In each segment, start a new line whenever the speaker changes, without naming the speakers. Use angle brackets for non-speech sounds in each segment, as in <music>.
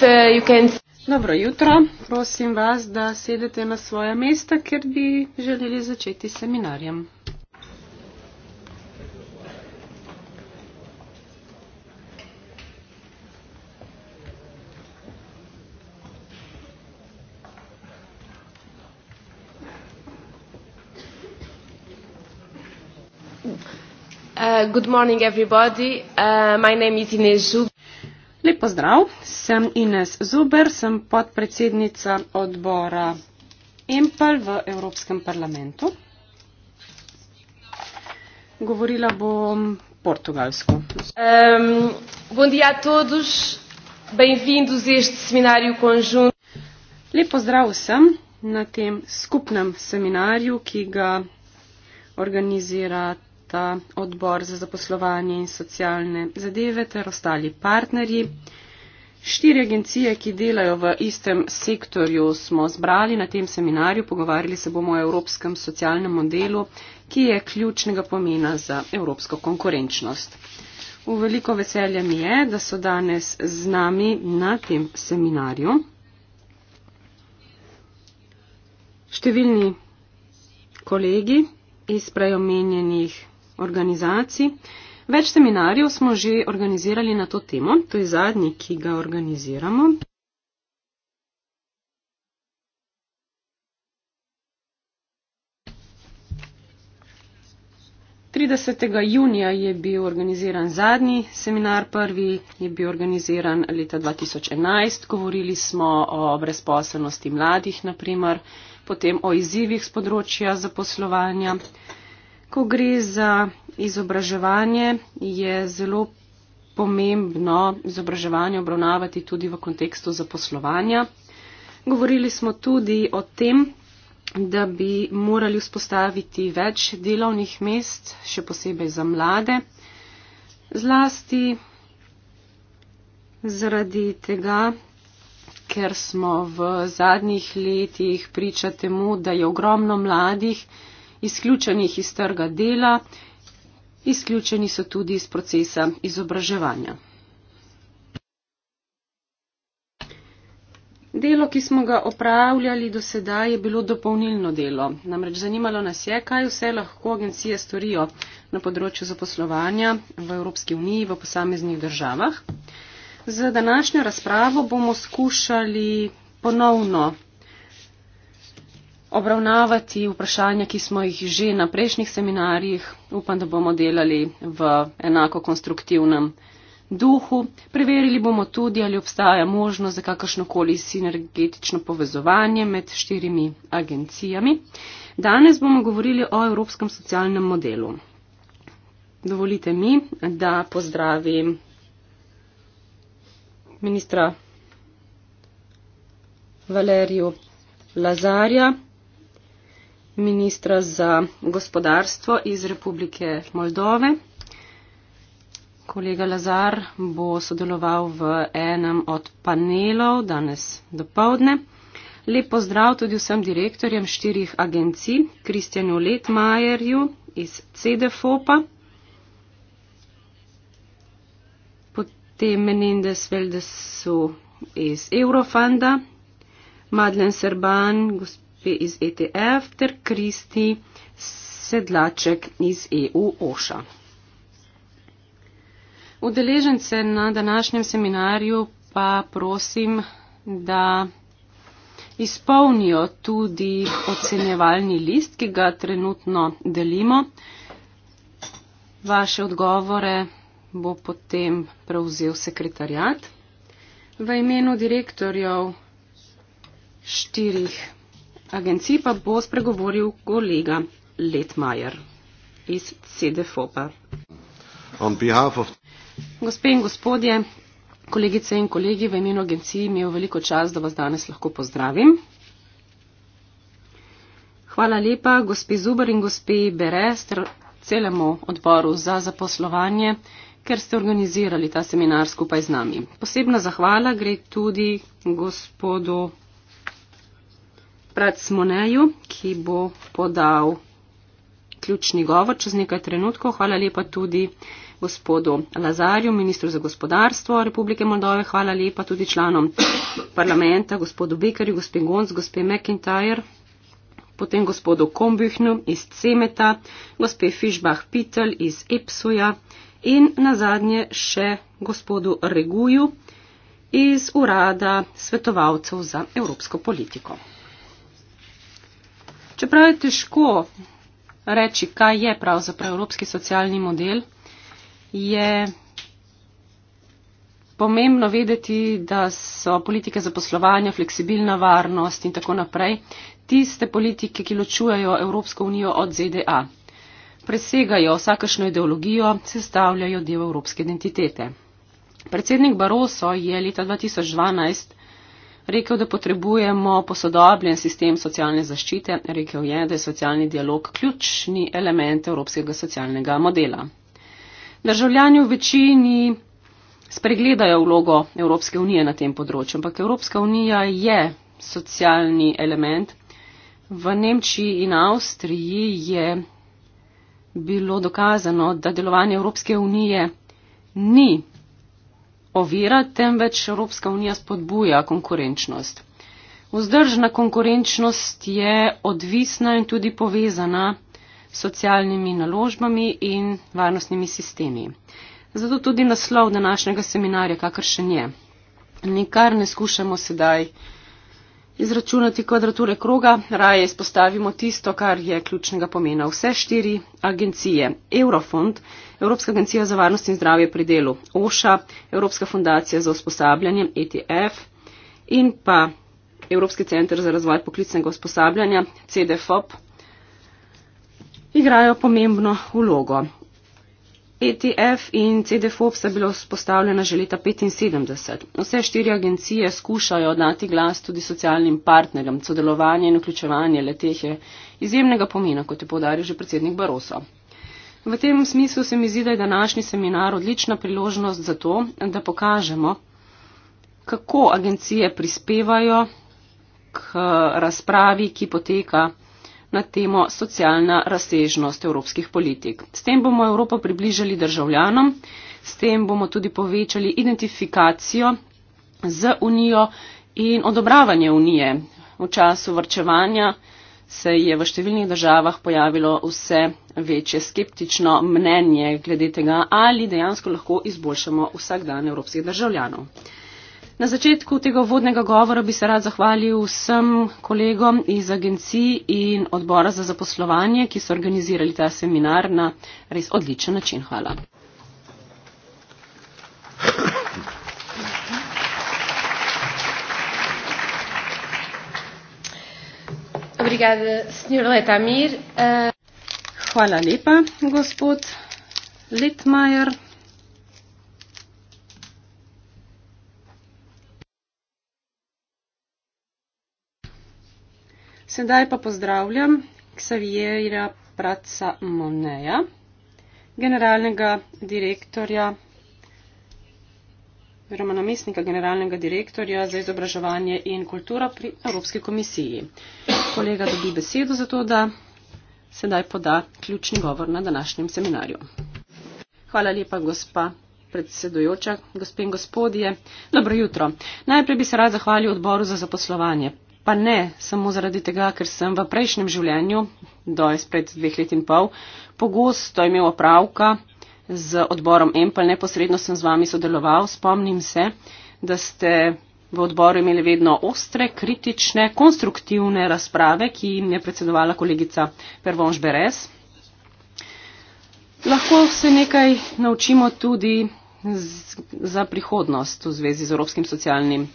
Uh,
Dobro jutro, prosim vas, da sedete na svoja mesta, ker bi želeli začeti seminarjem.
Uh, good morning everybody.
Uh, my name is Ines Zuber. Lep pozdrav, sem Ines Zuber, sem podpredsednica odbora EMPL v Evropskem parlamentu. Govorila bom portugalsko. Um, bom dia a todos, bem-vindos a este seminário conjunto. Lep pozdrav vsem na tem skupnem seminarju, ki ga organizirate sta odbor za zaposlovanje in socialne zadeve ter ostali partnerji. Štiri agencije, ki delajo v istem sektorju, smo zbrali na tem seminarju, pogovarjali se bomo o evropskem socialnem modelu, ki je ključnega pomena za evropsko konkurenčnost. V veliko veselje mi je, da so danes z nami na tem seminarju številni kolegi iz prejomenjenih organizaciji. Več seminarjev smo že organizirali na to temo, to je zadnji, ki ga organiziramo. Tridesetega junija je bil organiziran zadnji seminar, prvi je bil organiziran leta 2011, govorili smo o brezposelnosti mladih, naprimer, potem o izzivih z področja zaposlovanja. Ko gre za izobraževanje, je zelo pomembno izobraževanje obravnavati tudi v kontekstu zaposlovanja. Govorili smo tudi o tem, da bi morali vzpostaviti več delovnih mest, še posebej za mlade, zlasti zaradi tega, ker smo v zadnjih letih priča temu, da je ogromno mladih, izključenih iz trga dela, izključeni so tudi iz procesa izobraževanja. Delo, ki smo ga opravljali do sedaj, je bilo dopolnilno delo. Namreč zanimalo nas je, kaj vse lahko agencije storijo na področju zaposlovanja v Evropski uniji, v posameznih državah. Z današnjo razpravo bomo skušali ponovno obravnavati vprašanja, ki smo jih že na prejšnjih seminarjih, upam, da bomo delali v enako konstruktivnem duhu. Preverili bomo tudi, ali obstaja možnost za kakršnokoli sinergetično povezovanje med štirimi agencijami. Danes bomo govorili o Evropskem socialnem modelu. Dovolite mi, da pozdravim ministra Valerijo Lazarja ministra za gospodarstvo iz Republike Moldove. Kolega Lazar bo sodeloval v enem od panelov danes do povdne. Lep pozdrav tudi vsem direktorjem štirih agencij, Kristjanu Letmajerju iz CDFOPA, potem Menendez Veldesu iz Eurofanda, Madlen Serban, gospod gospe iz ETF ter Kristi Sedlaček iz EU OŠA. Udeležence na današnjem seminarju pa prosim, da izpolnijo tudi ocenjevalni list, ki ga trenutno delimo. Vaše odgovore bo potem prevzel sekretarjat. V imenu direktorjev štirih agenciji pa bo spregovoril kolega Letmajer iz CDFOPA. Gospe in gospodje, kolegice in kolegi, v imenu agenciji mi je veliko čas, da vas danes lahko pozdravim. Hvala lepa, gospe Zubar in gospe Berest, celemu odboru za zaposlovanje, ker ste organizirali ta seminar skupaj z nami. Posebna zahvala gre tudi gospodu Pratsmoneju, ki bo podal ključni govor čez nekaj trenutkov. Hvala lepa tudi gospodu Lazarju, ministru za gospodarstvo Republike Moldove. Hvala lepa tudi članom parlamenta, gospodu Bekerju, gospe Gonc, gospe McIntyre, potem gospodu Kombihnu iz Cemeta, gospe Fischbach-Pitel iz Epsuja in nazadnje še gospodu Reguju iz Urada svetovalcev za evropsko politiko. Čeprav je težko reči, kaj je pravzaprav evropski socialni model, je pomembno vedeti, da so politike zaposlovanja, fleksibilna varnost in tako naprej tiste politike, ki ločujejo Evropsko unijo od ZDA. Presegajo vsakašno ideologijo, sestavljajo del evropske identitete. Predsednik Baroso je leta 2012 Rekel, da potrebujemo posodobljen sistem socialne zaščite, rekel je, da je socialni dialog ključni element evropskega socialnega modela. Državljani v večini spregledajo vlogo Evropske unije na tem področju, ampak Evropska unija je socialni element. V Nemčiji in Avstriji je bilo dokazano, da delovanje Evropske unije ni ovira, temveč Evropska unija spodbuja konkurenčnost. Vzdržna konkurenčnost je odvisna in tudi povezana s socialnimi naložbami in varnostnimi sistemi. Zato tudi naslov današnjega seminarja, kakršen je. Nikar ne skušamo sedaj izračunati kvadrature kroga, raje izpostavimo tisto, kar je ključnega pomena. Vse štiri agencije, Eurofond, Evropska agencija za varnost in zdravje pri delu, OŠA, Evropska fundacija za usposabljanje, ETF in pa Evropski centr za razvoj poklicnega usposabljanja, CDFOP, igrajo pomembno vlogo. ETF in CDFOP sta bila vzpostavljena že leta 1975. Vse štiri agencije skušajo dati glas tudi socialnim partnerjem. Sodelovanje in vključevanje leteh je izjemnega pomena, kot je podaril že predsednik Baroso. V tem smislu se mi zdi, da je današnji seminar odlična priložnost za to, da pokažemo, kako agencije prispevajo k razpravi, ki poteka na temo socialna razsežnost evropskih politik. S tem bomo Evropo približali državljanom, s tem bomo tudi povečali identifikacijo z Unijo in odobravanje Unije. V času vrčevanja se je v številnih državah pojavilo vse večje skeptično mnenje glede tega, ali dejansko lahko izboljšamo vsak dan evropskih državljanov. Na začetku tega vodnega govora bi se rad zahvalil vsem kolegom iz agencij in odbora za zaposlovanje, ki so organizirali ta seminar na res odličen način. Hvala. Eh, Hvala lepa, gospod Litmajer. Sedaj pa pozdravljam Ksavijera Praca Moneja, generalnega direktorja oziroma namestnika generalnega direktorja za izobraževanje in kulturo pri Evropski komisiji. Kolega dobi besedo za to, da sedaj poda ključni govor na današnjem seminarju. Hvala lepa, gospa predsedujoča, gospe in gospodje. Dobro jutro. Najprej bi se rad zahvalil odboru za zaposlovanje. Pa ne samo zaradi tega, ker sem v prejšnjem življenju, do izpred dveh let in pol, pogosto imel opravka z odborom Empel, neposredno sem z vami sodeloval. Spomnim se, da ste v odboru imeli vedno ostre, kritične, konstruktivne razprave, ki jim je predsedovala kolegica Pervonž Beres. Lahko se nekaj naučimo tudi z, za prihodnost v zvezi z Evropskim socialnim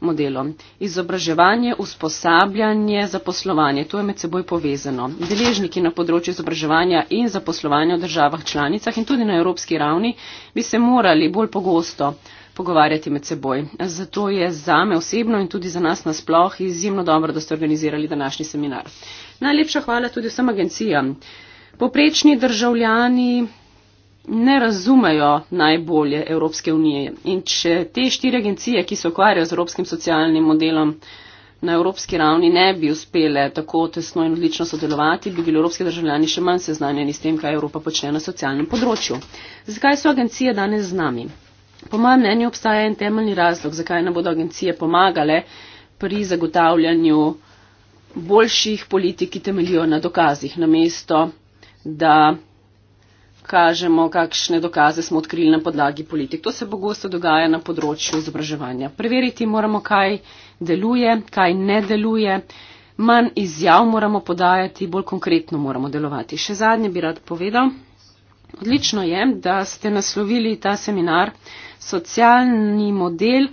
modelom. Izobraževanje, usposabljanje, zaposlovanje, to je med seboj povezano. Deležniki na področju izobraževanja in zaposlovanja v državah članicah in tudi na evropski ravni bi se morali bolj pogosto pogovarjati med seboj. Zato je za me osebno in tudi za nas nasploh izjemno dobro, da ste organizirali današnji seminar. Najlepša hvala tudi vsem agencijam. Poprečni državljani ne razumejo najbolje Evropske unije. In če te štiri agencije, ki se ukvarjajo z evropskim socialnim modelom na evropski ravni, ne bi uspele tako tesno in odlično sodelovati, bi bili evropski državljani še manj seznanjeni s tem, kaj Evropa počne na socialnem področju. Zakaj so agencije danes z nami? Po mojem mnenju obstaja en temeljni razlog, zakaj ne bodo agencije pomagale pri zagotavljanju boljših politik, ki temeljijo na dokazih, namesto da kažemo, kakšne dokaze smo odkrili na podlagi politik. To se pogosto dogaja na področju izobraževanja. Preveriti moramo, kaj deluje, kaj ne deluje. Manj izjav moramo podajati, bolj konkretno moramo delovati. Še zadnje bi rad povedal. Odlično je, da ste naslovili ta seminar socialni model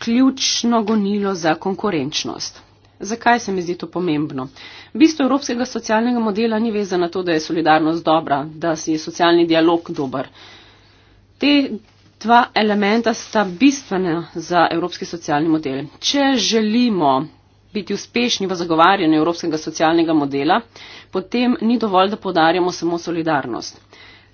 ključno gonilo za konkurenčnost. Zakaj se mi zdi to pomembno? Bistvo evropskega socialnega modela ni vezano na to, da je solidarnost dobra, da si je socialni dialog dober. Te dva elementa sta bistvena za evropski socialni model. Če želimo biti uspešni v zagovarjanju evropskega socialnega modela, potem ni dovolj, da podarjamo samo solidarnost.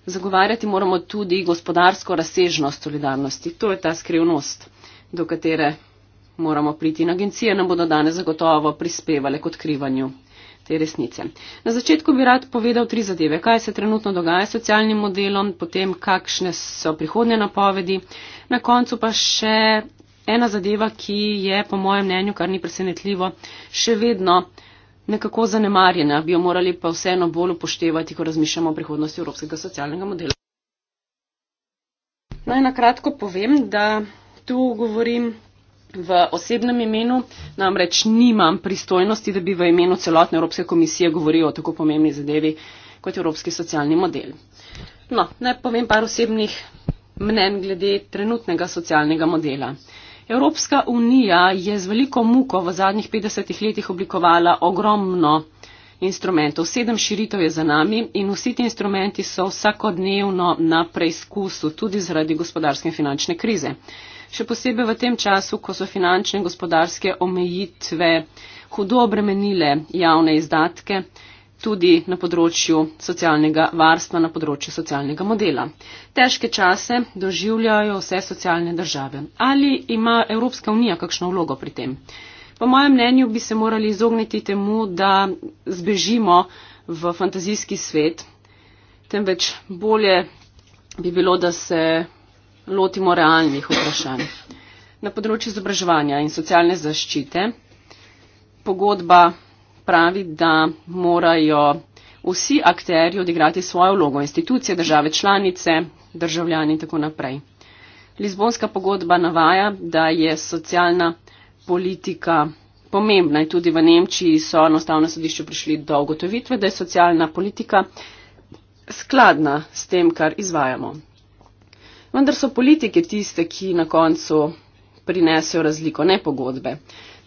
Zagovarjati moramo tudi gospodarsko razsežnost solidarnosti. To je ta skrivnost, do katere moramo priti in agencije nam bodo danes zagotovo prispevale k odkrivanju te resnice. Na začetku bi rad povedal tri zadeve. Kaj se trenutno dogaja s socialnim modelom, potem kakšne so prihodne napovedi, na koncu pa še ena zadeva, ki je po mojem mnenju, kar ni presenetljivo, še vedno nekako zanemarjena, bi jo morali pa vseeno bolj upoštevati, ko razmišljamo o prihodnosti evropskega socialnega modela. Naj na kratko povem, da tu govorim v osebnem imenu, namreč nimam pristojnosti, da bi v imenu celotne Evropske komisije govoril o tako pomembni zadevi kot Evropski socialni model. No, naj povem par osebnih mnen glede trenutnega socialnega modela. Evropska unija je z veliko muko v zadnjih 50 letih oblikovala ogromno instrumentov. Sedem širitev je za nami in vsi ti instrumenti so vsakodnevno na preizkusu, tudi zaradi gospodarske in finančne krize še posebej v tem času, ko so finančne in gospodarske omejitve hudo obremenile javne izdatke, tudi na področju socialnega varstva, na področju socialnega modela. Težke čase doživljajo vse socialne države. Ali ima Evropska unija kakšno vlogo pri tem? Po mojem mnenju bi se morali izogniti temu, da zbežimo v fantazijski svet, temveč bolje bi bilo, da se lotimo realnih vprašanj. Na področju izobraževanja in socialne zaščite pogodba pravi, da morajo vsi akterji odigrati svojo vlogo, institucije, države članice, državljani in tako naprej. Lizbonska pogodba navaja, da je socialna politika pomembna in tudi v Nemčiji so na ustavno sodišče prišli do ugotovitve, da je socialna politika skladna s tem, kar izvajamo vendar so politike tiste, ki na koncu prinesejo razliko, ne pogodbe.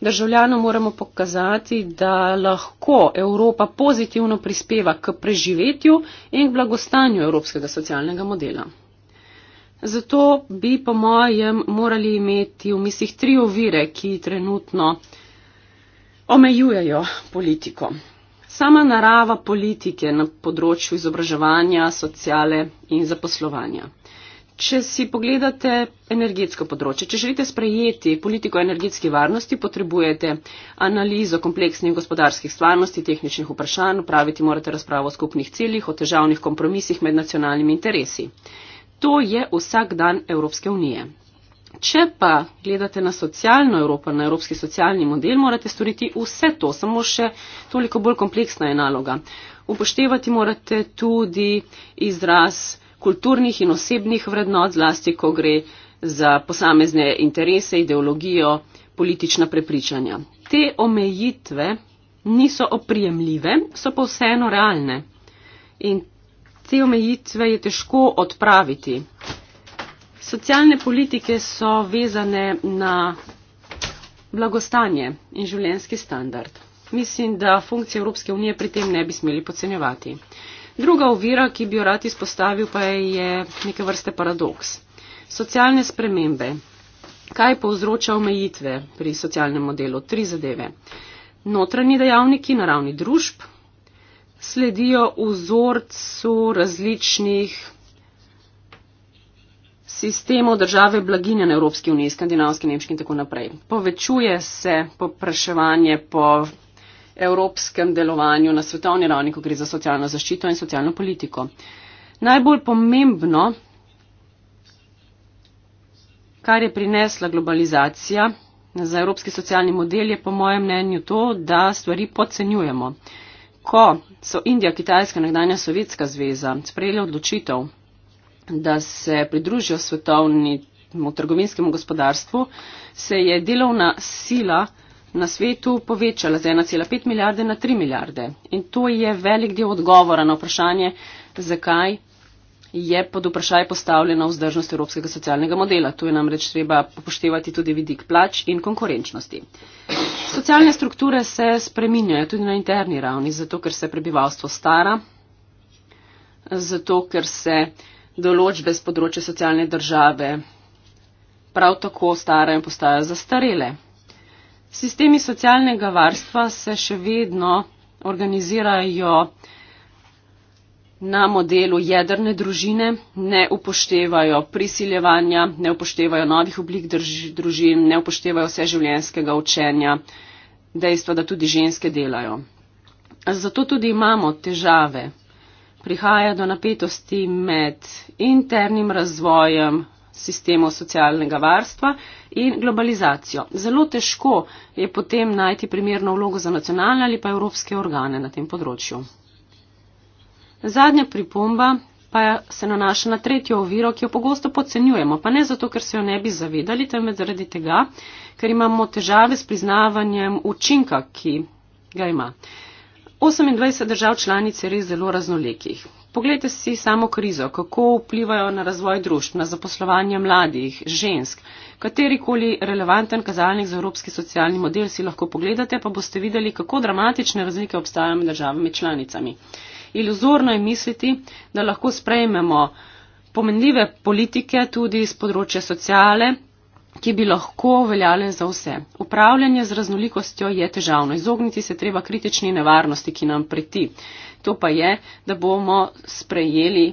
Državljanom moramo pokazati, da lahko Evropa pozitivno prispeva k preživetju in k blagostanju evropskega socialnega modela. Zato bi, po mojem, morali imeti v mislih tri ovire, ki trenutno omejujejo politiko. Sama narava politike na področju izobraževanja, sociale in zaposlovanja. Če si pogledate energetsko področje, če želite sprejeti politiko energetske varnosti, potrebujete analizo kompleksnih gospodarskih stvarnosti, tehničnih vprašanj, upraviti morate razpravo o skupnih ciljih, o težavnih kompromisih med nacionalnimi interesi. To je vsak dan Evropske unije. Če pa gledate na socialno Evropo, na evropski socialni model, morate storiti vse to, samo še toliko bolj kompleksna je naloga. Upoštevati morate tudi izraz kulturnih in osebnih vrednot, zlasti ko gre za posamezne interese, ideologijo, politična prepričanja. Te omejitve niso oprijemljive, so pa vseeno realne. In te omejitve je težko odpraviti. Socialne politike so vezane na blagostanje in življenski standard. Mislim, da funkcije Evropske unije pri tem ne bi smeli podcenjevati. Druga ovira, ki bi jo rad izpostavil, pa je neke vrste paradoks. Socialne spremembe. Kaj povzroča omejitve pri socialnem modelu? Tri zadeve. Notranji dejavniki na ravni družb sledijo vzorcu različnih sistemov države blaginja na Evropski uniji, skandinavski, nemški in tako naprej. Povečuje se popraševanje po evropskem delovanju na svetovni ravni, ko gre za socialno zaščito in socialno politiko. Najbolj pomembno, kar je prinesla globalizacija za evropski socialni model, je po mojem mnenju to, da stvari podcenjujemo. Ko so Indija, Kitajska, nekdanja Sovjetska zveza sprejeli odločitev, da se pridružijo svetovnemu trgovinskemu gospodarstvu, se je delovna sila na svetu povečala z 1,5 milijarde na 3 milijarde. In to je velik del odgovora na vprašanje, zakaj je pod vprašaj postavljena vzdržnost evropskega socialnega modela. Tu je namreč treba upoštevati tudi vidik plač in konkurenčnosti. Socialne strukture se spreminjajo tudi na interni ravni, zato ker se prebivalstvo stara, zato ker se določbe z področja socialne države prav tako starajo in postajajo zastarele. Sistemi socialnega varstva se še vedno organizirajo na modelu jedrne družine, ne upoštevajo prisiljevanja, ne upoštevajo novih oblik družin, ne upoštevajo vseživljenjskega učenja, dejstva, da tudi ženske delajo. Zato tudi imamo težave. Prihaja do napetosti med internim razvojem, sistemov socialnega varstva in globalizacijo. Zelo težko je potem najti primerno vlogo za nacionalne ali pa evropske organe na tem področju. Zadnja pripomba pa se nanaša na tretjo oviro, ki jo pogosto podcenjujemo, pa ne zato, ker se jo ne bi zavedali, temveč zaradi tega, ker imamo težave s priznavanjem učinka, ki ga ima. 28 držav članic je res zelo raznolikih. Poglejte si samo krizo, kako vplivajo na razvoj družb, na zaposlovanje mladih, žensk. Katerikoli relevanten kazalnik za evropski socialni model si lahko pogledate, pa boste videli, kako dramatične razlike obstajajo med državami članicami. Iluzorno je misliti, da lahko sprejmemo pomenljive politike tudi z področja socialne, ki bi lahko veljale za vse. Upravljanje z raznolikostjo je težavno. Izogniti se treba kritični nevarnosti, ki nam preti. To pa je, da bomo sprejeli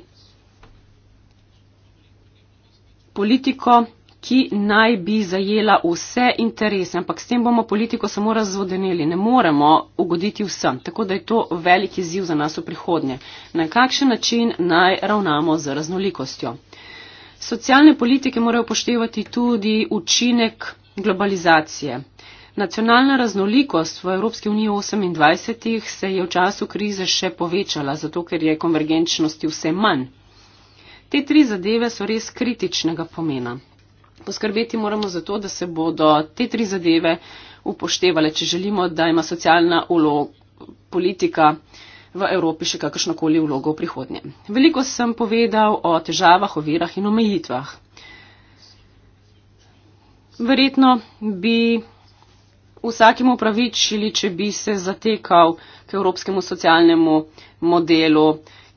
politiko, ki naj bi zajela vse interese, ampak s tem bomo politiko samo razvodenili. Ne moremo ugoditi vsem, tako da je to veliki ziv za nas v prihodnje. Na kakšen način naj ravnamo z raznolikostjo? Socialne politike morajo poštevati tudi učinek globalizacije. Nacionalna raznolikost v Evropski uniji 28. se je v času krize še povečala, zato ker je konvergenčnosti vse manj. Te tri zadeve so res kritičnega pomena. Poskrbeti moramo za to, da se bodo te tri zadeve upoštevale, če želimo, da ima socialna ulo politika v Evropi še kakršnokoli vlogo v prihodnje. Veliko sem povedal o težavah, ovirah in omejitvah. Verjetno bi vsakemu pravičili, če bi se zatekal k evropskemu socialnemu modelu,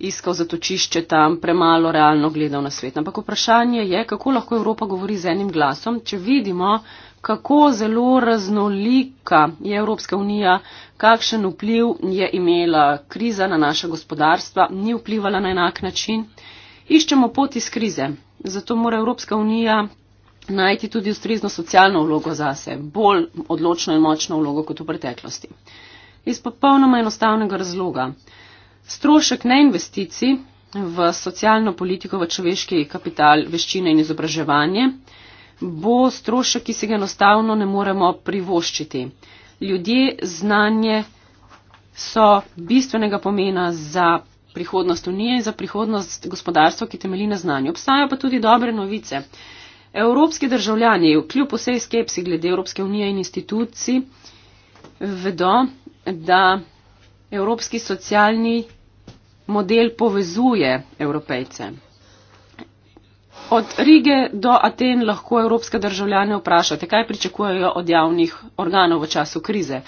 iskal zatočišče tam, premalo realno gledal na svet. Ampak vprašanje je, kako lahko Evropa govori z enim glasom, če vidimo, kako zelo raznolika je Evropska unija, kakšen vpliv je imela kriza na naša gospodarstva, ni vplivala na enak način. Iščemo pot iz krize, zato mora Evropska unija najti tudi ustrezno socialno vlogo zase, bolj odločno in močno vlogo kot v preteklosti. Iz popolnoma enostavnega razloga. Strošek neinvesticij v socialno politiko, v človeški kapital, veščine in izobraževanje bo strošek, ki se ga enostavno ne moremo privoščiti ljudje, znanje so bistvenega pomena za prihodnost Unije in za prihodnost gospodarstva, ki temelji na znanju. Obstajajo pa tudi dobre novice. Evropski državljani, kljub vsej skepsi glede Evropske unije in institucij, vedo, da evropski socialni model povezuje evropejce. Od Rige do Aten lahko evropske državljane vprašate, kaj pričakujejo od javnih organov v času krize,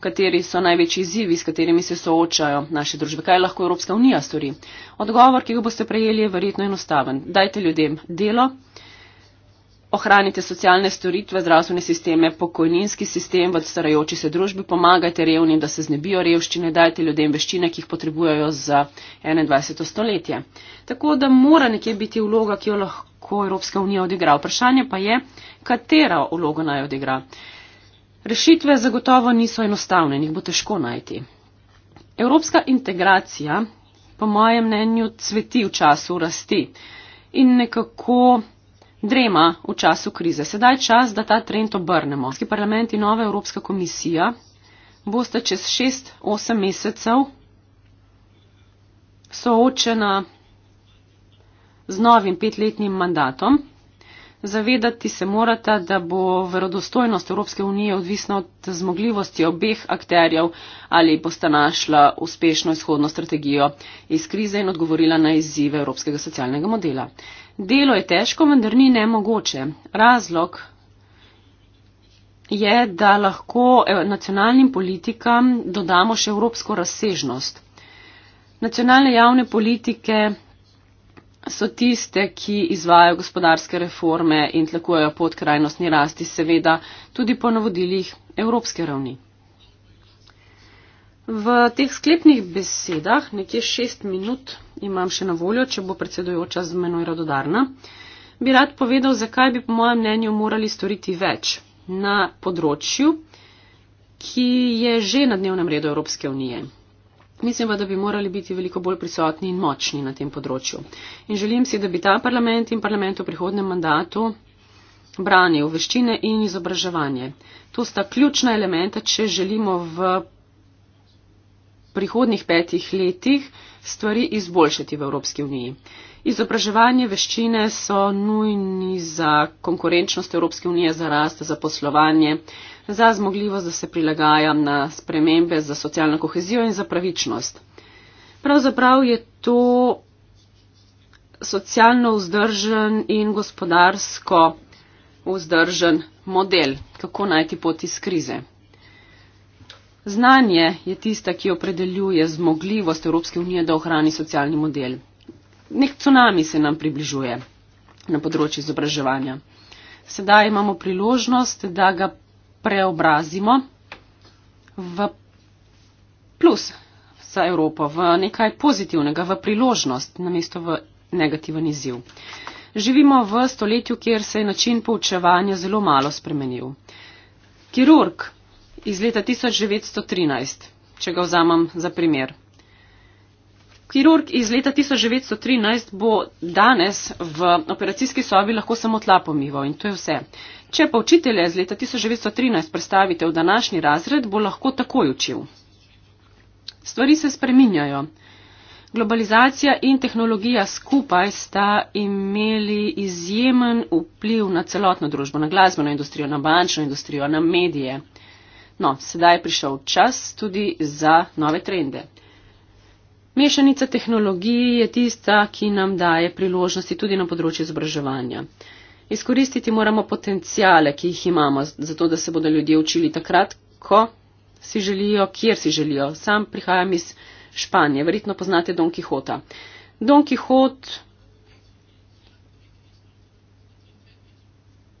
kateri so največji izzivi, s katerimi se soočajo naše družbe, kaj lahko Evropska unija stori. Odgovor, ki ga boste prejeli, je verjetno enostaven. Dajte ljudem delo, ohranite socialne storitve, zdravstvene sisteme, pokojninski sistem v starajoči se družbi, pomagajte revnim, da se znebijo revščine, dajte ljudem veščine, ki jih potrebujejo za 21. stoletje. Tako da mora nekje biti vloga, ki jo lahko Evropska unija odigra. Vprašanje pa je, katera vloga naj odigra. Rešitve zagotovo niso enostavne, jih bo težko najti. Evropska integracija, po mojem mnenju, cveti v času rasti in nekako drema v času krize. Sedaj je čas, da ta trend obrnemo. Evropski parlament in nova Evropska komisija boste čez 6-8 mesecev soočena z novim petletnim mandatom. Zavedati se morata, da bo verodostojnost Evropske unije odvisna od zmogljivosti obeh akterjev, ali bosta našla uspešno izhodno strategijo iz krize in odgovorila na izzive evropskega socialnega modela. Delo je težko, vendar ni nemogoče. Razlog je, da lahko e, nacionalnim politikam dodamo še evropsko razsežnost. Nacionalne javne politike so tiste, ki izvajo gospodarske reforme in tlakujejo pot krajnostni rasti, seveda tudi po navodilih evropske ravni. V teh sklepnih besedah, nekje šest minut imam še na voljo, če bo predsedujoča z menoj radodarna, bi rad povedal, zakaj bi po mojem mnenju morali storiti več na področju, ki je že na dnevnem redu Evropske unije Mislim pa, da bi morali biti veliko bolj prisotni in močni na tem področju. In želim si, da bi ta parlament in parlament v prihodnem mandatu branil veščine in izobraževanje. To sta ključna elementa, če želimo v prihodnih petih letih stvari izboljšati v Evropski uniji. Izobraževanje veščine so nujni za konkurenčnost Evropske unije, za rast, za poslovanje, za zmogljivost, da se prilagajam na spremembe, za socialno kohezijo in za pravičnost. Pravzaprav je to socialno vzdržen in gospodarsko vzdržen model, kako najti pot iz krize. Znanje je tista, ki opredeljuje zmogljivost Evropske unije, da ohrani socialni model. Nek tsunami se nam približuje na področju izobraževanja. Sedaj imamo priložnost, da ga preobrazimo v plus za Evropo, v nekaj pozitivnega, v priložnost, namesto v negativen izziv. Živimo v stoletju, kjer se je način poučevanja zelo malo spremenil. Kirurg iz leta 1913, če ga vzamem za primer, Kirurg iz leta 1913 bo danes v operacijski sobi lahko samo tla pomival in to je vse. Če pa učitelje iz leta 1913 predstavite v današnji razred, bo lahko takoj učil. Stvari se spreminjajo. Globalizacija in tehnologija skupaj sta imeli izjemen vpliv na celotno družbo, na glasbeno industrijo, na bančno industrijo, na medije. No, sedaj je prišel čas tudi za nove trende. Mešanica tehnologij je tista, ki nam daje priložnosti tudi na področju izobraževanja. Izkoristiti moramo potencijale, ki jih imamo, zato da se bodo ljudje učili takrat, ko si želijo, kjer si želijo. Sam prihajam iz Španije, verjetno poznate Don Quixota. Don Quixot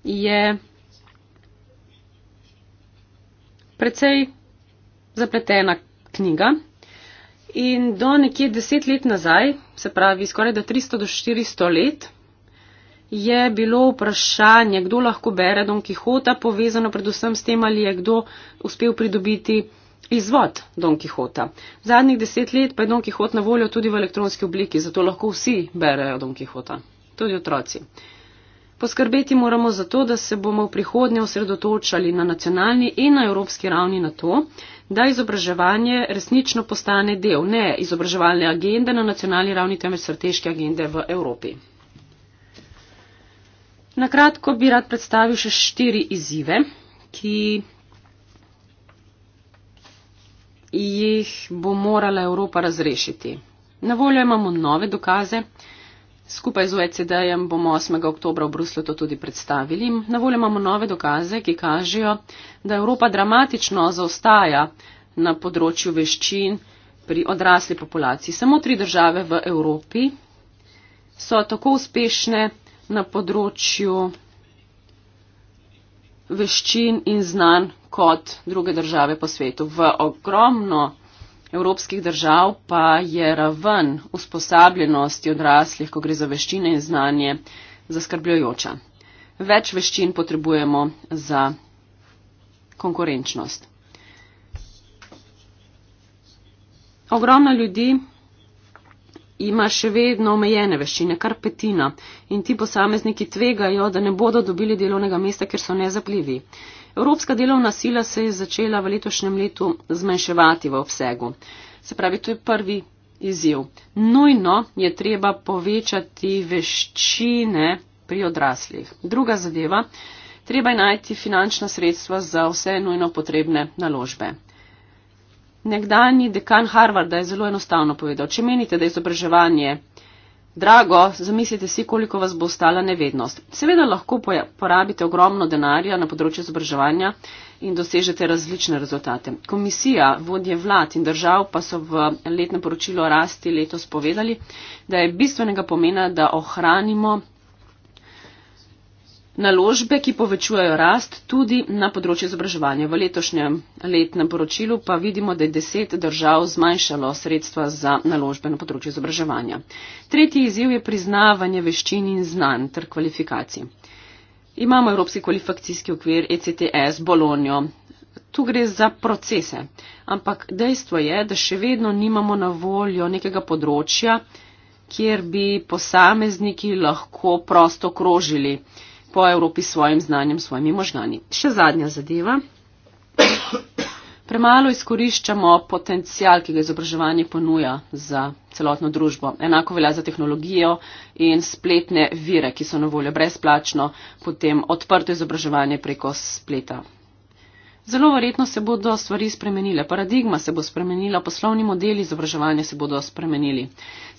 je precej zapletena knjiga. In do nekje deset let nazaj, se pravi skoraj do 300 do 400 let, je bilo vprašanje, kdo lahko bere Don Kihota, povezano predvsem s tem, ali je kdo uspel pridobiti izvod Don Kihota. Zadnjih deset let pa je Don Kihot na voljo tudi v elektronski obliki, zato lahko vsi berejo Don Kihota, tudi otroci. Poskrbeti moramo za to, da se bomo v prihodnje osredotočali na nacionalni in na evropski ravni na to, da izobraževanje resnično postane del ne izobraževalne agende na nacionalni ravni, temveč strateške agende v Evropi. Na kratko bi rad predstavil še štiri izzive, ki jih bo morala Evropa razrešiti. Na voljo imamo nove dokaze, Skupaj z OECD-jem bomo 8. oktobra v Bruslju to tudi predstavili. Na voljo imamo nove dokaze, ki kažejo, da Evropa dramatično zaostaja na področju veščin pri odrasli populaciji. Samo tri države v Evropi so tako uspešne na področju veščin in znanj kot druge države po svetu. V ogromno evropskih držav pa je raven usposabljenosti odraslih, ko gre za veščine in znanje, zaskrbljujoča. Več veščin potrebujemo za konkurenčnost. Ogromno ljudi ima še vedno omejene veščine, kar petina, in ti posamezniki tvegajo, da ne bodo dobili delovnega mesta, ker so nezapljivi. Evropska delovna sila se je začela v letošnjem letu zmanjševati v obsegu. Se pravi, to je prvi izziv. Nujno je treba povečati veščine pri odraslih. Druga zadeva, treba je najti finančna sredstva za vse nujno potrebne naložbe. Nekdani dekan Harvarda je zelo enostavno povedal, če menite, da je izobraževanje Drago, zamislite si, koliko vas bo stala nevednost. Seveda lahko porabite ogromno denarja na področju izobraževanja in dosežete različne rezultate. Komisija, vodje vlad in držav pa so v letnem poročilu rasti letos povedali, da je bistvenega pomena, da ohranimo naložbe, ki povečujejo rast tudi na področju izobraževanja. V letošnjem letnem poročilu pa vidimo, da je deset držav zmanjšalo sredstva za naložbe na področju izobraževanja. Tretji izziv je priznavanje veščin in znanj ter kvalifikacij. Imamo Evropski kvalifikacijski okvir ECTS, Bolonjo. Tu gre za procese, ampak dejstvo je, da še vedno nimamo na voljo nekega področja, kjer bi posamezniki lahko prosto krožili po Evropi s svojim znanjem, svojimi možgani. Še zadnja zadeva. Premalo izkoriščamo potencial, ki ga izobraževanje ponuja za celotno družbo. Enako velja za tehnologijo in spletne vire, ki so na voljo brezplačno, potem odprto izobraževanje preko spleta. Zelo verjetno se bodo stvari spremenile, paradigma se bo spremenila, poslovni modeli izobraževanja se bodo spremenili.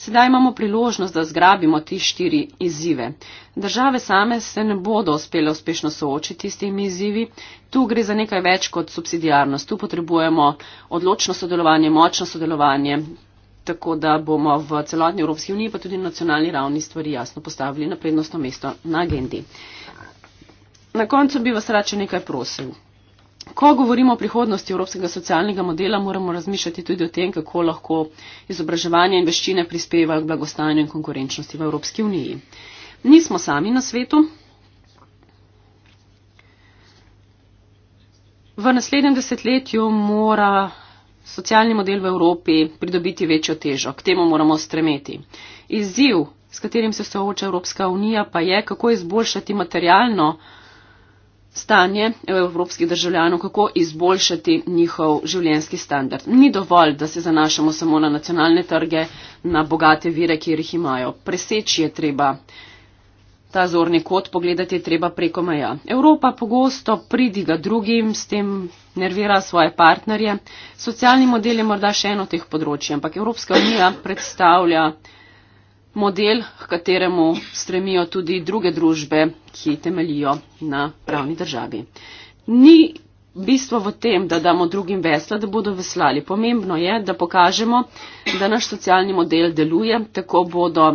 Sedaj imamo priložnost, da zgrabimo ti štiri izzive. Države same se ne bodo uspele uspešno soočiti s temi izzivi. Tu gre za nekaj več kot subsidijarnost. Tu potrebujemo odločno sodelovanje, močno sodelovanje, tako da bomo v celotni Evropski uniji pa tudi na nacionalni ravni stvari jasno postavili na prednostno mesto na agendi. Na koncu bi vas rače nekaj prosil. Ko govorimo o prihodnosti evropskega socialnega modela, moramo razmišljati tudi o tem, kako lahko izobraževanje in veščine prispevajo k blagostanju in konkurenčnosti v Evropski uniji. Nismo sami na svetu. V naslednjem desetletju mora socialni model v Evropi pridobiti večjo težo. K temu moramo stremeti. Izziv, s katerim se sooča Evropska unija, pa je, kako izboljšati materialno stanje evropskih državljanov, kako izboljšati njihov življenski standard. Ni dovolj, da se zanašamo samo na nacionalne trge, na bogate vire, kjer jih imajo. Preseči je treba ta zorni kot, pogledati je treba preko meja. Evropa pogosto pridiga drugim, s tem nervira svoje partnerje. Socialni model je morda še eno teh področji, ampak Evropska unija predstavlja model, h kateremu stremijo tudi druge družbe, ki temelijo na pravni državi. Ni bistvo v tem, da damo drugim vesla, da bodo veslali. Pomembno je, da pokažemo, da naš socialni model deluje, tako bodo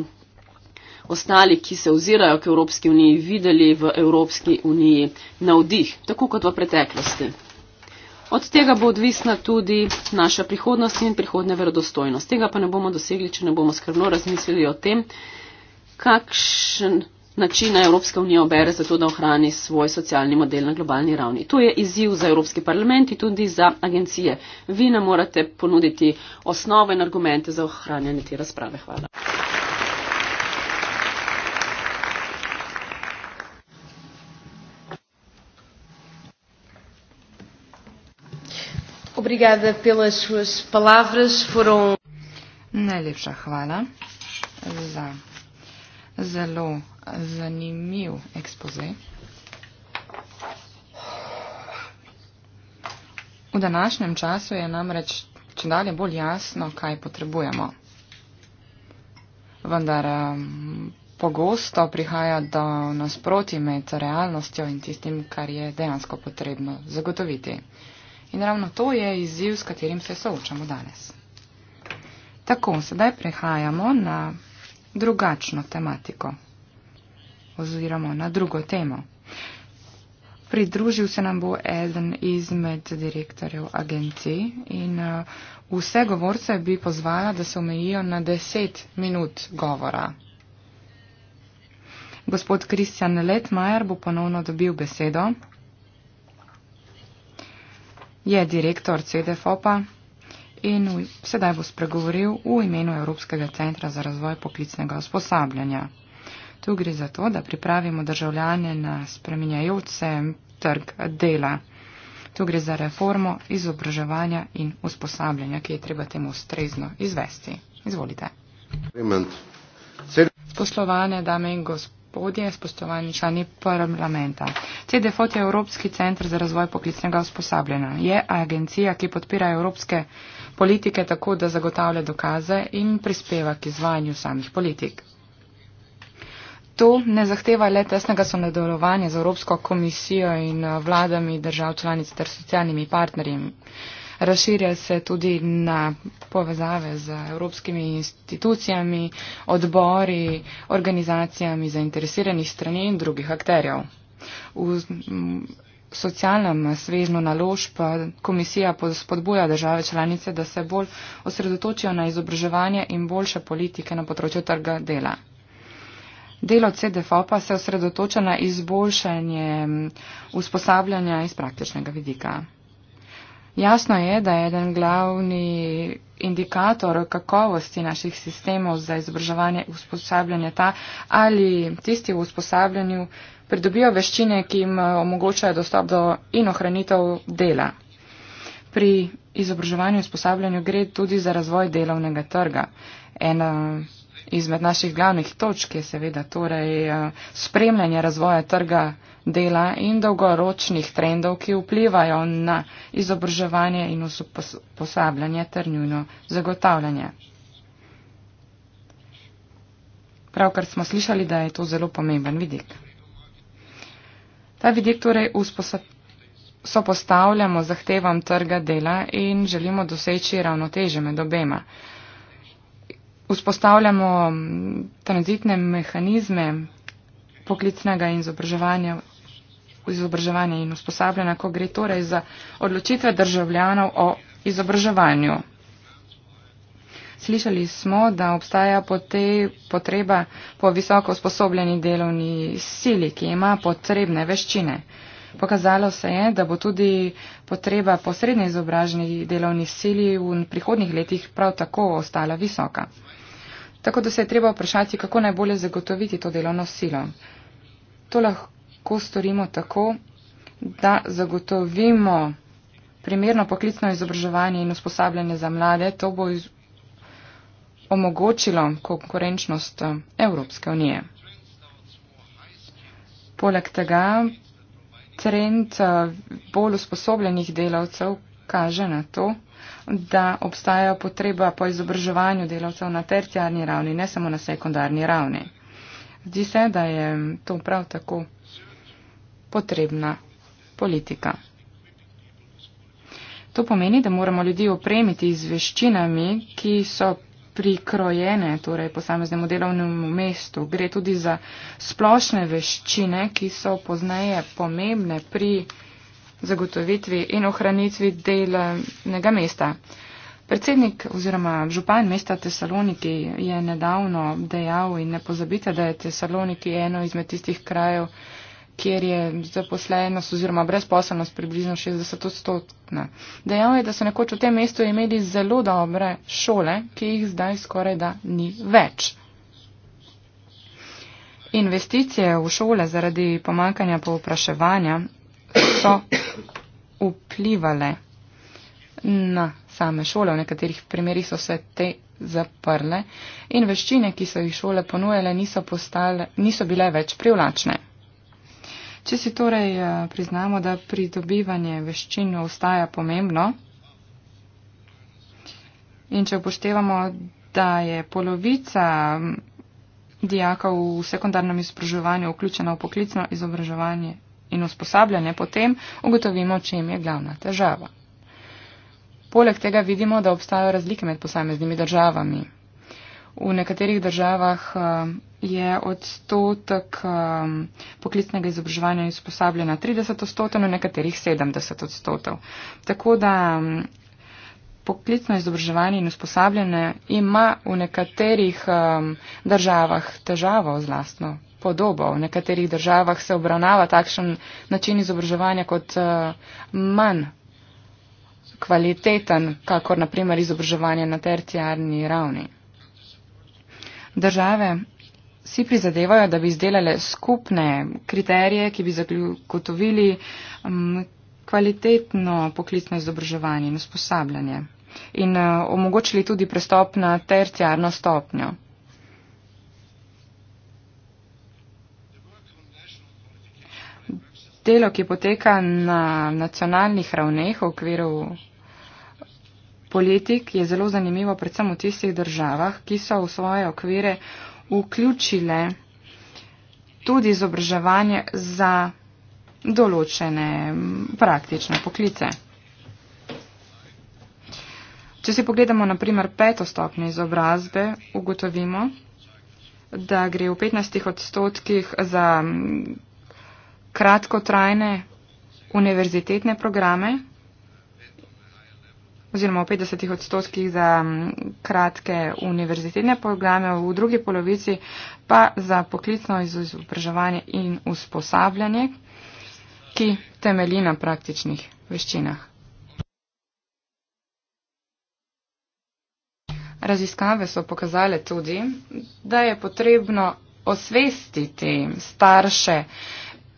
ostali, ki se ozirajo k Evropski uniji, videli v Evropski uniji na vdih, tako kot v preteklosti. Od tega bo odvisna tudi naša prihodnost in prihodne verodostojnost. Tega pa ne bomo dosegli, če ne bomo skrbno razmislili o tem, kakšen način Evropska unija obere za to, da ohrani svoj socialni model na globalni ravni. To je izziv za Evropski parlament in tudi za agencije. Vi nam morate ponuditi osnove in argumente za ohranjanje te razprave. Hvala.
Obrigada pelas suas palavras. Foram. Najlepša hvala za zelo zanimiv ekspoze. V današnjem času je namreč če dalje bolj jasno, kaj potrebujemo. Vendar pogosto prihaja do nasproti med realnostjo in tistim, kar je dejansko potrebno zagotoviti. In ravno to je izziv, s katerim se soočamo danes. Tako, sedaj prehajamo na drugačno tematiko oziroma na drugo temo. Pridružil se nam bo eden izmed direktorjev agencij in uh, vse govorce bi pozvala, da se omejijo na deset minut govora. Gospod Kristjan Letmajer bo ponovno dobil besedo je direktor CDFOPA in v, sedaj bo spregovoril v imenu Evropskega centra za razvoj poklicnega usposabljanja. Tu gre za to, da pripravimo državljane na spreminjajoče trg dela. Tu gre za reformo izobraževanja in usposabljanja, ki je treba temu ustrezno izvesti. Izvolite. Sposlovane dame in gospodje gospodje, spoštovani člani parlamenta. CDFOT je Evropski centr za razvoj poklicnega usposabljanja. Je agencija, ki podpira evropske politike tako, da zagotavlja dokaze in prispeva k izvajanju samih politik. To ne zahteva le tesnega sonedelovanja z Evropsko komisijo in eh, vladami držav članic ter socialnimi partnerji. Razširja se tudi na povezave z evropskimi institucijami, odbori, organizacijami zainteresiranih strani in drugih akterjev. V mm, socialnem svežnu nalož pa eh, komisija spodbuja države članice, da se bolj osredotočijo na izobraževanje in boljše politike na področju trga dela. Delo CDFO pa se osredotoča na izboljšanje mm, usposabljanja iz praktičnega vidika. Jasno je, da je eden glavni indikator kakovosti naših sistemov za izobraževanje usposabljanje ta, ali tisti v usposabljanju pridobijo veščine, ki jim eh, omogočajo dostop do in ohranitev dela. Pri izobraževanju in usposabljanju gre tudi za razvoj delovnega trga. Ena izmed naših glavnih točk je seveda torej eh, spremljanje razvoja trga dela in dolgoročnih trendov, ki vplivajo na izobraževanje in usposabljanje ter njuno zagotavljanje. Pravkar smo slišali, da je to zelo pomemben vidik. Ta vidik torej sopostavljamo zahtevam trga dela in želimo doseči ravnoteže med obema vzpostavljamo tranzitne mehanizme poklicnega izobraževanja, izobraževanja in usposabljanja, ko gre torej za odločitve državljanov o izobraževanju. Slišali smo, da obstaja potreba po visoko usposobljeni delovni sili, ki ima potrebne veščine. Pokazalo se je, da bo tudi potreba po srednje izobraženi delovni sili v prihodnih letih prav tako ostala visoka. Tako da se je treba vprašati, kako najbolje zagotoviti to delovno silo. To lahko storimo tako, da zagotovimo primerno poklicno izobraževanje in usposabljanje za mlade. To bo omogočilo konkurenčnost eh, Evropske unije. Poleg tega trend eh, bolj usposobljenih delavcev kaže na to, da obstaja potreba po izobraževanju delavcev na terciarni ravni, ne samo na sekundarni ravni. Zdi se, da je to prav tako potrebna politika. To pomeni, da moramo ljudi opremiti z veščinami, ki so prikrojene torej posameznemu delovnemu mestu. Gre tudi za splošne veščine, ki so pozneje pomembne pri zagotovitvi in ohranitvi delnega mesta. Predsednik oziroma župan mesta Tesaloniki je nedavno dejal in ne pozabite, da je Tesaloniki eno izmed tistih krajev, kjer je zaposlenost oziroma brezposelnost približno 60 odstotna. Dejal je, da so nekoč v tem mestu imeli zelo dobre šole, ki jih zdaj skoraj da ni več. Investicije v šole zaradi pomankanja povpraševanja so vplivale na same šole. V nekaterih primerjih so se te zaprle in veščine, ki so jih šole ponujale, niso, postale, niso bile več privlačne. Če si torej eh, priznamo, da pridobivanje veščin ostaja pomembno in če upoštevamo, da je polovica dijaka v sekundarnem izpraževanju vključena v poklicno izobraževanje in usposabljanje, potem ugotovimo, čem je glavna težava. Poleg tega vidimo, da obstajajo razlike med posameznimi državami. V nekaterih državah eh, je odstotek eh, poklicnega izobraževanja in usposabljanja 30 odstotkov, v nekaterih 70 odstotkov. Tako da mm, poklicno izobraževanje in usposabljanje ima v nekaterih eh, državah težavo z lastno podobo. V nekaterih državah se obravnava takšen način izobraževanja kot eh, manj kvaliteten, kakor naprimer izobraževanje na terciarni ravni. Države si prizadevajo, da bi izdelale skupne kriterije, ki bi zagotovili mm, kvalitetno poklicno izobraževanje in usposabljanje in eh, omogočili tudi prestop na terciarno stopnjo. delo, ki poteka na nacionalnih ravneh v okviru politik, je zelo zanimivo predvsem v tistih državah, ki so v svoje okvire vključile tudi izobraževanje za določene praktične poklice. Če si pogledamo na primer peto stopnje izobrazbe, ugotovimo, da gre v 15 odstotkih za kratkotrajne univerzitetne programe oziroma v 50 odstotkih za kratke univerzitetne programe, v drugi polovici pa za poklicno izobraževanje in usposabljanje, ki temelji na praktičnih veščinah. Raziskave so pokazale tudi, da je potrebno osvestiti starše,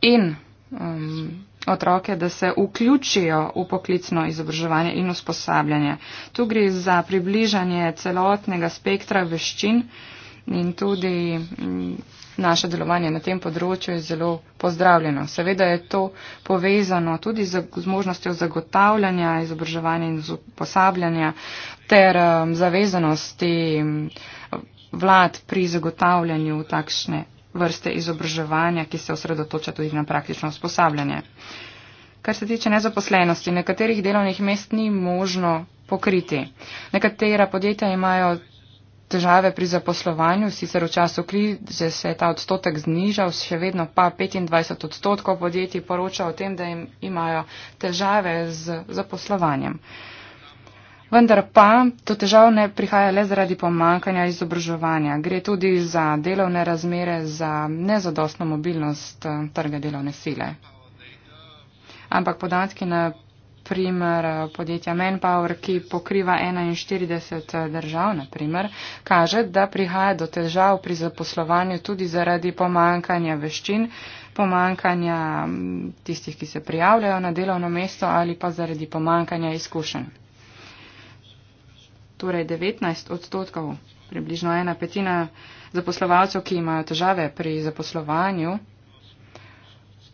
in um, otroke, da se vključijo v poklicno izobraževanje in usposabljanje. Tu gre za približanje celotnega spektra veščin in tudi um, naše delovanje na tem področju je zelo pozdravljeno. Seveda je to povezano tudi z, z možnostjo zagotavljanja izobraževanja in usposabljanja ter um, zavezanosti um, vlad pri zagotavljanju takšne vrste izobraževanja, ki se osredotoča tudi na praktično usposabljanje. Kar se tiče nezaposlenosti, nekaterih delovnih mest ni možno pokriti. Nekatera podjetja imajo težave pri zaposlovanju, sicer v času krize se je ta odstotek znižal, še vedno pa 25 odstotkov podjetij poroča o tem, da im, imajo težave z zaposlovanjem. Vendar pa to težav ne prihaja le zaradi pomankanja izobraževanja. Gre tudi za delovne razmere, za nezadostno mobilnost eh, trga delovne sile. Ampak podatki na primer eh, podjetja Manpower, ki pokriva 41 eh, držav, primer, kaže, da prihaja do težav pri zaposlovanju tudi zaradi pomankanja veščin, pomankanja mm, tistih, ki se prijavljajo na delovno mesto ali pa zaradi pomankanja izkušenj torej 19 odstotkov, približno ena petina zaposlovalcev, ki imajo težave pri zaposlovanju,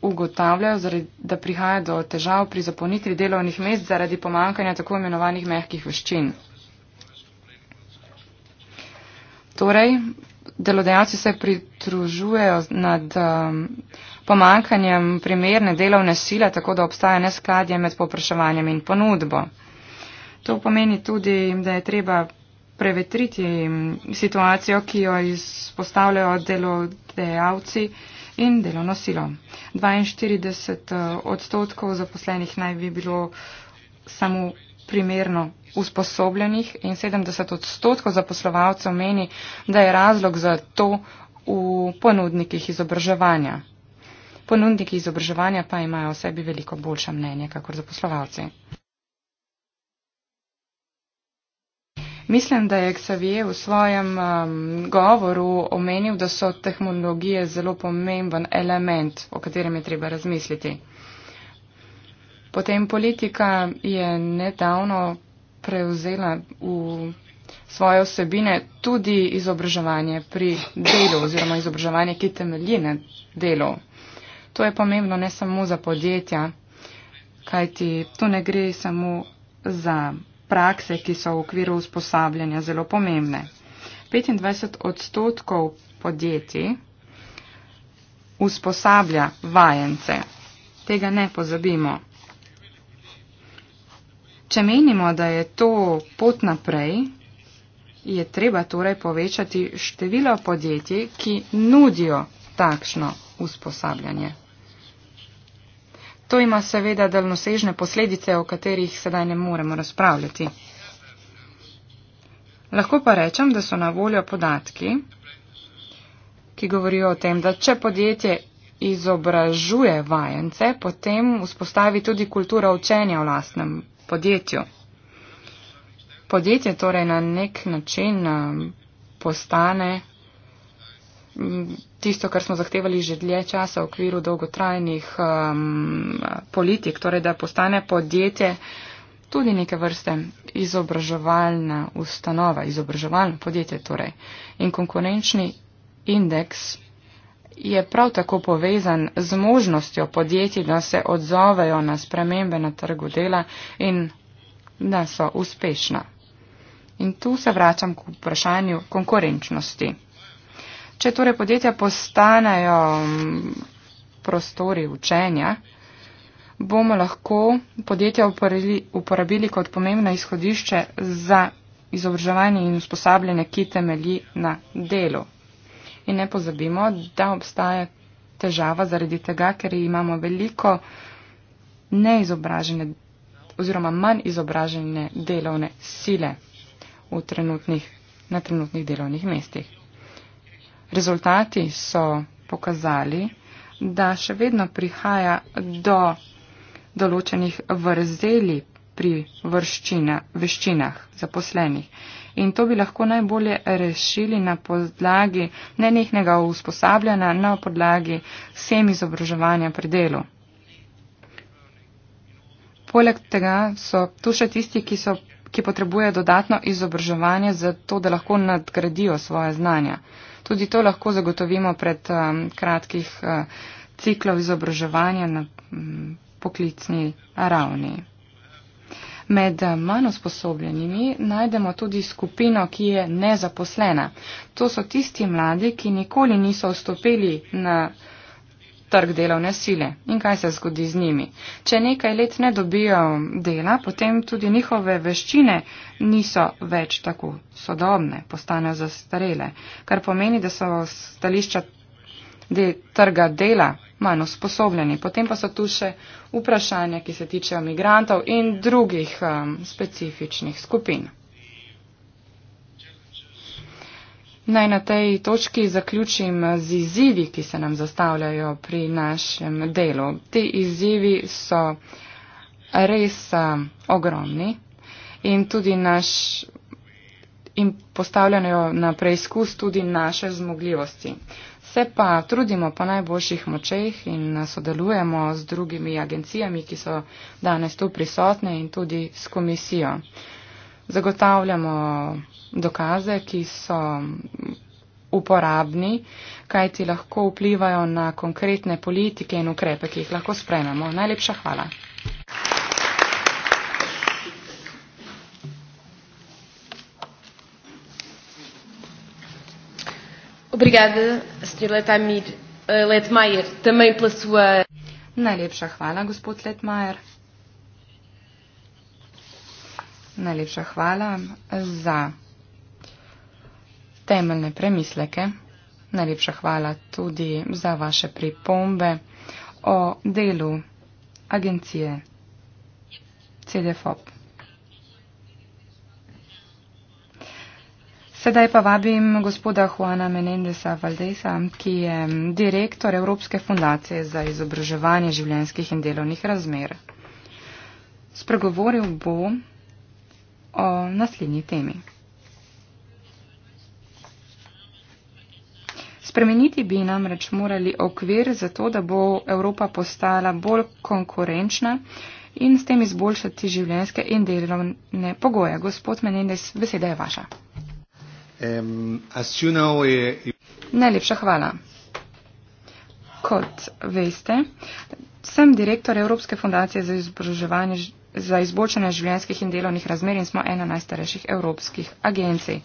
ugotavljajo, da prihaja do težav pri zapolnitvi delovnih mest zaradi pomankanja tako imenovanih mehkih veščin. Torej, delodajalci se pritružujejo nad um, pomankanjem primerne delovne sile, tako da obstaja neskladje med popraševanjem in ponudbo. To pomeni tudi, da je treba prevetriti situacijo, ki jo izpostavljajo delodajalci in delovno silo. 42 eh, odstotkov zaposlenih naj bi bilo samo primerno usposobljenih in 70 odstotkov zaposlovalcev meni, da je razlog za to v ponudnikih izobraževanja. Ponudniki izobraževanja pa imajo v sebi veliko boljše mnenje, kakor zaposlovalci. Mislim, da je Xavier v svojem um, govoru omenil, da so tehnologije zelo pomemben element, o katerem je treba razmisliti. Potem politika je nedavno prevzela v svoje osebine tudi izobraževanje pri delu oziroma izobraževanje, ki temelji na delu. To je pomembno ne samo za podjetja, kajti tu ne gre samo za prakse, ki so v okviru usposabljanja zelo pomembne. 25 odstotkov podjetij usposablja vajence. Tega ne pozabimo. Če menimo, da je to pot naprej, je treba torej povečati število podjetij, ki nudijo takšno usposabljanje. To ima seveda delnosežne posledice, o katerih sedaj ne moremo razpravljati. Lahko pa rečem, da so na voljo podatki, ki govorijo o tem, da če podjetje izobražuje vajence, potem vzpostavi tudi kulturo učenja v lastnem podjetju. Podjetje torej na nek način eh, postane tisto, kar smo zahtevali že dlje časa v okviru dolgotrajnih um, politik, torej da postane podjetje tudi neke vrste izobraževalna ustanova, izobraževalno podjetje torej. In konkurenčni indeks je prav tako povezan z možnostjo podjetij, da se odzovejo na spremembe na trgu dela in da so uspešna. In tu se vračam k vprašanju konkurenčnosti. Če torej podjetja postanejo mm, prostori učenja, bomo lahko podjetja uporabili, uporabili kot pomembno izhodišče za izobraževanje in usposabljanje, ki temelji na delu. In ne pozabimo, da obstaja težava zaradi tega, ker imamo veliko neizobražene oziroma manj izobražene delovne sile trenutnih, na trenutnih delovnih mestih. Rezultati so pokazali, da še vedno prihaja do določenih vrzeli pri vrščina, veščinah zaposlenih. In to bi lahko najbolje rešili na podlagi nenehnega usposabljanja, na podlagi sem izobraževanja pri delu. Poleg tega so tu še tisti, ki, so, ki potrebujejo dodatno izobraževanje za to, da lahko nadgradijo svoje znanja. Tudi to lahko zagotovimo pred um, kratkih uh, ciklov izobraževanja na um, poklicni ravni. Med uh, manj usposobljenimi najdemo tudi skupino, ki je nezaposlena. To so tisti mladi, ki nikoli niso vstopili na trg delovne sile in kaj se zgodi z njimi. Če nekaj let ne dobijo dela, potem tudi njihove veščine niso več tako sodobne, postanejo zastarele, kar pomeni, da so stališča de trga dela manj usposobljeni. Potem pa so tu še vprašanja, ki se tičejo migrantov in drugih um, specifičnih skupin. Naj na tej točki zaključim z izzivi, ki se nam zastavljajo pri našem delu. Ti izzivi so res ogromni in tudi naš in postavljanjo na preizkus tudi naše zmogljivosti. Se pa trudimo po najboljših močeh in sodelujemo z drugimi agencijami, ki so danes tu prisotne in tudi s komisijo. Zagotavljamo dokaze, ki so uporabni, kaj ti lahko vplivajo na konkretne politike in ukrepe, ki jih lahko sprememo. Najlepša hvala. Obrigada, Sr. Letamir uh, eh, Letmajer, também pela sua... Najlepša hvala, gospod Letmajer. Najlepša hvala za temeljne premisleke. Najlepša hvala tudi za vaše pripombe o delu agencije CDFOP. Sedaj pa vabim gospoda Juana Menendesa Valdesa, ki je direktor Evropske fundacije za izobraževanje življenjskih in delovnih razmer. Spregovoril bo o naslednji temi. Spremeniti bi namreč morali okvir za to, da bo Evropa postala bolj konkurenčna in s tem izboljšati življenjske in delovne pogoje. Gospod Menendez, beseda je vaša. Um, you know, je... Najlepša hvala. Kot veste, sem direktor Evropske fundacije za izboljševanje za izboljšanje življenjskih in delovnih razmer in smo ena najstarejših evropskih agencij.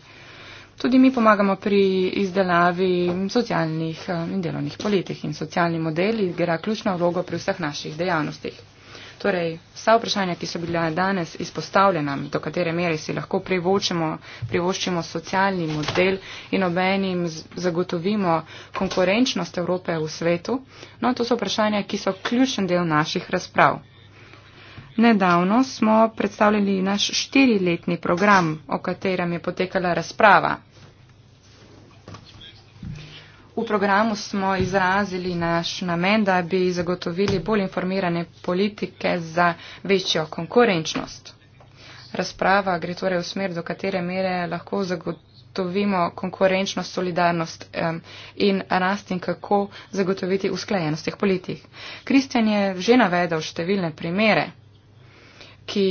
Tudi mi pomagamo pri izdelavi socialnih eh, in delovnih politik in socialni model igra ključno vlogo pri vseh naših dejavnostih. Torej, vsa vprašanja, ki so bila danes izpostavljena, do katere mere si lahko privoščimo, privoščimo socialni model in obenim zagotovimo konkurenčnost Evrope v svetu, no, to so vprašanja, ki so ključen del naših razprav. Nedavno smo predstavljali naš štiriletni program, o katerem je potekala razprava V programu smo izrazili naš namen, da bi zagotovili bolj informirane politike za večjo konkurenčnost. Razprava gre torej v smer, do katere mere lahko zagotovimo konkurenčnost, solidarnost in rast in kako zagotoviti usklajenost teh politik. Kristjan je že navedel številne primere, ki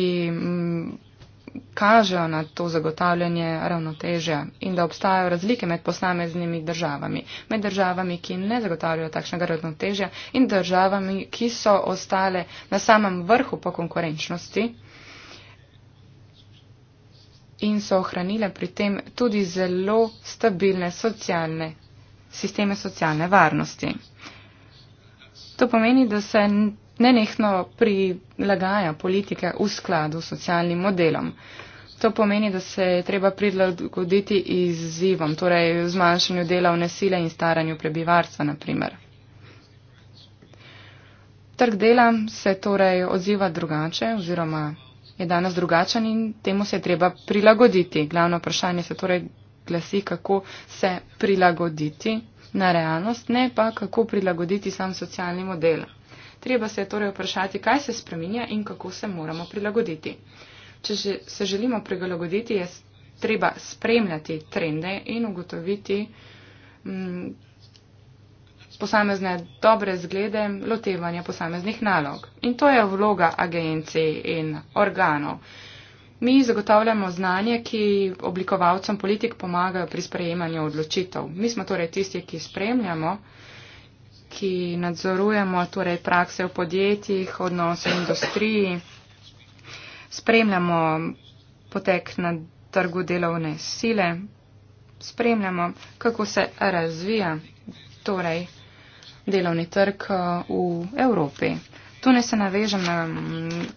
kažejo na to zagotavljanje ravnotežja in da obstajajo razlike med posameznimi državami, med državami, ki ne zagotavljajo takšnega ravnotežja in državami, ki so ostale na samem vrhu po konkurenčnosti in so ohranile pri tem tudi zelo stabilne socialne, sisteme socialne varnosti. To pomeni, da se nenehno prilagaja politike v skladu s socialnim modelom. To pomeni, da se je treba prilagoditi izzivom, torej zmanjšanju delovne sile in staranju prebivarstva, naprimer. Trg dela se torej odziva drugače oziroma je danes drugačen in temu se je treba prilagoditi. Glavno vprašanje se torej glasi, kako se prilagoditi na realnost, ne pa kako prilagoditi sam socialni model. Treba se je torej vprašati, kaj se spreminja in kako se moramo prilagoditi. Če se želimo prilagoditi, je treba spremljati trende in ugotoviti m, mm, posamezne dobre zglede lotevanja posameznih nalog. In to je vloga agencij in organov. Mi zagotavljamo znanje, ki oblikovalcem politik pomagajo pri sprejemanju odločitev. Mi smo torej tisti, ki spremljamo ki nadzorujemo torej prakse v podjetjih, odnose v industriji, spremljamo potek na trgu delovne sile, spremljamo, kako se razvija torej delovni trg eh, v Evropi. Tu ne se navežem na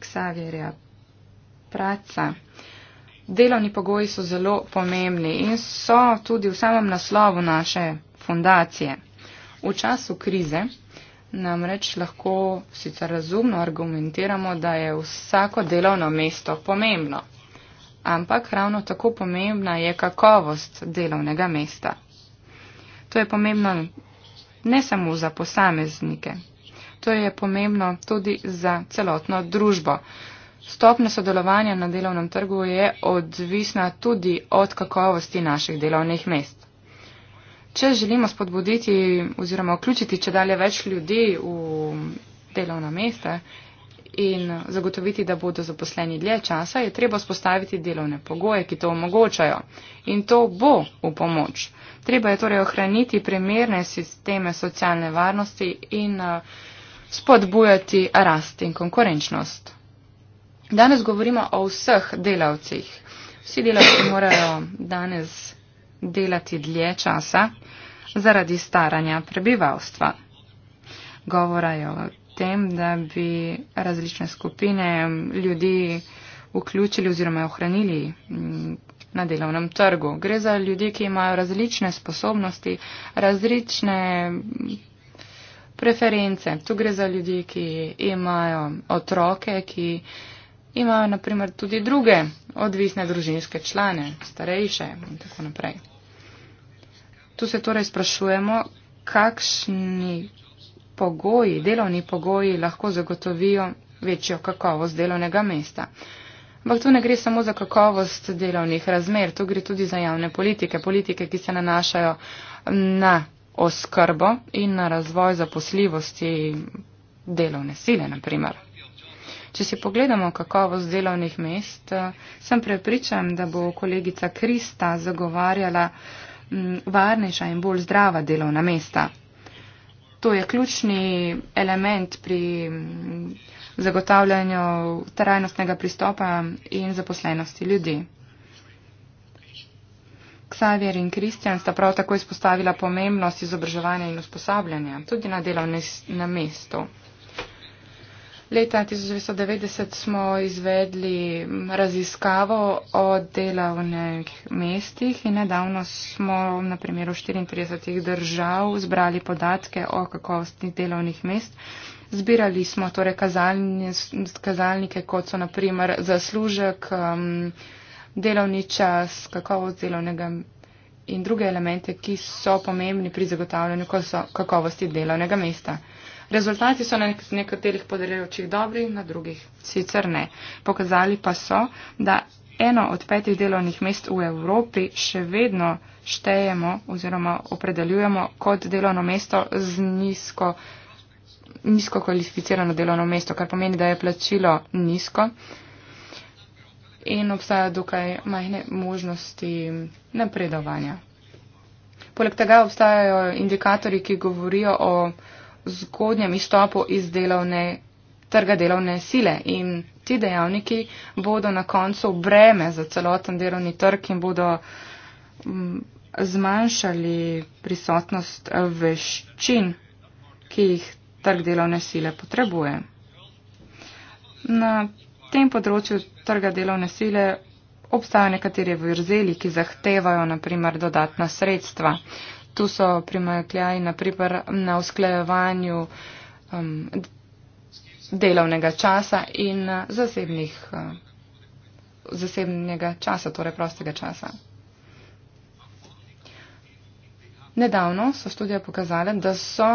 Ksavirja mm, Praca. Delovni pogoji so zelo pomembni in so tudi v samem naslovu naše fundacije. V času krize namreč lahko sicer razumno argumentiramo, da je vsako delovno mesto pomembno, ampak ravno tako pomembna je kakovost delovnega mesta. To je pomembno ne samo za posameznike, to je pomembno tudi za celotno družbo. Stopnja sodelovanja na delovnem trgu je odvisna tudi od kakovosti naših delovnih mest če želimo spodbuditi oziroma vključiti če dalje več ljudi v delovna mesta in zagotoviti, da bodo zaposleni dlje časa, je treba spostaviti delovne pogoje, ki to omogočajo. In to bo v pomoč. Treba je torej ohraniti primerne sisteme socialne varnosti in uh, spodbujati rast in konkurenčnost. Danes govorimo o vseh delavcih. Vsi delavci morajo danes delati dlje časa zaradi staranja prebivalstva. Govora je o tem, da bi različne skupine ljudi vključili oziroma ohranili mm, na delovnem trgu. Gre za ljudi, ki imajo različne sposobnosti, različne mm, preference. Tu gre za ljudi, ki imajo otroke, ki imajo imajo naprimer tudi druge odvisne družinske člane, starejše in tako naprej. Tu se torej sprašujemo, kakšni pogoji, delovni pogoji lahko zagotovijo večjo kakovost delovnega mesta. Ampak tu ne gre samo za kakovost delovnih razmer, tu gre tudi za javne politike, politike, ki se nanašajo na oskrbo in na razvoj zaposljivosti delovne sile, naprimer. Če si pogledamo kakovost delovnih mest, eh, sem prepričan, da bo kolegica Krista zagovarjala mm, varnejša in bolj zdrava delovna mesta. To je ključni element pri mm, zagotavljanju trajnostnega pristopa in zaposlenosti ljudi. Ksavir in Kristjan sta prav tako izpostavila pomembnost izobraževanja in usposabljanja tudi na delovnem mestu. Leta 1990 smo izvedli raziskavo o delovnih mestih in nedavno smo na primeru 34 držav zbrali podatke o kakovosti delovnih mest. Zbirali smo torej kazalnje, kazalnike, kot so naprimer zaslužek, um, delovni čas, kakovost delovnega in druge elemente, ki so pomembni pri zagotavljanju kakovosti delovnega mesta. Rezultati so na nekaterih področjih dobri, na drugih sicer ne. Pokazali pa so, da eno od petih delovnih mest v Evropi še vedno štejemo oziroma opredeljujemo kot delovno mesto z nizko, nizko kvalificirano delovno mesto, kar pomeni, da je plačilo nizko. In obstajajo dokaj majhne možnosti napredovanja. Poleg tega obstajajo indikatorji, ki govorijo o zgodnjem izstopu iz delovne, trga delovne sile. In ti dejavniki bodo na koncu breme za celoten delovni trg in bodo mm, zmanjšali prisotnost veščin, ki jih trg delovne sile potrebuje. Na tem področju trga delovne sile obstajajo nekatere vrzeli, ki zahtevajo naprimer dodatna sredstva tu so primakljaji na, na usklejevanju um, delovnega časa in uh, zasebnih, uh, zasebnega časa, torej prostega časa. Nedavno so študije pokazale, da so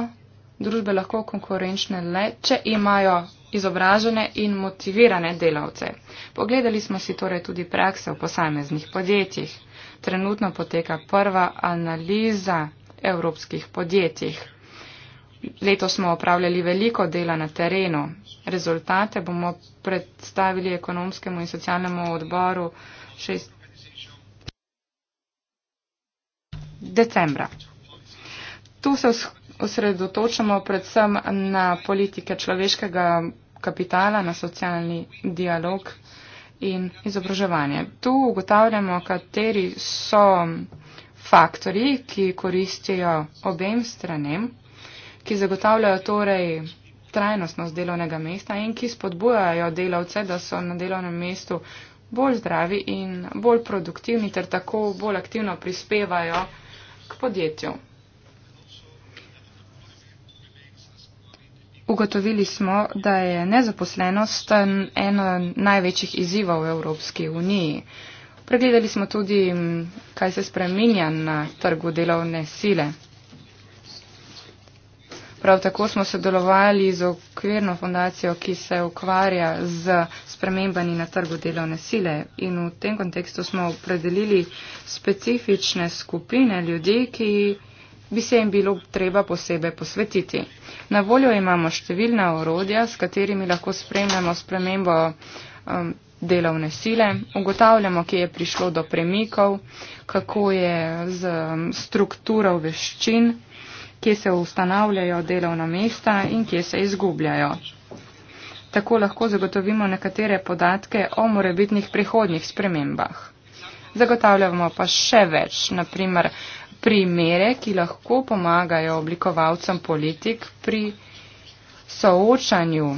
družbe lahko konkurenčne le, če imajo izobražene in motivirane delavce. Pogledali smo si torej tudi prakse v posameznih podjetjih. Trenutno poteka prva analiza evropskih podjetjih. Leto smo opravljali veliko dela na terenu. Rezultate bomo predstavili ekonomskemu in socialnemu odboru 6. decembra. Tu se osredotočamo predvsem na politike človeškega kapitala, na socialni dialog in izobraževanje. Tu ugotavljamo, kateri so faktori, ki koristijo obem stranem, ki zagotavljajo torej trajnostnost delovnega mesta in ki spodbujajo delavce, da so na delovnem mestu bolj zdravi in bolj produktivni ter tako bolj aktivno prispevajo k podjetju. Ugotovili smo, da je nezaposlenost eno največjih izzivov v Evropski uniji. Pregledali smo tudi, kaj se spreminja na trgu delovne sile. Prav tako smo sodelovali z okvirno fundacijo, ki se ukvarja z spremembami na trgu delovne sile in v tem kontekstu smo opredelili specifične skupine ljudi, ki bi se jim bilo treba posebej posvetiti. Na voljo imamo številna orodja, s katerimi lahko spremljamo spremembo um, delovne sile, ugotavljamo, kje je prišlo do premikov, kako je z um, strukturo veščin, kje se ustanavljajo delovna mesta in kje se izgubljajo. Tako lahko zagotovimo nekatere podatke o morebitnih prihodnjih spremembah. Zagotavljamo pa še več, naprimer primere, ki lahko pomagajo oblikovalcem politik pri soočanju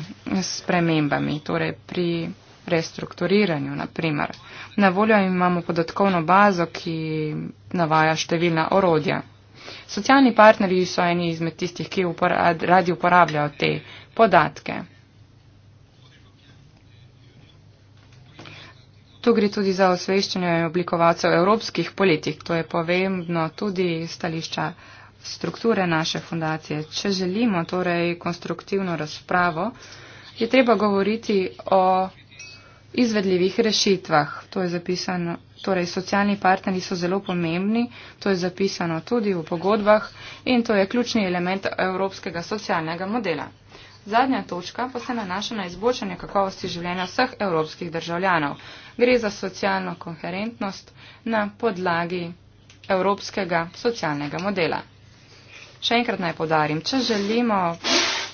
s premembami, torej pri restrukturiranju, naprimer. Na voljo imamo podatkovno bazo, ki navaja številna orodja. Socialni partnerji so eni izmed tistih, ki upor radi uporabljajo te podatke. Tu gre tudi za osveščanje oblikovalcev evropskih politik. To je pomembno tudi stališča strukture naše fundacije. Če želimo torej konstruktivno razpravo, je treba govoriti o izvedljivih rešitvah. To je zapisano, torej socialni partneri so zelo pomembni, to je zapisano tudi v pogodbah in to je ključni element evropskega socialnega modela. Zadnja točka pa se nanaša na izboljšanje kakovosti življenja vseh evropskih državljanov. Gre za socialno koherentnost na podlagi evropskega socialnega modela. Še enkrat naj podarim, če želimo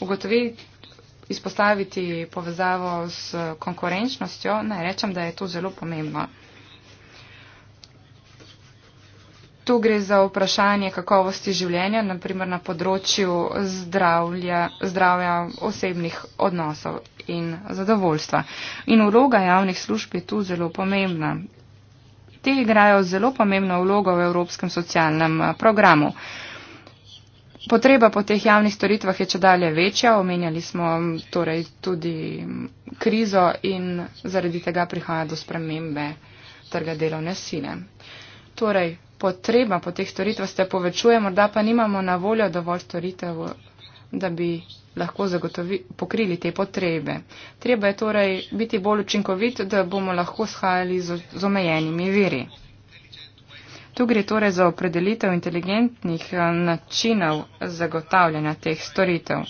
ugotoviti, izpostaviti povezavo s konkurenčnostjo, naj rečem, da je to zelo pomembno. Tu gre za vprašanje kakovosti življenja, naprimer na področju zdravlja, zdravja osebnih odnosov in zadovoljstva. In uloga javnih služb je tu zelo pomembna. Te igrajo zelo pomembno vlogo v Evropskem socialnem eh, programu. Potreba po teh javnih storitvah je če dalje večja, omenjali smo mm, torej tudi mm, krizo in zaradi tega prihaja do spremembe trga delovne sile. Torej, potreba po teh storitvah se povečuje, morda pa nimamo na voljo dovolj storitev, da bi lahko zagotovi, pokrili te potrebe. Treba je torej biti bolj učinkovit, da bomo lahko shajali z, z omejenimi viri. Tu gre torej za opredelitev inteligentnih eh, načinov zagotavljanja teh storitev.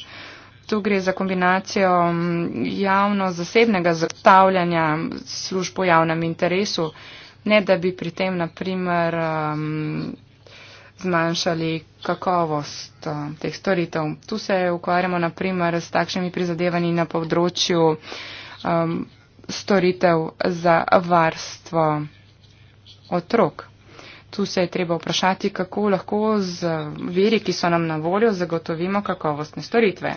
Tu gre za kombinacijo mm, javno-zasebnega zagotavljanja služb po javnem interesu, ne da bi pri tem naprimer um, zmanjšali kakovost uh, teh storitev. Tu se ukvarjamo naprimer s takšnimi prizadevanji na področju um, storitev za varstvo otrok. Tu se je treba vprašati, kako lahko z veri, ki so nam na voljo, zagotovimo kakovostne storitve.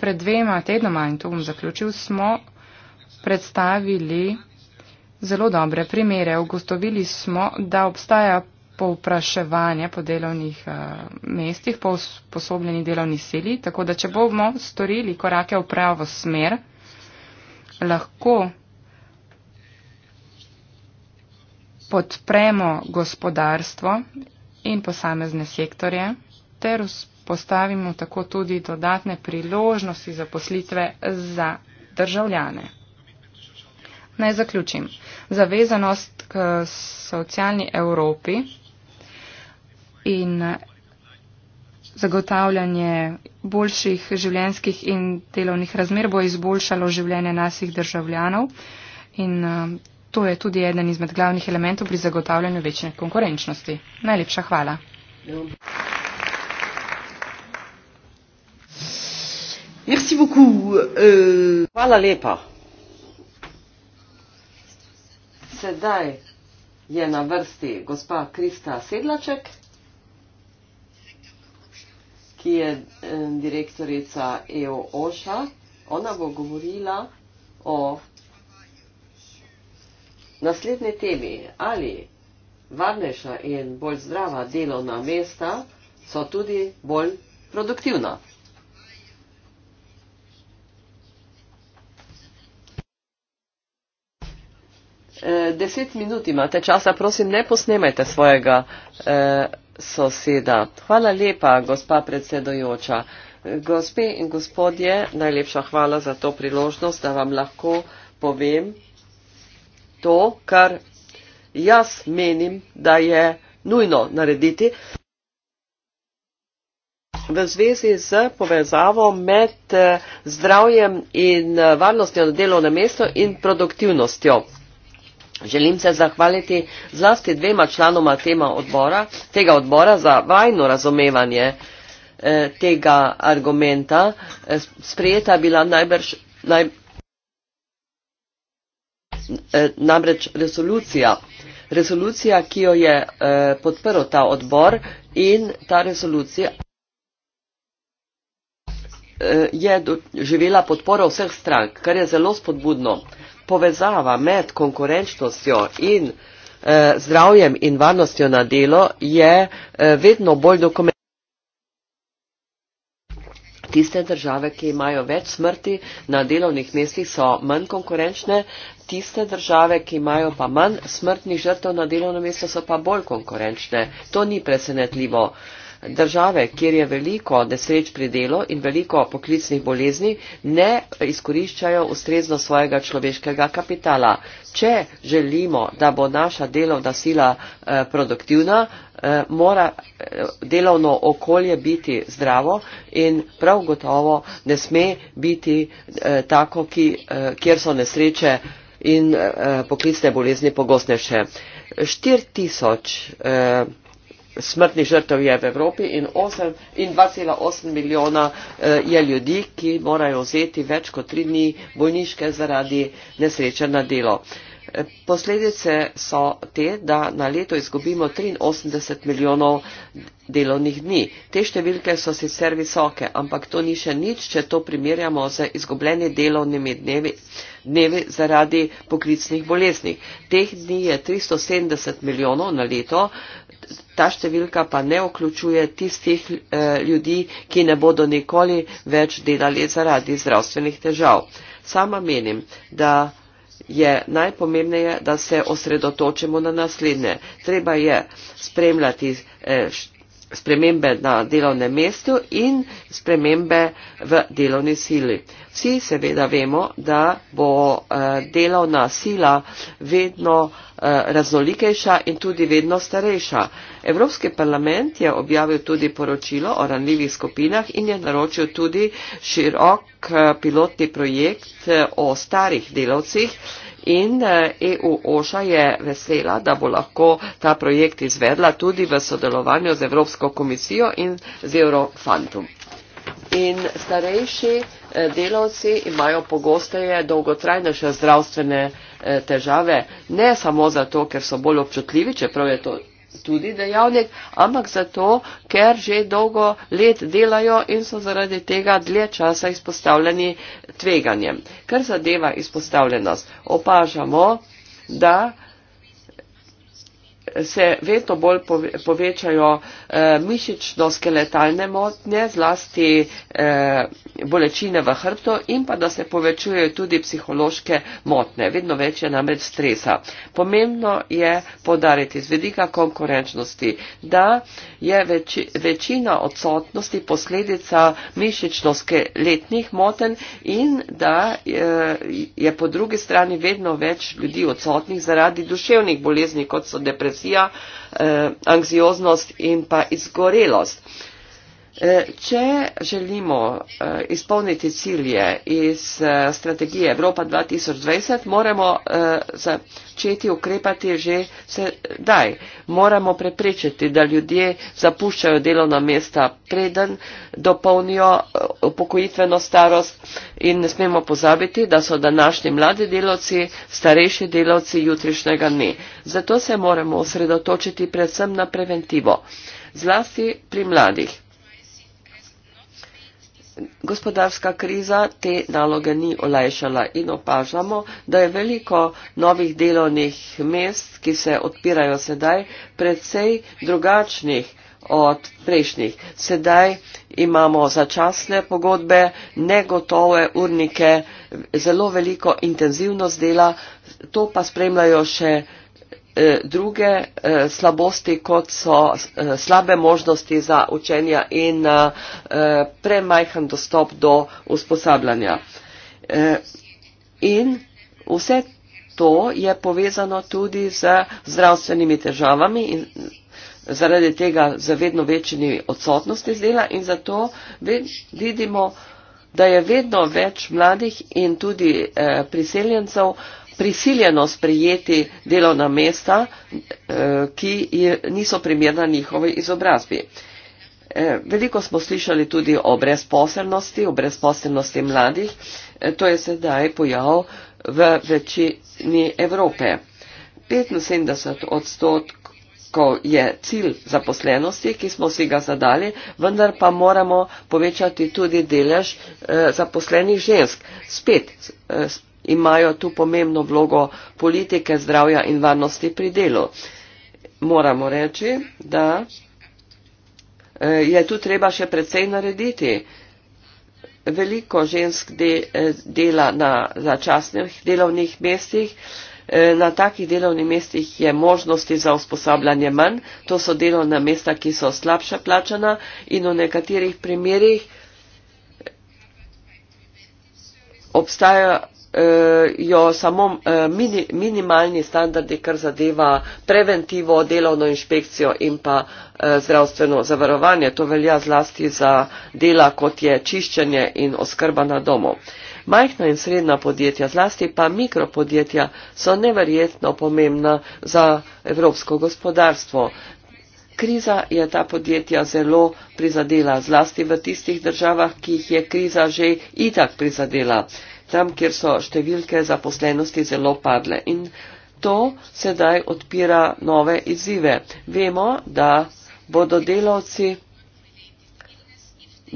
Pred dvema tednoma, in to bom zaključil, smo predstavili zelo dobre primere. Ugotovili smo, da obstaja povpraševanje po delovnih eh, mestih, po usposobljeni delovni sili, tako da če bomo storili korake v pravo smer, lahko podpremo gospodarstvo in posamezne sektorje ter postavimo tako tudi dodatne priložnosti za poslitve za državljane. Naj zaključim. Zavezanost k socialni Evropi in zagotavljanje boljših življenjskih in delovnih razmer bo izboljšalo življenje naših državljanov in eh, to je tudi eden izmed glavnih elementov pri zagotavljanju večje konkurenčnosti. Najlepša hvala.
Euh, hvala lepa. Sedaj je na vrsti gospa Krista Sedlaček, ki je eh, direktorica EO OŠA. Ona bo govorila o naslednji temi, ali varnejša in bolj zdrava delovna mesta so tudi bolj produktivna. Eh, deset minut imate časa, prosim, ne posnemajte svojega eh, soseda. Hvala lepa, gospa predsedojoča. Eh, gospe in gospodje, najlepša hvala za to priložnost, da vam lahko povem to, kar jaz menim, da je nujno narediti v zvezi z povezavo med eh, zdravjem in varnostjo na delovnem mestu in produktivnostjo. Želim se zahvaliti zlasti dvema članoma tema odbora, tega odbora za vajno razumevanje eh, tega argumenta. Eh, sprejeta bila najbrž, naj, eh, namreč resolucija. Resolucija, ki jo je eh, podprl ta odbor in ta resolucija eh, je doživela podporo vseh strank, kar je zelo spodbudno. Eh, povezava med konkurenčnostjo in eh, zdravjem in varnostjo na delo je eh, vedno bolj dokumentirana. Tiste države, ki imajo več smrti na delovnih mestih, so manj konkurenčne, tiste države, ki imajo pa manj smrtnih žrtev na delovnem mestu, so pa bolj konkurenčne. To ni presenetljivo. Eh, države, kjer je veliko nesreč pri delu in veliko poklicnih bolezni, ne izkoriščajo ustrezno svojega človeškega kapitala. Če želimo, da bo naša delovna sila eh, produktivna, eh, mora eh, delovno okolje biti zdravo in prav gotovo ne sme biti tako, ki, kjer so nesreče in poklicne bolezni pogostnejše. 4000 smrtnih žrtev je v Evropi in 2,8 milijona eh, je ljudi, ki morajo vzeti več kot tri dni bolniške zaradi nesreče na delo. Eh, posledice so te, da na leto izgubimo 83 milijonov delovnih dni. Te številke so sicer visoke, ampak to ni še nič, če to primerjamo z izgubljeni delovnimi dnevi, dnevi zaradi poklicnih bolezni. Teh dni je 370 milijonov na leto, ta številka pa ne vključuje tistih eh, ljudi, ki ne bodo nikoli več delali zaradi zdravstvenih težav. Sama menim, da je najpomembneje, da se osredotočimo na naslednje. Treba je spremljati eh, spremembe na delovnem mestu in spremembe v delovni sili. Vsi seveda vemo, da bo eh, delovna sila vedno eh, raznolikejša in tudi vedno starejša. Evropski parlament je objavil tudi poročilo o ranljivih skupinah in je naročil tudi širok eh, pilotni projekt o starih delavcih. In EU e Oša je vesela, da bo lahko ta projekt izvedla tudi v sodelovanju z Evropsko komisijo in z Eurofantom. In starejši. Eh, delavci imajo pogosteje dolgotrajnejše zdravstvene eh, težave, ne samo zato, ker so bolj občutljivi, čeprav je to tudi dejavnik, ampak zato, ker že dolgo let delajo in so zaradi tega dlje časa izpostavljeni tveganjem. Ker zadeva izpostavljenost, opažamo, da se veto bolj povečajo eh, mišično-skeletalne motnje, zlasti eh, bolečine v hrbtu in pa da se povečujejo tudi psihološke motnje. Vedno več je namreč stresa. Pomembno je podariti z vedika konkurenčnosti, da je večina odsotnosti posledica mišično-skeletnih moten in da eh, je po drugi strani vedno več ljudi odsotnih zaradi duševnih bolezni, kot so depresije depresija, eh, anksioznost in pa izgorelost. E, če želimo e, izpolniti cilje iz e, strategije Evropa 2020, moramo začeti ukrepati že sedaj. Moramo preprečiti, da ljudje zapuščajo delovna mesta preden, dopolnijo upokojitveno starost in ne smemo pozabiti, da so današnji mladi delovci starejši delovci jutrišnjega dne. Zato se moramo osredotočiti predvsem na preventivo, zlasti pri mladih gospodarska kriza te naloge ni olajšala in opažamo, da je veliko novih delovnih mest, ki se odpirajo sedaj, predvsej drugačnih od prejšnjih. Sedaj imamo začasne pogodbe, negotove urnike, zelo veliko intenzivnost dela, to pa spremljajo še. Eh, druge eh, slabosti, kot so eh, slabe možnosti za učenja in premajhen dostop do usposabljanja. In vse to je povezano tudi z zdravstvenimi težavami in zaradi tega z vedno večjimi odsotnosti z dela in zato vidimo, da je vedno več mladih in tudi priseljencev prisiljeno sprejeti delovna mesta, eh, ki niso primerna njihovi izobrazbi. Eh, veliko smo slišali tudi o brezposelnosti, o brezposelnosti mladih. Eh, to je sedaj pojav v večini Evrope. 75 odstotkov je cilj zaposlenosti, ki smo si ga zadali, vendar pa moramo povečati tudi delež zaposlenih žensk. Spet, imajo tu pomembno vlogo politike zdravja in varnosti pri delu. Moramo reči, da eh, je tu treba še precej narediti. Veliko žensk de, eh, dela na začasnih delovnih mestih. Eh, na takih delovnih mestih je možnosti za usposabljanje manj. To so delovna mesta, ki so slabše plačana in v nekaterih primerjih obstajajo Eh, jo samo eh, mini, minimalni standardi, kar zadeva preventivo, delovno inšpekcijo in pa eh, zdravstveno zavarovanje. To velja zlasti za dela, kot je čiščenje in oskrba na domu. Majhna in srednja podjetja, zlasti pa mikropodjetja, so neverjetno pomembna za evropsko gospodarstvo. Kriza je ta podjetja zelo prizadela, zlasti v tistih državah, ki jih je kriza že itak prizadela. Uh, tam, kjer so številke zaposlenosti zelo padle. In to sedaj odpira nove izzive. Vemo, da bodo delavci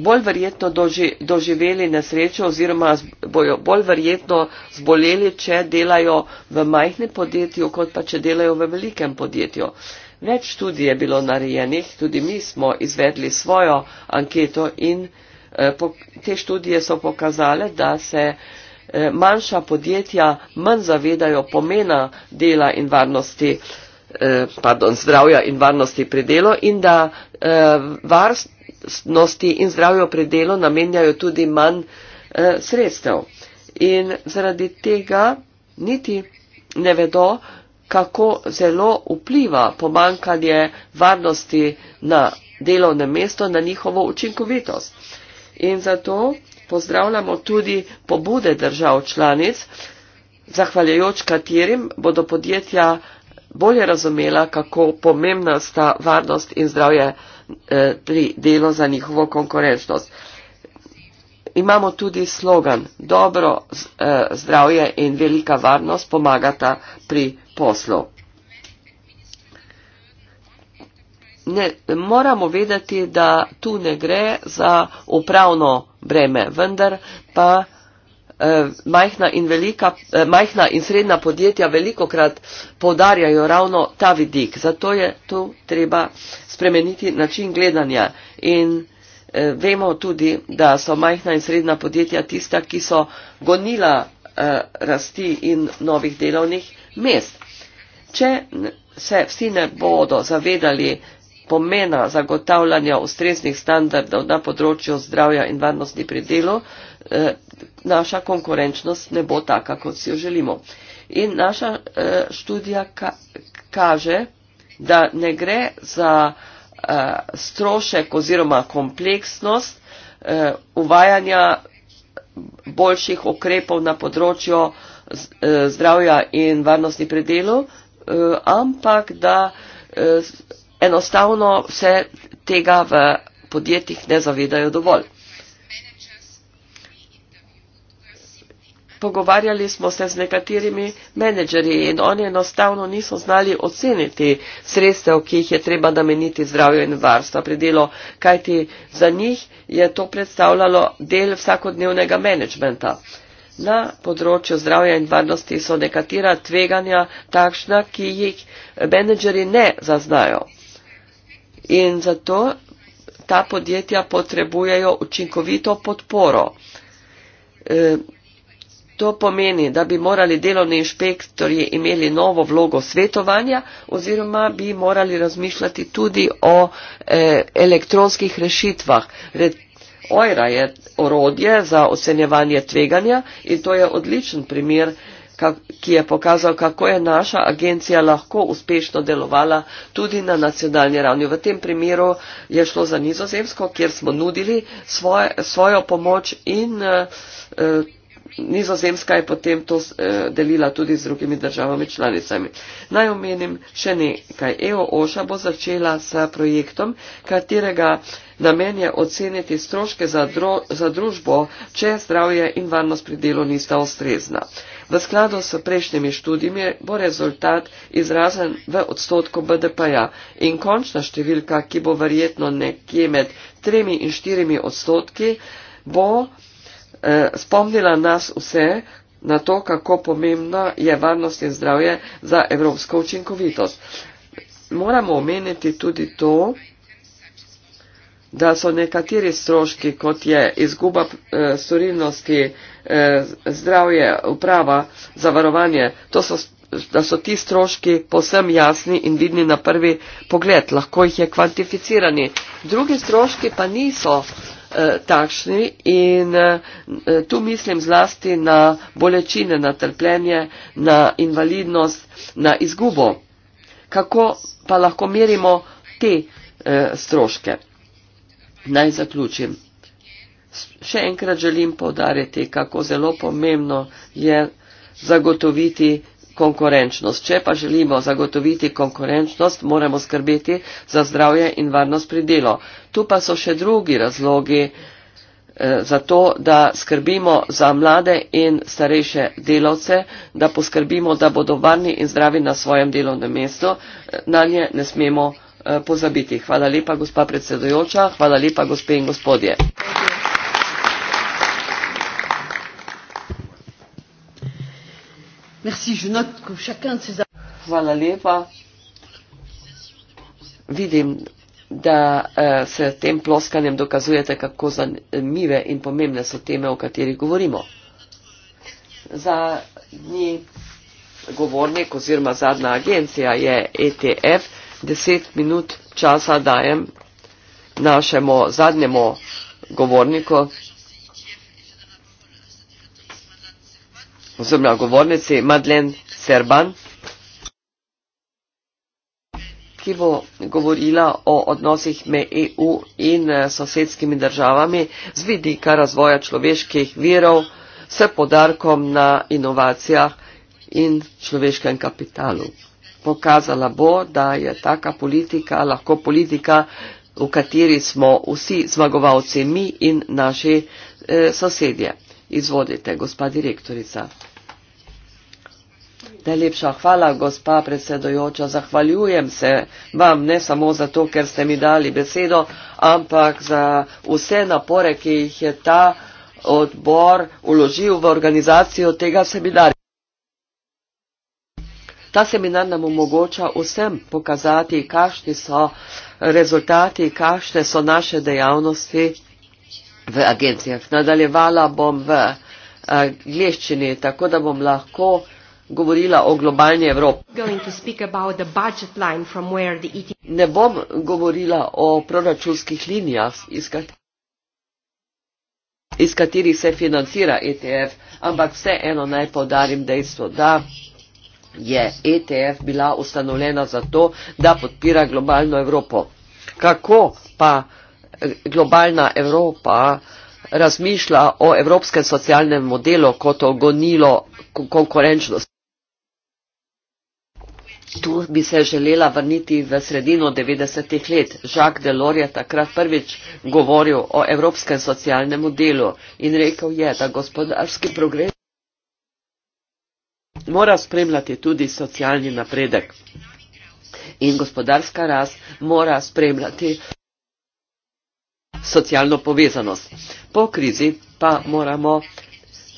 bolj verjetno doži, doživeli nesrečo oziroma bojo bolj verjetno zboleli, če delajo v majhnem podjetju, kot pa če delajo v velikem podjetju. Več študij je bilo narejenih, tudi mi smo izvedli svojo anketo in eh, po, te študije so pokazale, da se eh, manjša podjetja manj zavedajo pomena dela in varnosti, eh, pardon, zdravja in varnosti pri delu in da eh, varnosti in zdravju pri delu namenjajo tudi manj eh, sredstev. In zaradi tega niti ne vedo, kako zelo vpliva pomankanje varnosti na delovnem mestu, na njihovo učinkovitost. In zato pozdravljamo tudi pobude držav članic, zahvaljajoč katerim bodo podjetja bolje razumela, kako pomembna sta varnost in zdravje eh, pri delu za njihovo konkurenčnost. Imamo tudi slogan, dobro eh, zdravje in velika varnost pomagata pri poslu. Ne, moramo vedeti, da tu ne gre za upravno breme. Vendar pa eh, majhna, in velika, eh, majhna in srednja podjetja veliko krat povdarjajo ravno ta vidik. Zato je tu treba spremeniti način gledanja. In eh, vemo tudi, da so majhna in srednja podjetja tista, ki so gonila eh, rasti in novih delovnih mest. Če se vsi ne bodo zavedali pomena zagotavljanja ustreznih standardov na področju zdravja in varnosti pri delu, eh, naša konkurenčnost ne bo taka, kot si jo želimo. In naša eh, študija kaže, da ne gre za eh, strošek oziroma kompleksnost uvajanja boljših ukrepov na področju zdravja in varnosti pri delu, ampak da enostavno se tega v podjetjih ne zavedajo dovolj. Pogovarjali smo se z nekaterimi menedžerji in oni enostavno niso znali oceniti sredstev, ki jih je treba nameniti zdravju in varstva pri delu, kajti za njih je to predstavljalo del vsakodnevnega menedžmenta. Na področju zdravja in varnosti so nekatera tveganja takšna, ki jih menedžeri ne zaznajo. In zato ta podjetja potrebujejo učinkovito podporo. E, to pomeni, da bi morali delovni inšpektori imeli novo vlogo svetovanja oziroma bi morali razmišljati tudi o e, elektronskih rešitvah. Ojra je orodje za ocenjevanje tveganja in to je odličen primer ki je pokazal, kako je naša agencija lahko uspešno delovala tudi na nacionalni ravni. V tem primeru je šlo za nizozemsko, kjer smo nudili svoje, svojo pomoč in eh, eh nizozemska je potem to eh, delila tudi z drugimi državami članicami. Naj omenim še nekaj. EOŠA bo začela s projektom, katerega. Namen je oceniti stroške za, dro, za družbo, če zdravje in varnost pri delu nista ustrezna. Uh, V skladu s prejšnjimi študijami bo rezultat izrazen v odstotku BDP-ja in končna številka, ki bo verjetno nekje med 3 in 4 odstotki, bo eh, spomnila nas vse na to, kako pomembna je varnost in zdravje za evropsko učinkovitost. Moramo omeniti tudi to, da so nekateri stroški, kot je izguba eh, storilnosti, eh, eh, zdravje, uprava, zavarovanje, so, da so ti stroški posem jasni in vidni na prvi pogled, lahko jih je kvantificirani. Drugi stroški pa niso eh, takšni in eh, tu mislim zlasti na bolečine, na trpljenje, na invalidnost, na izgubo. Kako pa lahko merimo te eh, stroške? Naj zaključim še enkrat želim povdariti, kako zelo pomembno je zagotoviti konkurenčnost. Če pa želimo zagotoviti konkurenčnost, moramo skrbeti za zdravje in varnost pri delu. Tu pa so še drugi razlogi eh, za to, da skrbimo za mlade in starejše delavce, da poskrbimo, da bodo varni in zdravi na svojem delovnem mestu. Eh, na nje ne smemo eh, pozabiti. Hvala lepa, gospa predsedujoča, hvala lepa, gospe in gospodje. Merci, je note que chacun de ces Hvala lepa. Vidim, da uh, eh, se tem ploskanjem dokazujete, kako zanimive in pomembne so teme, o katerih govorimo. Zadnji govornik oziroma zadnja agencija je ETF. Deset minut časa dajem našemu zadnjemu govorniku. oziroma govornici Madlen Serban, ki bo govorila o odnosih med EU in eh, sosedskimi državami z vidika razvoja človeških virov s podarkom na inovacijah in človeškem kapitalu. Pokazala bo, da je taka politika lahko politika, v kateri smo vsi zmagovalci, mi in naši eh, sosedje. Izvodite, gospa direktorica. Najlepša hvala, gospa predsedojoča. Zahvaljujem se vam ne samo zato, ker ste mi dali besedo, ampak za vse napore, ki jih je ta odbor uložil v organizacijo tega seminarja. Ta seminar nam omogoča vsem pokazati, kakšni so rezultati, kakšne so naše dejavnosti v agencijah. Nadaljevala bom v eh, angleščini, tako da bom lahko govorila o globalni Evropi. E ne bom govorila o proračunskih linijah, iz, kat iz katerih se financira ETF, ampak vseeno naj podarim dejstvo, da je ETF bila ustanovljena zato, da podpira globalno Evropo. Kako pa globalna Evropa razmišlja o evropskem socialnem modelu kot o gonilo konkurenčnosti. Tu bi se želela vrniti v sredino 90-ih let. Jacques Delors je takrat prvič govoril o evropskem socialnem modelu in rekel je, da gospodarski progres mora spremljati tudi socialni napredek in gospodarska rast mora spremljati socialno povezanost. Po krizi pa moramo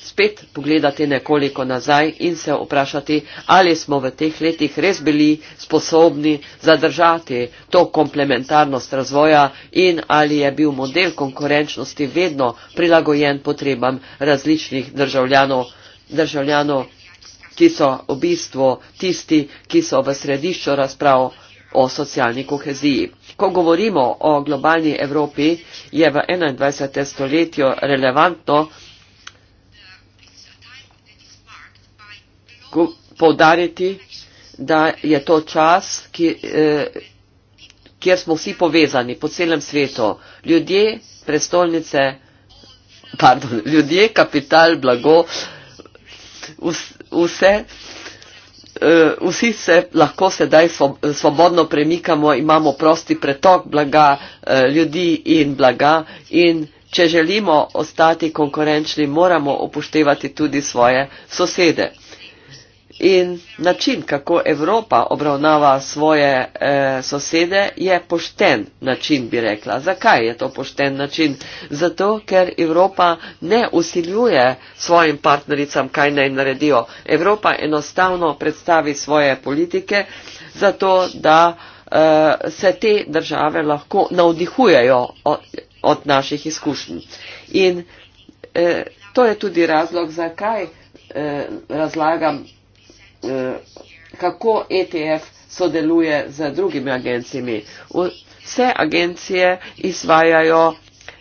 spet pogledati nekoliko nazaj in se vprašati, ali smo v teh letih res bili sposobni zadržati to komplementarnost razvoja in ali je bil model konkurenčnosti vedno prilagojen potrebam različnih državljanov, državljanov ki so v bistvu tisti, ki so v središču razpravo o socialni koheziji. Ko govorimo o globalni Evropi, je v 21. stoletju relevantno povdariti, da je to čas, ki, eh, kjer smo vsi povezani po celem svetu. Ljudje, prestolnice, pardon, <laughs> ljudje, kapital, blago, vse, vse Eh, vsi se lahko sedaj svobodno premikamo, imamo prosti pretok blaga, eh, ljudi in blaga in če želimo ostati konkurenčni, moramo upoštevati tudi svoje sosede. In način, kako Evropa obravnava svoje e, sosede, je pošten način, bi rekla. Zakaj je to pošten način? Zato, ker Evropa ne usiljuje svojim partnericam, kaj naj naredijo. Evropa enostavno predstavi svoje politike, zato da e, se te države lahko navdihujejo od, od naših izkušenj. In e, to je tudi razlog, zakaj razlagam Eh, kako ETF sodeluje z drugimi agencijami. Vse agencije izvajajo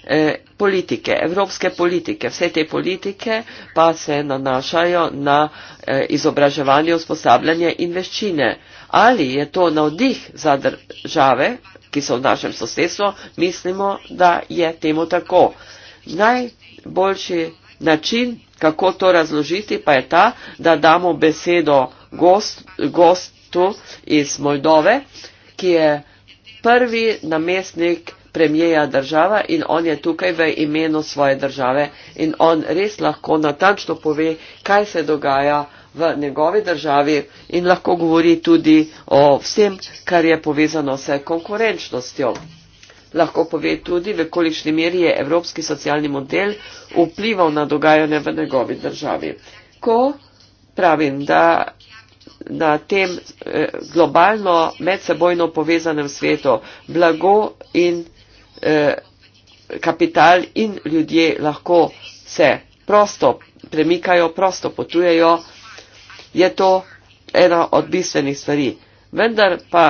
eh, politike, evropske politike. Vse te politike pa se nanašajo na eh, izobraževanje, usposabljanje in veščine. Ali je to navdih za države, ki so v našem sosedstvu, mislimo, da je temu tako. Najboljši način Kako to razložiti pa je ta, da damo besedo gost, gostu iz Moldove, ki je prvi namestnik premijeja država in on je tukaj v imenu svoje države in on res lahko natančno pove, kaj se dogaja v njegovi državi in lahko govori tudi o vsem, kar je povezano s konkurenčnostjo lahko pove tudi, v kolikšni meri je evropski socialni model vplival na dogajanje v njegovi državi. Ko pravim, da na tem eh, globalno medsebojno povezanem svetu blago in eh, kapital in ljudje lahko se prosto premikajo, prosto potujejo, je to ena od bistvenih stvari. Vendar pa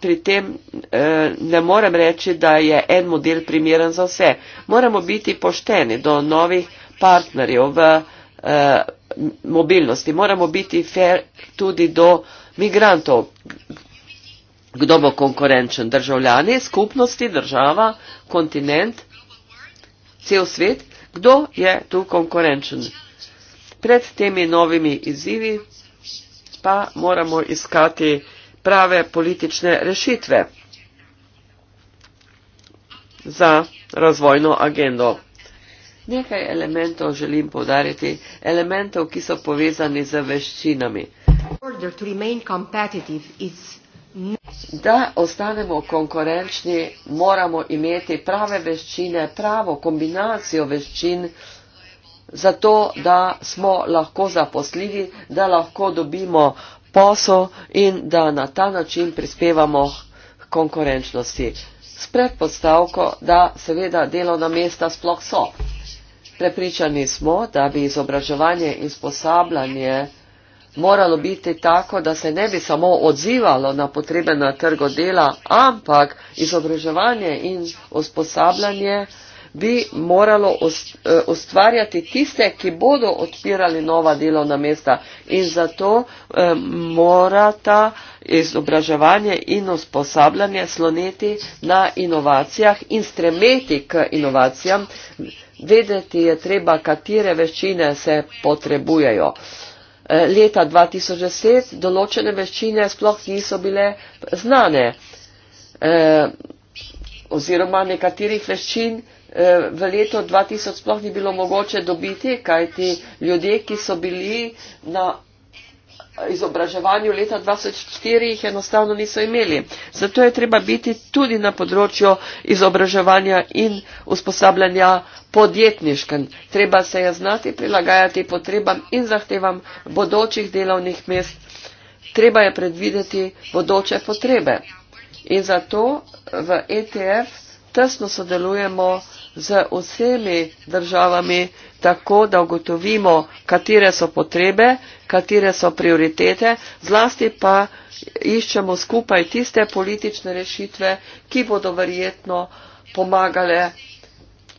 pri tem eh, ne morem reči, da je en model primeren za vse. Moramo biti pošteni do novih partnerjev v eh, mobilnosti. Moramo biti fair tudi do migrantov. Kdo bo konkurenčen? Državljani, skupnosti, država, kontinent, cel svet. Kdo je tu konkurenčen? Pred temi novimi izzivi pa moramo iskati prave politične rešitve za razvojno agendo. Nekaj elementov želim povdariti, elementov, ki so povezani z veščinami. Da ostanemo konkurenčni, moramo imeti prave veščine, pravo kombinacijo veščin, zato da smo lahko zaposljivi, da lahko dobimo posel in da na ta način prispevamo k konkurenčnosti. S predpostavko, da seveda delovna mesta sploh so. Prepričani smo, da bi izobraževanje in sposabljanje moralo biti tako, da se ne bi samo odzivalo na potrebe na trgo dela, ampak izobraževanje in usposabljanje bi moralo eh, ustvarjati tiste, ki bodo odpirali nova delovna mesta in zato eh, morata izobraževanje in usposabljanje sloneti na inovacijah in stremeti k inovacijam, vedeti je treba, katere veščine se potrebujejo. Eh, leta 2010 določene veščine sploh niso bile znane oziroma nekaterih veščin eh, v letu 2000 sploh ni bilo mogoče dobiti, kajti ljudje, ki so bili na izobraževanju leta 2004, jih enostavno niso imeli. Zato je treba biti tudi na področju izobraževanja in usposabljanja podjetniškem. Treba se je znati prilagajati potrebam in zahtevam bodočih delovnih mest. Treba je predvideti bodoče potrebe. In zato v ETF tesno sodelujemo z vsemi državami, tako da ugotovimo, katere so potrebe, katere so prioritete, zlasti pa iščemo skupaj tiste politične rešitve, ki bodo verjetno pomagale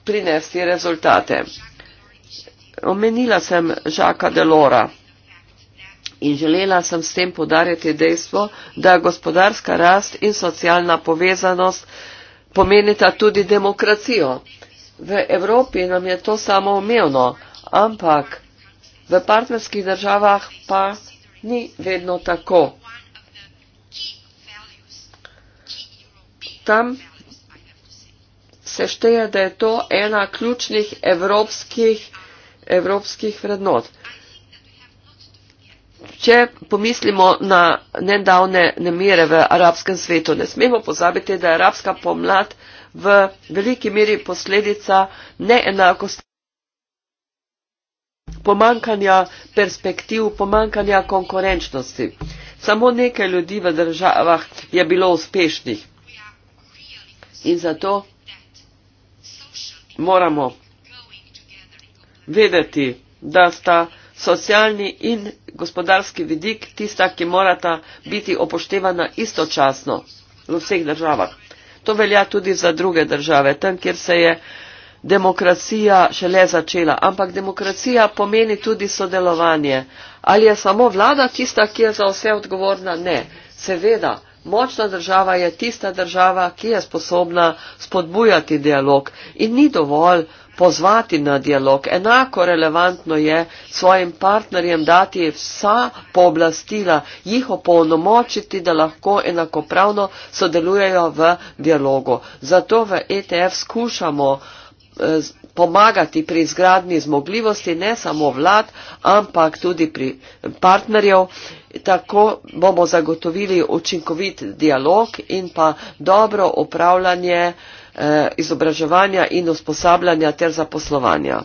prinesti rezultate. Omenila sem Žaka Delora in želela sem s tem podarjati dejstvo, da gospodarska rast in socialna povezanost pomenita tudi demokracijo. V Evropi nam je to samo umevno, ampak v partnerskih državah pa ni vedno tako. Tam se šteje, da je to ena ključnih evropskih, evropskih vrednot. Če pomislimo na nedavne nemire v arabskem svetu, ne smemo pozabiti, da je arabska pomlad v veliki meri posledica neenakosti, pomankanja perspektiv, pomankanja konkurenčnosti. Samo nekaj ljudi v državah je bilo uspešnih. In zato moramo vedeti, da sta socialni in gospodarski vidik tista, ki morata biti opoštevana istočasno v vseh državah. To velja tudi za druge države, tam, kjer se je demokracija šele začela. Ampak demokracija pomeni tudi sodelovanje. Ali je samo vlada tista, ki je za vse odgovorna? Ne. Seveda, močna država je tista država, ki je sposobna spodbujati dialog. In ni dovolj, pozvati na dialog. Enako relevantno je svojim partnerjem dati vsa pooblastila, jih opolnomočiti, da lahko enakopravno sodelujejo v dialogu. Zato v ETF skušamo eh, pomagati pri izgradni zmogljivosti ne samo vlad, ampak tudi pri partnerjev. Tako bomo zagotovili učinkovit dialog in pa dobro upravljanje eh, Eh, izobraževanja in usposabljanja ter zaposlovanja.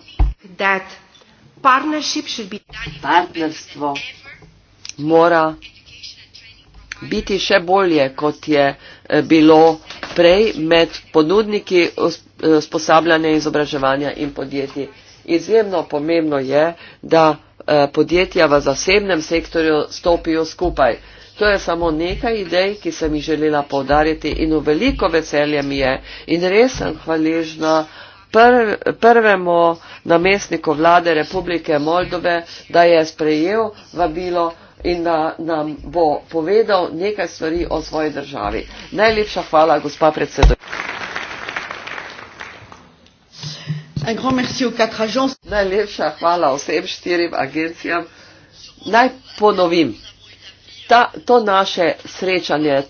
Partnerstvo mora biti še bolje, kot je eh, bilo prej med ponudniki eh, usposabljanja in izobraževanja in podjetji. Izjemno pomembno je, da podjetja v zasebnem sektorju stopijo skupaj. To je samo nekaj idej, ki sem jih želela povdariti in v veliko veselje mi je in res sem hvaležna pr prvemu namestniku vlade Republike Moldove, da je sprejel vabilo in da nam bo povedal nekaj stvari o svoji državi. Najlepša hvala, gospa predsednica. Najlepša hvala vsem štirim agencijam. Naj ponovim ta, to naše srečanje,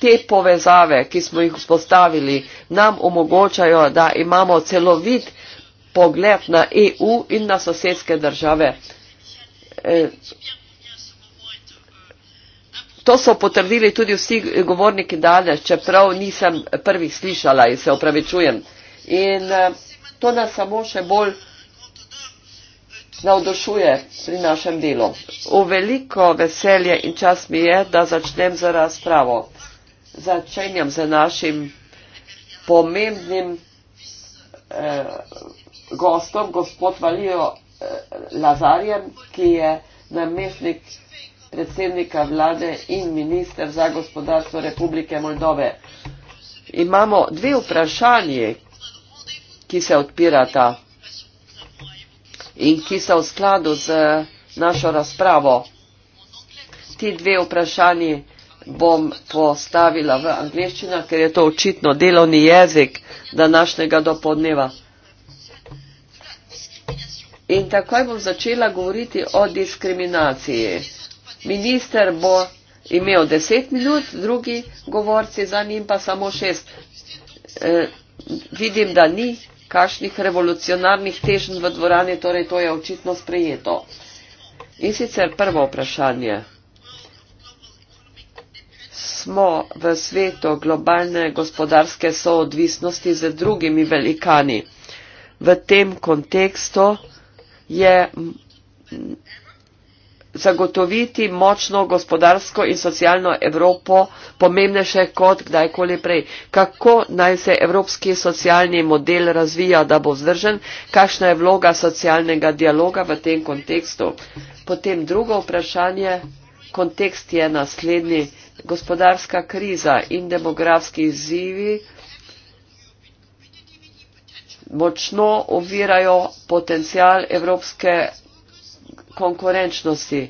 te povezave, ki smo jih vzpostavili, nam omogočajo, da imamo celovit pogled na EU in na sosedske države. E, to so potrdili tudi vsi govorniki danes, čeprav nisem prvih slišala in se opravičujem. In e, to nas samo še bolj navdušuje pri našem delu. V veliko veselje in čas mi je, da začnem z razpravo. Začenjam z našim pomembnim eh, gostom, gospod Valijo eh, Lazarjem, ki je namestnik predsednika vlade in minister za gospodarstvo Republike Moldove. Imamo dve vprašanje, ki se odpirata in ki so v skladu z našo razpravo. Ti dve vprašanji bom postavila v angliščino, ker je to očitno delovni jezik današnjega dopodneva. In takoj bom začela govoriti o diskriminaciji. Minister bo imel deset minut, drugi govorci za njim pa samo šest. E, vidim, da ni kakšnih revolucionarnih težen v dvorani, torej to je očitno sprejeto. In sicer prvo vprašanje. Smo v svetu globalne gospodarske soodvisnosti z drugimi velikani. V tem kontekstu je zagotoviti močno gospodarsko in socialno Evropo, pomembnejše kot kdajkoli prej. Kako naj se evropski socialni model razvija, da bo vzdržen, kakšna je vloga socialnega dialoga v tem kontekstu. Potem drugo vprašanje, kontekst je naslednji. Gospodarska kriza in demografski izzivi močno ovirajo potencial Evropske unije konkurenčnosti.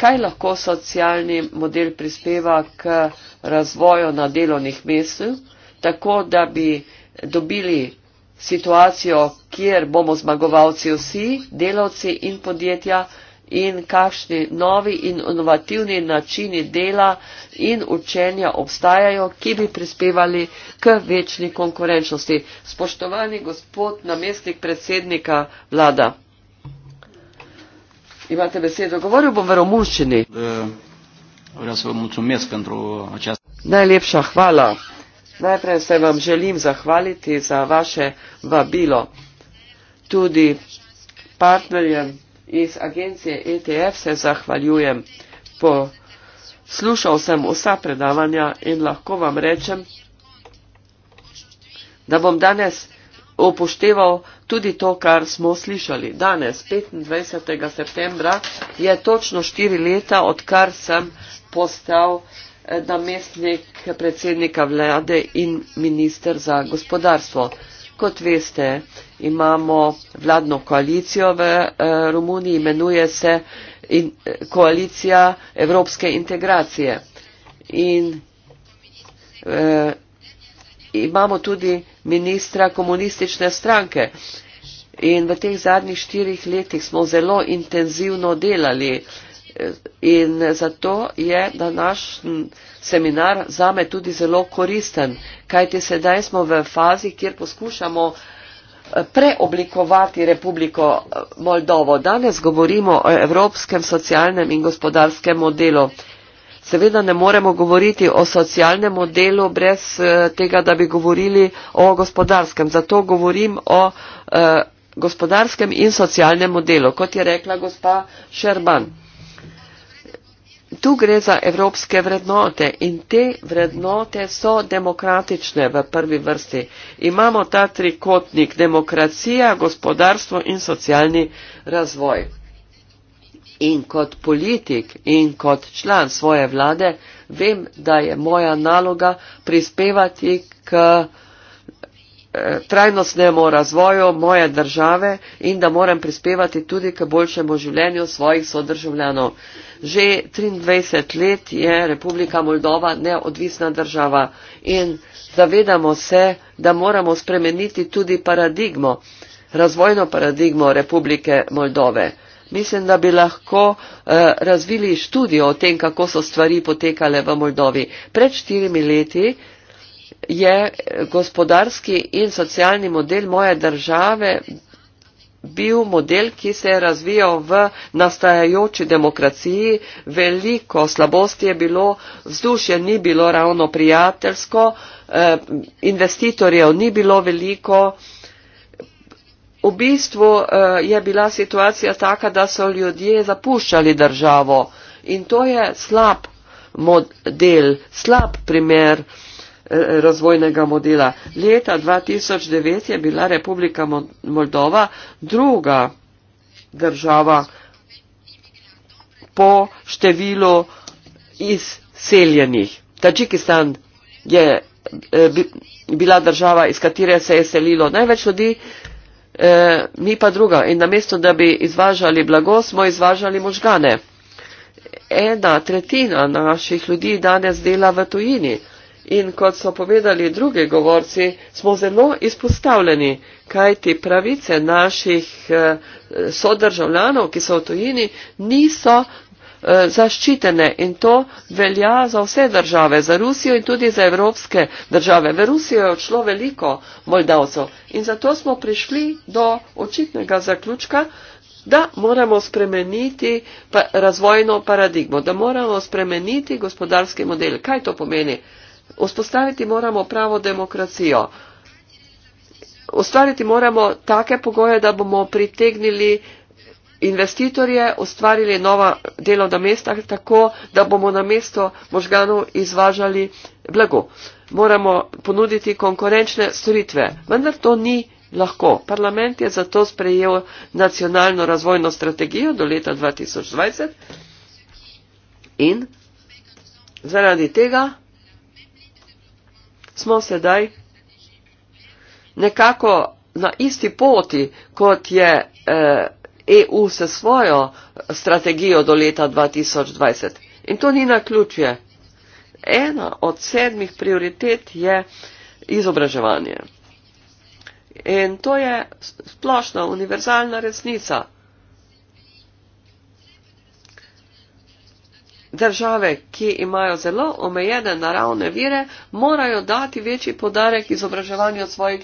Kaj lahko socialni model prispeva k razvoju na delovnih mestih, tako da bi dobili situacijo, kjer bomo zmagovalci vsi, delavci in podjetja, in kakšni novi in inovativni načini dela in učenja obstajajo, ki bi prispevali k večni konkurenčnosti. Spoštovani gospod namestnik predsednika vlada. Imate besedo, govoril bom v romunščini. Eh, Najlepša hvala. Najprej se vam želim zahvaliti za vaše vabilo. Tudi partnerjem iz agencije ETF se zahvaljujem. Poslušal sem vsa predavanja in lahko vam rečem, da bom danes upošteval tudi to, kar smo slišali. Danes, 25. septembra, je točno štiri leta, odkar sem postal eh, namestnik predsednika vlade in minister za gospodarstvo. Kot veste, imamo vladno koalicijo v eh, Romuniji, imenuje se eh, koalicija Evropske integracije. In imamo tudi ministra komunistične stranke. In v teh zadnjih štirih letih smo zelo intenzivno delali eh, in zato je današnji seminar zame tudi zelo koristen, kajti sedaj smo v fazi, kjer poskušamo eh, preoblikovati Republiko eh, Moldovo. Danes govorimo o Evropskem socialnem in gospodarskem modelu. Seveda ne moremo govoriti o socialnem modelu brez eh, tega, da bi govorili o gospodarskem. Zato govorim o eh, gospodarskem in socialnem modelu, kot je rekla gospa Šerban. Tu gre za evropske vrednote in te vrednote so demokratične v prvi vrsti. Imamo ta trikotnik demokracija, gospodarstvo in socialni razvoj. In kot politik in kot član svoje vlade vem, da je moja naloga prispevati k eh, trajnostnemu razvoju moje države in da moram prispevati tudi k boljšemu življenju svojih sodržavljanov. Že 23 let je Republika Moldova neodvisna država in zavedamo se, da moramo spremeniti tudi paradigmo, razvojno paradigmo Republike Moldove mislim, da bi lahko eh, razvili študijo o tem, kako so stvari potekale v Moldovi. Pred štirimi leti je gospodarski in socialni model moje države bil model, ki se je razvijal v nastajajoči demokraciji. Veliko slabosti je bilo, vzdušje ni bilo ravno prijateljsko, eh, investitorjev ni bilo veliko, eh, V bistvu eh, je bila situacija taka, da so ljudje zapuščali državo in to je slab model, slab primer eh, razvojnega modela. Leta 2009 je bila Republika Moldova druga država po številu izseljenih. Tačikistan je eh, bila država, iz katere se je selilo največ ljudi, E, mi pa drugo. In namesto, da bi izvažali blago, smo izvažali možgane. Ena tretjina naših ljudi danes dela v tujini. In kot so povedali drugi govorci, smo zelo izpostavljeni, kajti pravice naših e, sodržavljanov, ki so v tujini, niso Eh, zaščitene in to velja za vse države, za Rusijo in tudi za evropske države. V Rusijo je odšlo veliko Moldavcev in zato smo prišli do očitnega zaključka, da moramo spremeniti pa razvojno paradigmo, da moramo spremeniti gospodarski model. Kaj to pomeni? Vzpostaviti moramo pravo demokracijo. Ustvariti moramo take pogoje, da bomo pritegnili investitorje, ustvarili nova delovna mesta, tako da bomo na mesto možganov izvažali blago. Moramo ponuditi konkurenčne storitve, vendar to ni lahko. Parlament je zato sprejel nacionalno razvojno strategijo do leta 2020 in zaradi tega smo sedaj nekako na isti poti, kot je eh, eu s svojo strategijo do leta 2020. In to ni naključje. Ena od sedmih prioritet je izobraževanje. In to je splošna, univerzalna resnica. Države, ki imajo zelo omejene naravne vire, morajo dati večji podarek izobraževanju svojih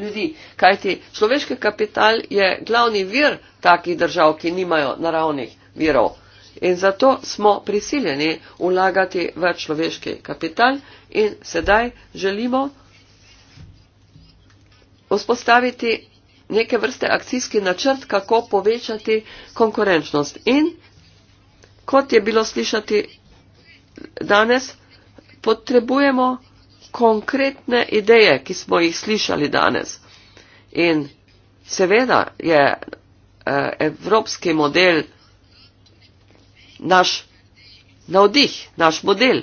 ljudi, kajti človeški kapital je glavni vir takih držav, ki nimajo naravnih virov. In zato smo prisiljeni vlagati v človeški kapital in sedaj želimo vzpostaviti neke vrste akcijski načrt, kako povečati konkurenčnost. In kot je bilo slišati danes, potrebujemo konkretne ideje, ki smo jih slišali danes. In seveda je eh, evropski model naš navdih, naš model.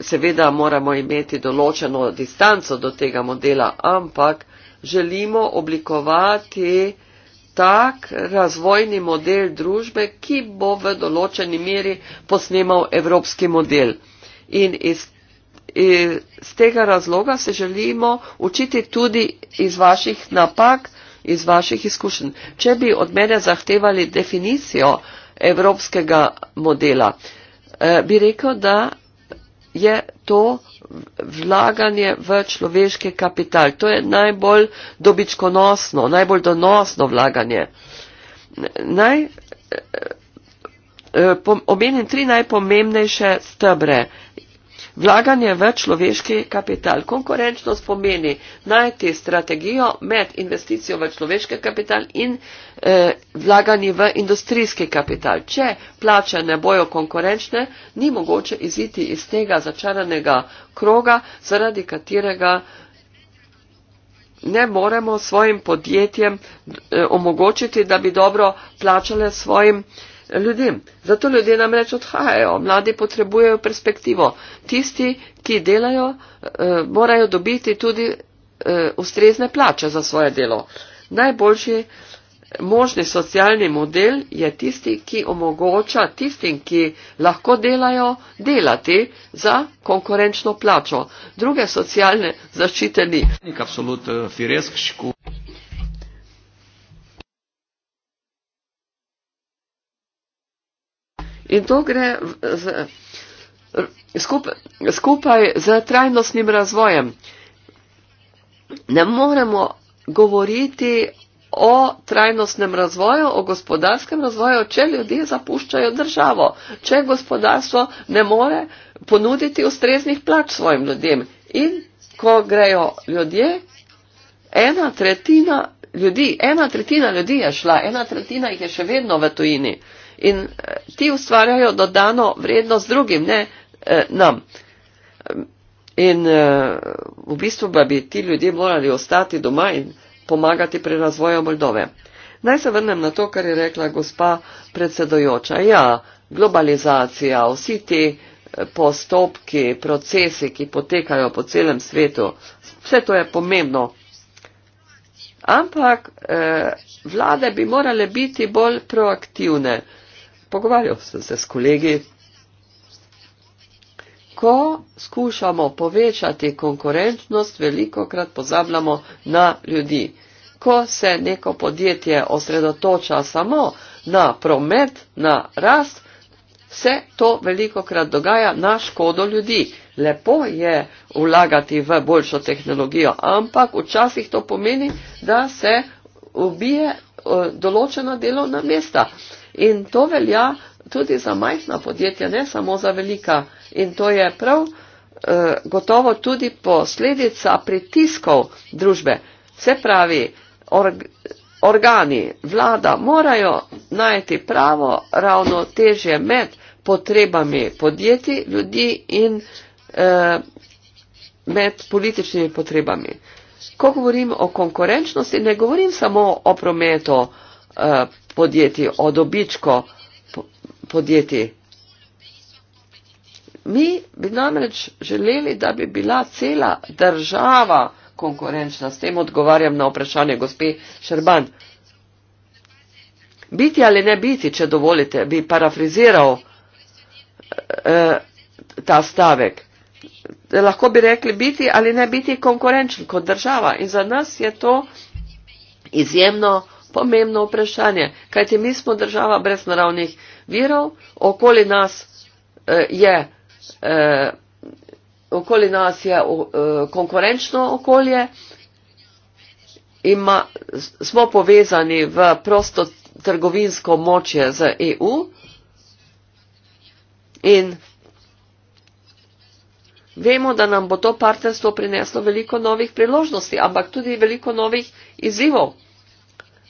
Seveda moramo imeti določeno distanco do tega modela, ampak želimo oblikovati uh, tak razvojni model družbe, ki bo v določeni meri posnemal evropski model. In iz, iz tega razloga se želimo učiti tudi iz vaših napak, iz vaših izkušenj. Če bi od mene zahtevali definicijo evropskega modela, eh, bi rekel, da je to vlaganje v človeški kapital. To je najbolj dobičkonosno, najbolj donosno vlaganje. Naj, eh, eh pom, omenim tri najpomembnejše stebre. Vlaganje v človeški kapital. Konkurenčnost pomeni najti strategijo med investicijo v človeški kapital in eh, vlaganje v industrijski kapital. Če plače ne bojo konkurenčne, ni mogoče iziti iz tega začaranega kroga, zaradi katerega ne moremo svojim podjetjem eh, omogočiti, da bi dobro plačale svojim eh, ljudem. Zato ljudje namreč odhajajo, mladi potrebujejo perspektivo. Tisti, ki delajo, eh, morajo dobiti tudi eh, ustrezne plače za svoje delo. Najboljši možni socialni model je tisti, ki omogoča tistim, ki lahko delajo, delati za konkurenčno plačo. Druge socialne zaščite ni. Eh, In to gre z, skup, skupaj z trajnostnim razvojem. Ne moremo govoriti o trajnostnem razvoju, o gospodarskem razvoju, če ljudje zapuščajo državo, če gospodarstvo ne more ponuditi ustreznih plač svojim ljudem. In ko grejo ljudje, ena tretjina ljudi, ena tretjina ljudi je šla, ena tretjina jih je še vedno v tujini in eh, ti ustvarjajo dodano vrednost drugim, ne eh, nam. In eh, v bistvu pa bi ti ljudje morali ostati doma in pomagati pri razvoju Moldove. Naj se vrnem na to, kar je rekla gospa predsedojoča. Ja, globalizacija, vsi ti postopki, procesi, ki potekajo po celem svetu, vse to je pomembno. Ampak eh, vlade bi morale biti bolj proaktivne. Eh, pogovarjal sem se s kolegi. Ko skušamo povečati konkurenčnost, veliko krat pozabljamo na ljudi. Ko se neko podjetje osredotoča samo na promet, na rast, se to veliko krat dogaja na škodo ljudi. Lepo je vlagati v boljšo tehnologijo, ampak včasih to pomeni, da se ubije eh, določena delovna mesta. In to velja tudi za majhna podjetja, ne samo za velika. In to je prav eh, gotovo tudi posledica pritiskov družbe. Se pravi, org, organi, vlada morajo najti pravo ravnotežje med potrebami podjetij, ljudi in eh, med političnimi potrebami. Ko govorim o konkurenčnosti, ne govorim samo o prometu eh, podjetij, o dobičko podjetij. Mi bi namreč želeli, da bi bila cela država konkurenčna. S tem odgovarjam na vprašanje gospe Šerban. Biti ali ne biti, če dovolite, bi parafriziral eh, ta stavek. Lahko bi rekli biti ali ne biti konkurenčen kot država. In za nas je to izjemno pomembno vprašanje, kajti mi smo država brez naravnih virov, okoli nas eh, je. Eh, Okoli nas je uh, konkurenčno okolje in smo povezani v prosto trgovinsko močje z EU in vemo, da nam bo to partnerstvo prineslo veliko novih priložnosti, ampak tudi veliko novih izzivov.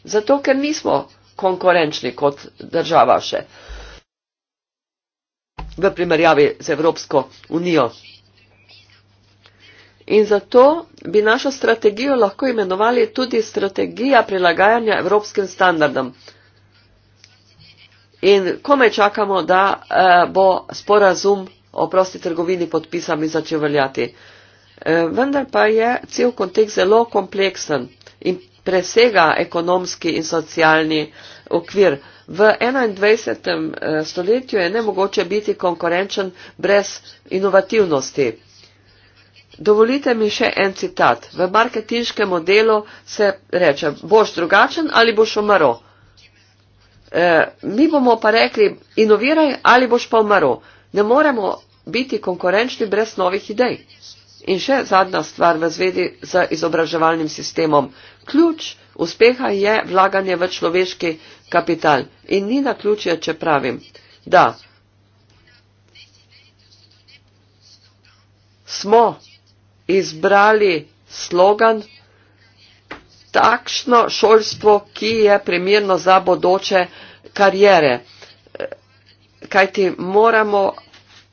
Zato, ker nismo konkurenčni kot država še v primerjavi z Evropsko unijo. In zato bi našo strategijo lahko imenovali tudi strategija prilagajanja evropskim standardom. In kome čakamo, da eh, bo sporazum o prosti trgovini podpisan in začel veljati. Eh, vendar pa je cel kontekst zelo kompleksen in presega ekonomski in socialni okvir. V 21. Eh, stoletju je nemogoče biti konkurenčen brez inovativnosti. Dovolite mi še en citat. V marketinškem modelu se reče, boš drugačen ali boš umrl. E, mi bomo pa rekli, inoviraj ali boš pa umrl. Ne moremo biti konkurenčni brez novih idej. In še zadnja stvar v zvedi z izobraževalnim sistemom. Ključ uspeha je vlaganje v človeški kapital in ni na ključje, če pravim, da smo izbrali slogan takšno šolstvo, ki je primirno za bodoče karijere. Kajti moramo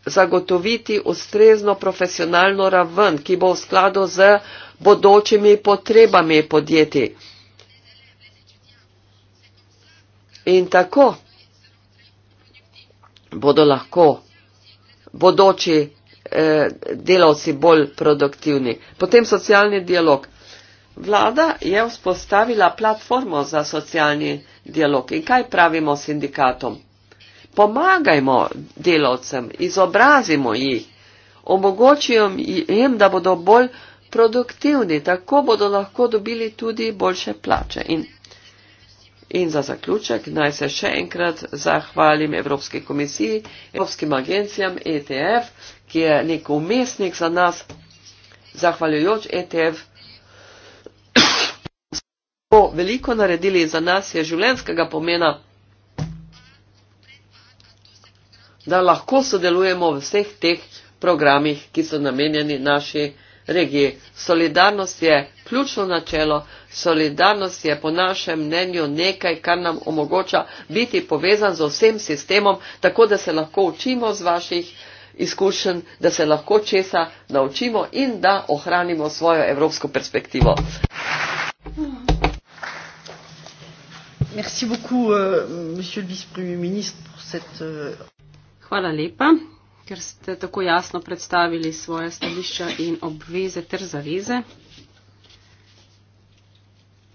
zagotoviti ustrezno profesionalno raven, ki bo v skladu z bodočimi potrebami podjetij. In tako bodo lahko bodoči eh, delavci bolj produktivni. Potem socialni dialog. Vlada je vzpostavila platformo za socialni dialog. In kaj pravimo sindikatom? Pomagajmo delavcem, izobrazimo jih, omogočimo jim, da bodo bolj eh, produktivni, tako bodo lahko dobili tudi boljše plače. In, in za zaključek naj se še enkrat zahvalim Evropski komisiji, Evropskim agencijam ETF, ki je nek umestnik za nas, zahvaljujoč ETF. Po <coughs> veliko naredili za nas je življenskega pomena, da lahko sodelujemo v vseh teh programih, ki so namenjeni naši regiji. Solidarnost je ključno načelo, solidarnost je po našem mnenju nekaj, kar nam omogoča biti povezan z vsem sistemom, tako da se lahko učimo z vaših izkušenj, da se lahko česa naučimo in da ohranimo svojo evropsko perspektivo.
Euh, euh, Hvala lepa ker ste tako jasno predstavili svoje stališča in obveze ter zaveze.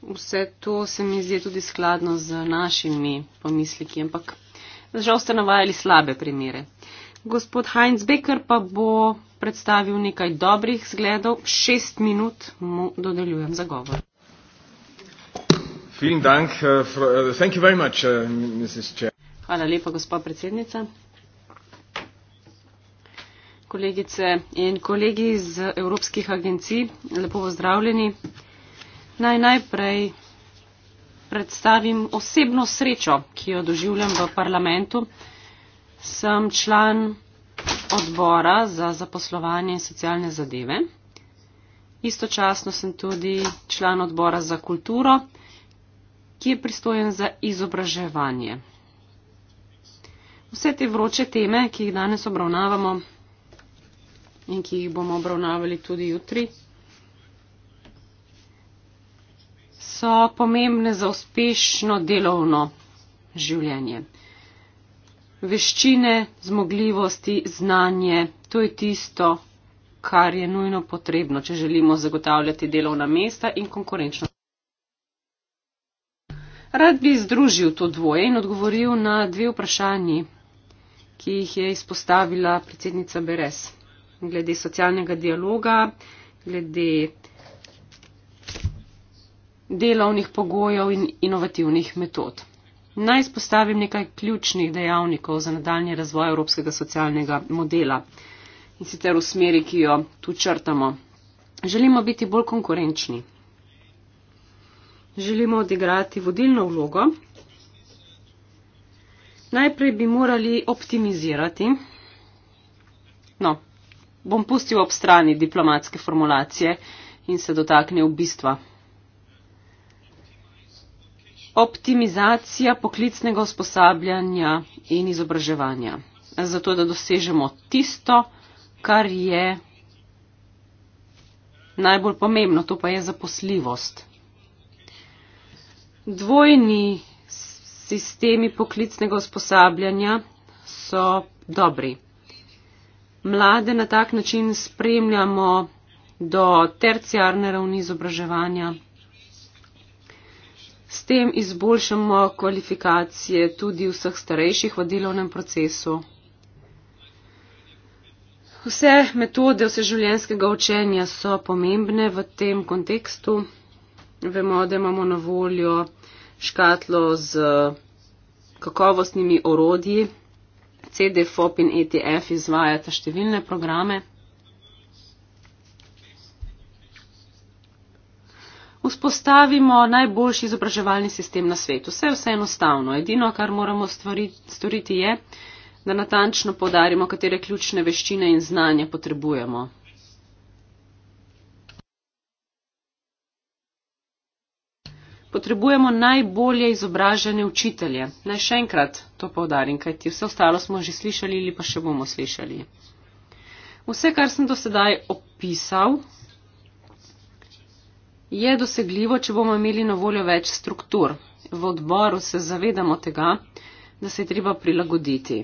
Vse to se mi zdi tudi skladno z našimi pomisliki, ampak žal ste navajali slabe primere. Gospod Heinz Becker pa bo predstavil nekaj dobrih zgledov. Šest minut mu dodeljujem za govor. Äh, äh, Hvala lepa, gospod predsednica kolegice in kolegi iz evropskih agencij, lepo pozdravljeni. Naj najprej predstavim osebno srečo, ki jo doživljam v parlamentu. Sem član odbora za zaposlovanje in socialne zadeve. Istočasno sem tudi član odbora za kulturo, ki je pristojen za izobraževanje. Vse te vroče teme, ki jih danes obravnavamo, in ki jih bomo obravnavali tudi jutri, so pomembne za uspešno delovno življenje. Veščine, zmogljivosti, znanje, to je tisto, kar je nujno potrebno, če želimo zagotavljati delovna mesta in konkurenčno. Rad bi združil to dvoje in odgovoril na dve vprašanji, ki jih je izpostavila predsednica Beres glede socialnega dialoga, glede delovnih pogojev in inovativnih metod. Naj izpostavim nekaj ključnih dejavnikov za nadaljni razvoj evropskega socialnega modela in sicer v smeri, ki jo tu črtamo. Želimo biti bolj konkurenčni. Želimo odigrati vodilno vlogo. Najprej bi morali optimizirati bom pustil ob strani diplomatske formulacije in se dotaknil bistva. Optimizacija poklicnega usposabljanja in izobraževanja. Zato, da dosežemo tisto, kar je najbolj pomembno, to pa je zaposljivost. Dvojni sistemi poklicnega usposabljanja so dobri mlade na tak način spremljamo do terciarne ravni izobraževanja. S tem izboljšamo kvalifikacije tudi vseh starejših v delovnem procesu. Vse metode vseživljenjskega učenja so pomembne v tem kontekstu. Vemo, da imamo na voljo škatlo z kakovostnimi orodji, CD, FOP in ETF izvajata številne programe. Vzpostavimo najboljši izobraževalni sistem na svetu. Vse je vse enostavno. Edino, kar moramo stvari, storiti, je, da natančno podarimo, katere ključne veščine in znanje potrebujemo. potrebujemo najbolje izobražene učitelje. Naj še enkrat to povdarim, kajti vse ostalo smo že slišali ali pa še bomo slišali. Vse, kar sem do sedaj opisal, je dosegljivo, če bomo imeli na voljo več struktur. V odboru se zavedamo tega, da se je treba prilagoditi.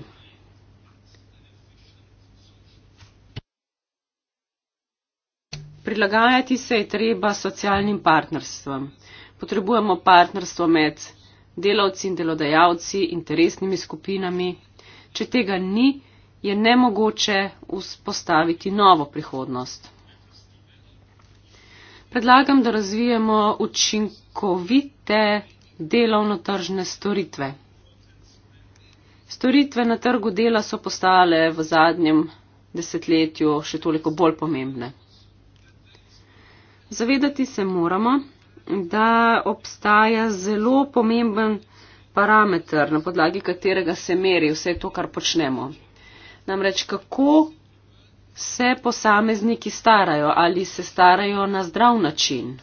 Prilagajati se je treba socialnim partnerstvom. Potrebujemo partnerstvo med delavci in delodajalci, interesnimi skupinami. Če tega ni, je nemogoče vzpostaviti novo prihodnost. Predlagam, da razvijemo učinkovite delovno-tržne storitve. Storitve na trgu dela so postale v zadnjem desetletju še toliko bolj pomembne. Zavedati se moramo, da obstaja zelo pomemben parameter, na podlagi katerega se meri vse to, kar počnemo. Namreč, kako se posamezniki starajo, ali se starajo na zdrav način.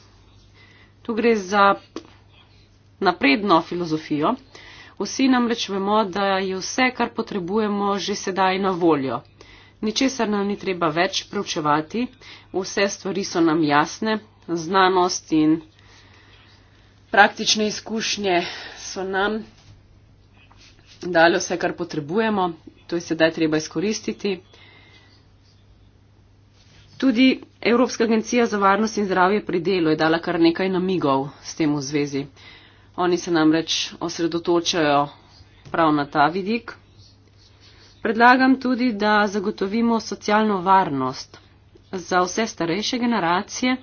Tu gre za napredno filozofijo. Vsi namreč vemo, da je vse, kar potrebujemo, že sedaj na voljo. Ničesar nam ni treba več preučevati, vse stvari so nam jasne, znanost in praktične izkušnje so nam dali vse, kar potrebujemo, to je sedaj treba izkoristiti. Tudi Evropska agencija za varnost in zdravje pri delu je dala kar nekaj namigov s tem v zvezi. Oni se namreč osredotočajo prav na ta vidik. Predlagam tudi, da zagotovimo socialno varnost za vse starejše generacije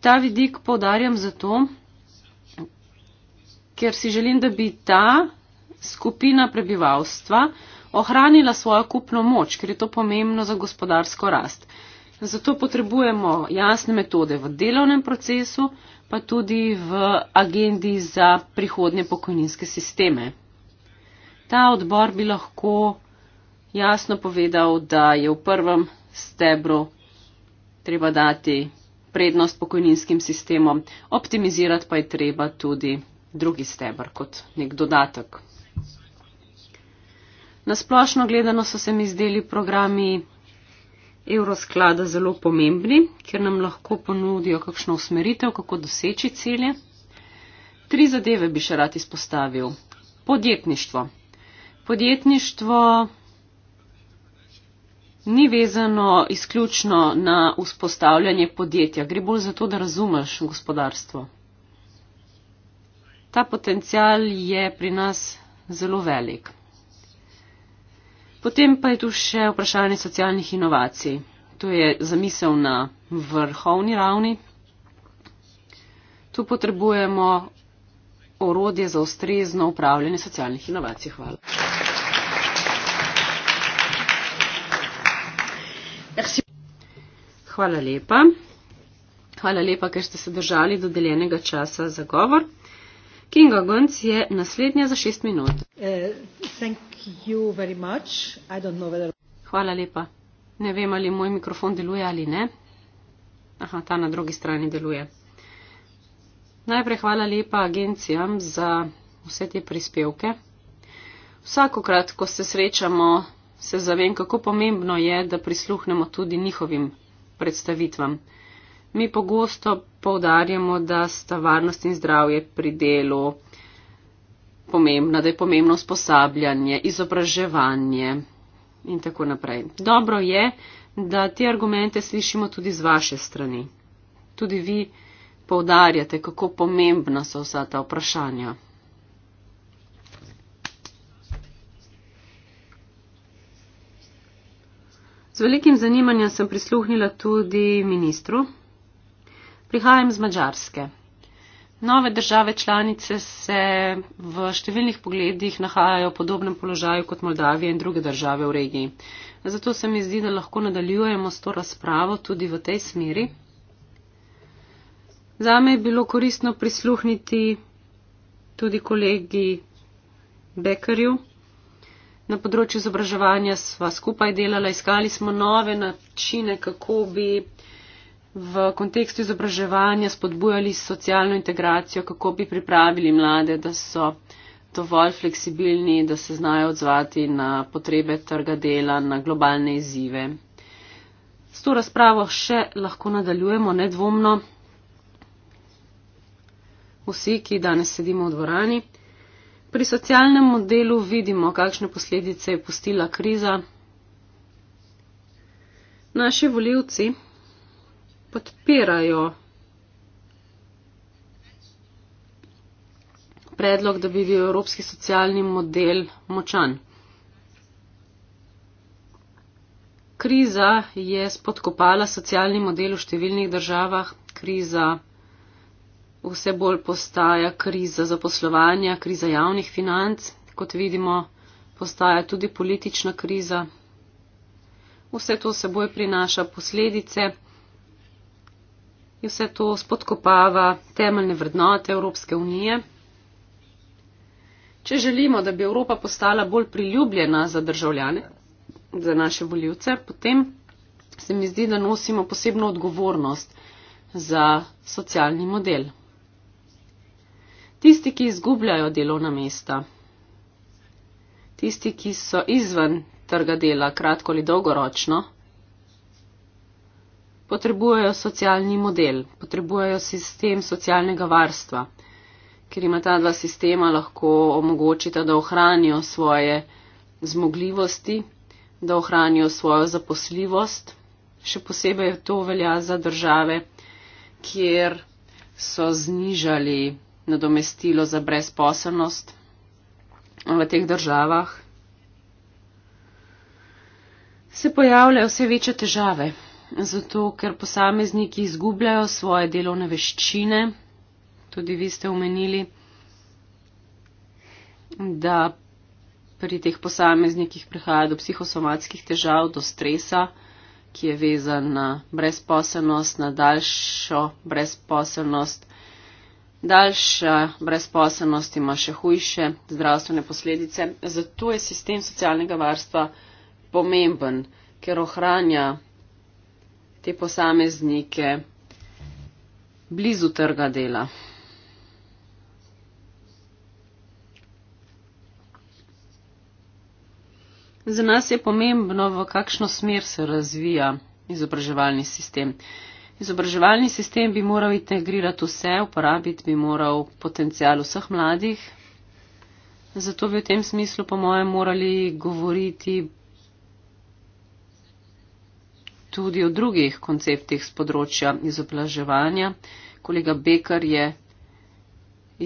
ta vidik podarjam zato, ker si želim, da bi ta skupina prebivalstva ohranila svojo kupno moč, ker je to pomembno za gospodarsko rast. Zato potrebujemo jasne metode v delovnem procesu, pa tudi v agendi za prihodne pokojninske sisteme. Ta odbor bi lahko jasno povedal, da je v prvem stebru treba dati prednost pokojninskim sistemom, optimizirati pa je treba tudi drugi stebr kot nek dodatek. Nasplošno gledano so se mi zdeli programi Evrosklada zelo pomembni, ker nam lahko ponudijo kakšno usmeritev, kako doseči cilje. Tri zadeve bi še rad izpostavil. Podjetništvo. Podjetništvo ni vezano izključno na vzpostavljanje podjetja. Gre bolj za to, da razumeš gospodarstvo. Ta potencial je pri nas zelo velik. Potem pa je tu še vprašanje socialnih inovacij. To je zamisel na vrhovni ravni. Tu potrebujemo orodje za ustrezno upravljanje socialnih inovacij. Hvala. Merci. Hvala lepa. Hvala lepa, ker ste se držali dodeljenega časa za govor. Kinga Gunc je naslednja za šest minut. Uh, whether... Hvala lepa. Ne vem, ali moj mikrofon deluje ali ne. Aha, ta na drugi strani deluje. Najprej hvala lepa agencijam za vse te prispevke. Vsakokrat, ko se srečamo se zavem, kako pomembno je, da prisluhnemo tudi njihovim predstavitvam. Mi pogosto povdarjamo, da sta varnost in zdravje pri delu pomembna, da je pomembno usposabljanje, izobraževanje in tako naprej. Dobro je, da te argumente slišimo tudi z vaše strani. Tudi vi povdarjate, kako pomembna so vsa ta vprašanja. velikim zanimanjem sem prisluhnila tudi ministru. Prihajam z Mačarske. Nove države članice se v številnih pogledih nahajajo v podobnem položaju kot Moldavija in druge države v regiji. Zato se mi zdi, da lahko nadaljujemo s to razpravo tudi v tej smeri. Zame je bilo koristno prisluhniti tudi kolegi Bekarju na področju izobraževanja, sva skupaj delala, iskali smo nove načine, kako bi v kontekstu izobraževanja spodbujali socialno integracijo, kako bi pripravili mlade, da so dovolj fleksibilni, da se znajo odzvati na potrebe trga dela, na globalne izzive. S to razpravo še lahko nadaljujemo nedvomno. Vsi, ki danes sedimo v dvorani. Pri socialnem modelu vidimo, kakšne posledice je pustila kriza. Naši voljivci podpirajo predlog, da bi bil evropski socialni model močan. Kriza je spodkopala socialni model v številnih državah. Kriza vse bolj postaja kriza zaposlovanja, kriza javnih financ, kot vidimo, postaja tudi politična kriza. Vse to seboj prinaša posledice in vse to spodkopava temeljne vrednote Evropske unije. Če želimo, da bi Evropa postala bolj priljubljena za državljane, za naše voljivce, potem se mi zdi, da nosimo posebno odgovornost za socialni model tisti, ki izgubljajo delovna mesta, tisti, ki so izven trga dela, kratko ali dolgoročno, potrebujejo socialni model, potrebujejo sistem socialnega varstva, ker ima ta dva sistema lahko omogočita, da ohranijo svoje zmogljivosti, da ohranijo svojo zaposljivost. Še posebej to velja za države, kjer so znižali nadomestilo za brezposelnost v teh državah, se pojavljajo vse večje težave, zato ker posamezniki izgubljajo svoje delovne veščine, tudi vi ste omenili, da pri teh posameznikih prihaja do psihosomatskih težav, do stresa, ki je vezan na brezposelnost, na daljšo brezposelnost, Daljša brezposelnost ima še hujše zdravstvene posledice, zato je sistem socialnega varstva pomemben, ker ohranja te posameznike blizu trga dela. Za nas je pomembno, v kakšno smer se razvija izobraževalni sistem. Izobraževalni sistem bi moral integrirati vse, uporabiti bi moral potencial vseh mladih. Zato bi v tem smislu, po mojem, morali govoriti tudi o drugih konceptih z področja izobraževanja. Kolega Bekar je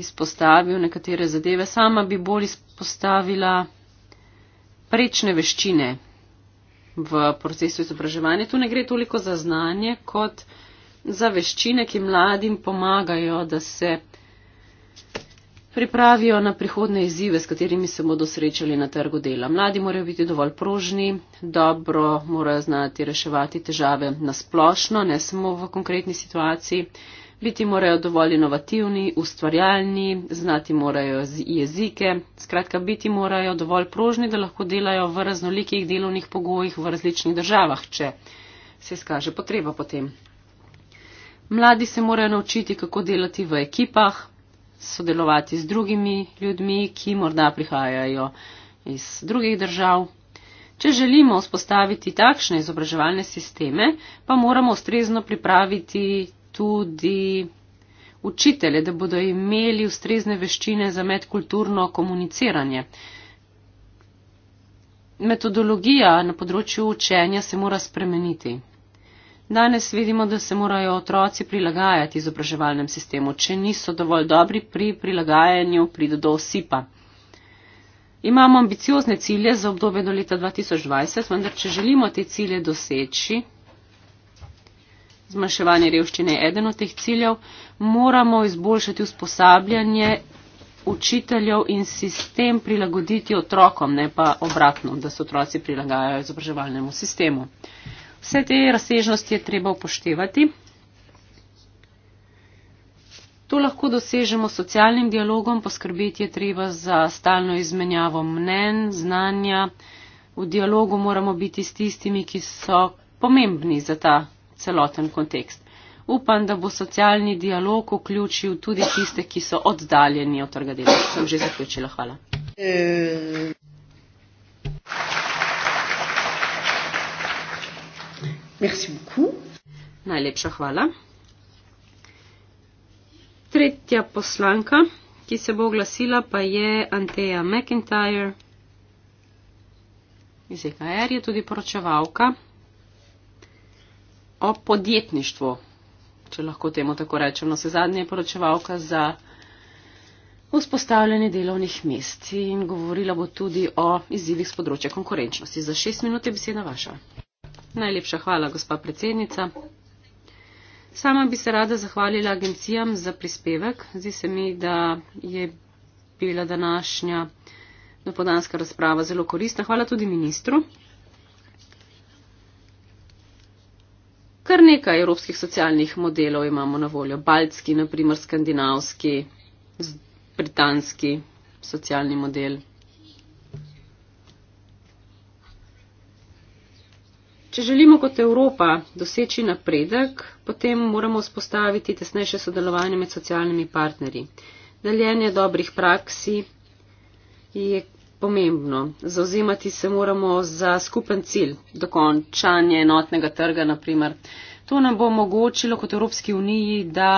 izpostavil nekatere zadeve. Sama bi bolj izpostavila prečne veščine v procesu izobraževanja. Tu ne gre toliko za znanje kot za veščine, ki mladim pomagajo, da se pripravijo na prihodne izzive, s katerimi se bodo srečali na trgu dela. Mladi morajo biti dovolj prožni, dobro morajo znati reševati težave na splošno, ne samo v konkretni situaciji. Biti morajo dovolj inovativni, ustvarjalni, znati morajo jezike, skratka biti morajo dovolj prožni, da lahko delajo v raznolikih delovnih pogojih v različnih državah, če se skaže potreba potem. Mladi se morajo naučiti, kako delati v ekipah, sodelovati z drugimi ljudmi, ki morda prihajajo iz drugih držav. Če želimo vzpostaviti takšne izobraževalne sisteme, pa moramo ustrezno pripraviti tudi učitele, da bodo imeli ustrezne veščine za medkulturno komuniciranje. Metodologija na področju učenja se mora spremeniti. Danes vidimo, da se morajo otroci prilagajati izobraževalnem sistemu, če niso dovolj dobri pri prilagajanju, pride do osipa. Imamo ambiciozne cilje za obdobje do leta 2020, vendar če želimo te cilje doseči, zmanjševanje revščine je eden od teh ciljev, moramo izboljšati usposabljanje učiteljev in sistem prilagoditi otrokom, ne pa obratno, da se otroci prilagajajo izobraževalnemu sistemu. Vse te razsežnosti je treba upoštevati. To lahko dosežemo s socialnim dialogom, poskrbeti je treba za stalno izmenjavo mnen, znanja. V dialogu moramo biti s tistimi, ki so pomembni za ta celoten kontekst. Upam, da bo socialni dialog vključil tudi tiste, ki so oddaljeni od trga dela. Sem že zaključila. Hvala. E Merci beaucoup. Najlepša hvala. Tretja poslanka, ki se bo oglasila, pa je Anteja McIntyre. ZKR e je tudi poročevalka o podjetništvu, če lahko temu tako rečem. No, se zadnje je poročevalka za vzpostavljanje delovnih mest in govorila bo tudi o izzivih z področja konkurenčnosti. Za šest minut je beseda vaša. Najlepša hvala, gospa predsednica. Sama bi se rada zahvalila agencijam za prispevek. Zdi se mi, da je bila današnja napodanska razprava zelo koristna. Hvala tudi ministru. Kar nekaj evropskih socialnih modelov imamo na voljo. Baltski, naprimer skandinavski, britanski socialni model. Če želimo kot Evropa doseči napredek, potem moramo vzpostaviti tesnejše sodelovanje med socialnimi partnerji. Deljenje dobrih praksi je pomembno. Zauzemati se moramo za skupen cilj, dokončanje enotnega trga, naprimer. To nam bo omogočilo kot Evropski uniji, da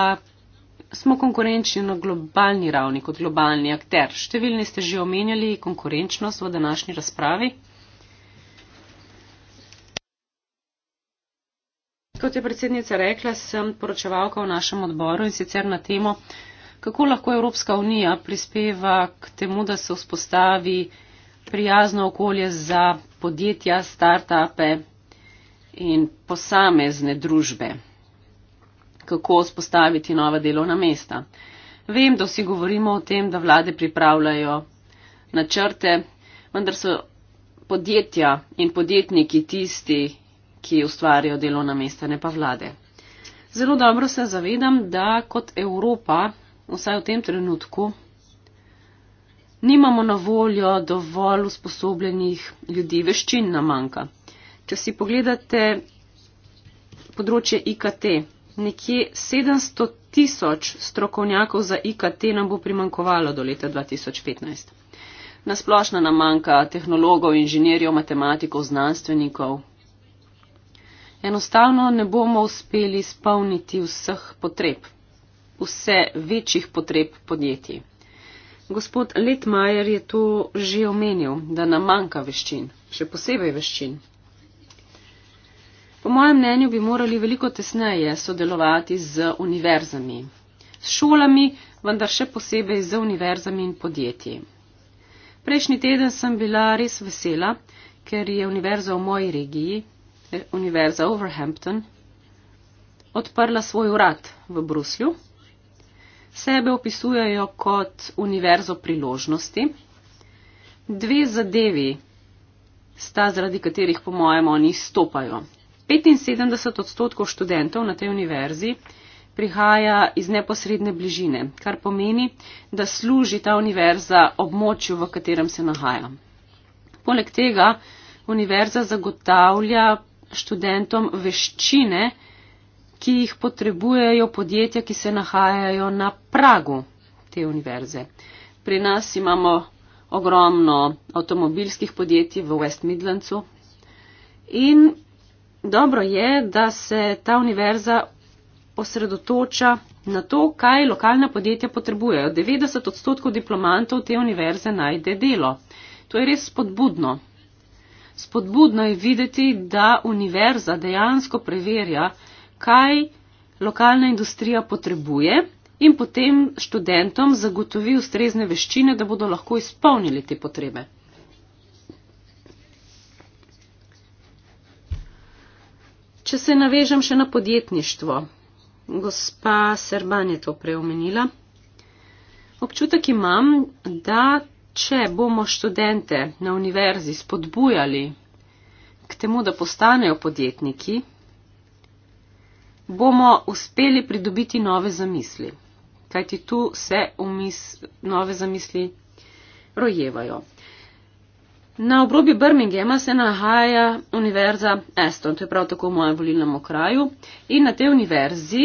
smo konkurenčni na globalni ravni, kot globalni akter. Številni ste že omenjali konkurenčnost v današnji razpravi. Kot je predsednica rekla, sem poročevalka v našem odboru in sicer na temo, kako lahko Evropska unija prispeva k temu, da se vzpostavi prijazno okolje za podjetja, start-upe in posamezne družbe, kako vzpostaviti nova delovna mesta. Vem, da vsi govorimo o tem, da vlade pripravljajo načrte, vendar so podjetja in podjetniki tisti, ki ustvarjajo delovna mesta, ne pa vlade. Zelo dobro se zavedam, da kot Evropa, vsaj v tem trenutku, nimamo na voljo dovolj usposobljenih ljudi, veščin nam manjka. Če si pogledate področje IKT, nekje 700 tisoč strokovnjakov za IKT nam bo primankovalo do leta 2015. Nasplošno nam manjka tehnologov, inženirjev, matematikov, znanstvenikov, enostavno ne bomo uspeli izpolniti vseh potreb, vse večjih potreb podjetij. Gospod Letmajer je to že omenil, da nam manjka veščin, še posebej veščin. Po mojem mnenju bi morali veliko tesneje sodelovati z univerzami, s šolami, vendar še posebej z univerzami in podjetji. Prejšnji teden sem bila res vesela, ker je univerza v moji regiji, Univerza Overhampton odprla svoj urad v Bruslju. Sebe opisujejo kot univerzo priložnosti. Dve zadevi sta, zaradi katerih, po mojem, oni stopajo. 75 odstotkov študentov na tej univerzi prihaja iz neposredne bližine, kar pomeni, da služi ta univerza območju, v katerem se nahaja. Poleg tega univerza zagotavlja študentom veščine, ki jih potrebujejo podjetja, ki se nahajajo na pragu te univerze. Pri nas imamo ogromno avtomobilskih podjetij v West Midlandsu in dobro je, da se ta univerza osredotoča na to, kaj lokalna podjetja potrebujejo. 90 odstotkov diplomantov te univerze najde delo. To je res spodbudno spodbudno je videti, da univerza dejansko preverja, kaj lokalna industrija potrebuje in potem študentom zagotovi ustrezne veščine, da bodo lahko izpolnili te potrebe. Če se navežem še na podjetništvo, gospa Serban je to preomenila, občutek imam, da če bomo študente na univerzi spodbujali k temu, da postanejo podjetniki, bomo uspeli pridobiti nove zamisli, kajti tu se umis, nove zamisli rojevajo. Na obrobi Birminghama se nahaja univerza Aston, to je prav tako v mojem volilnem okraju, in na tej univerzi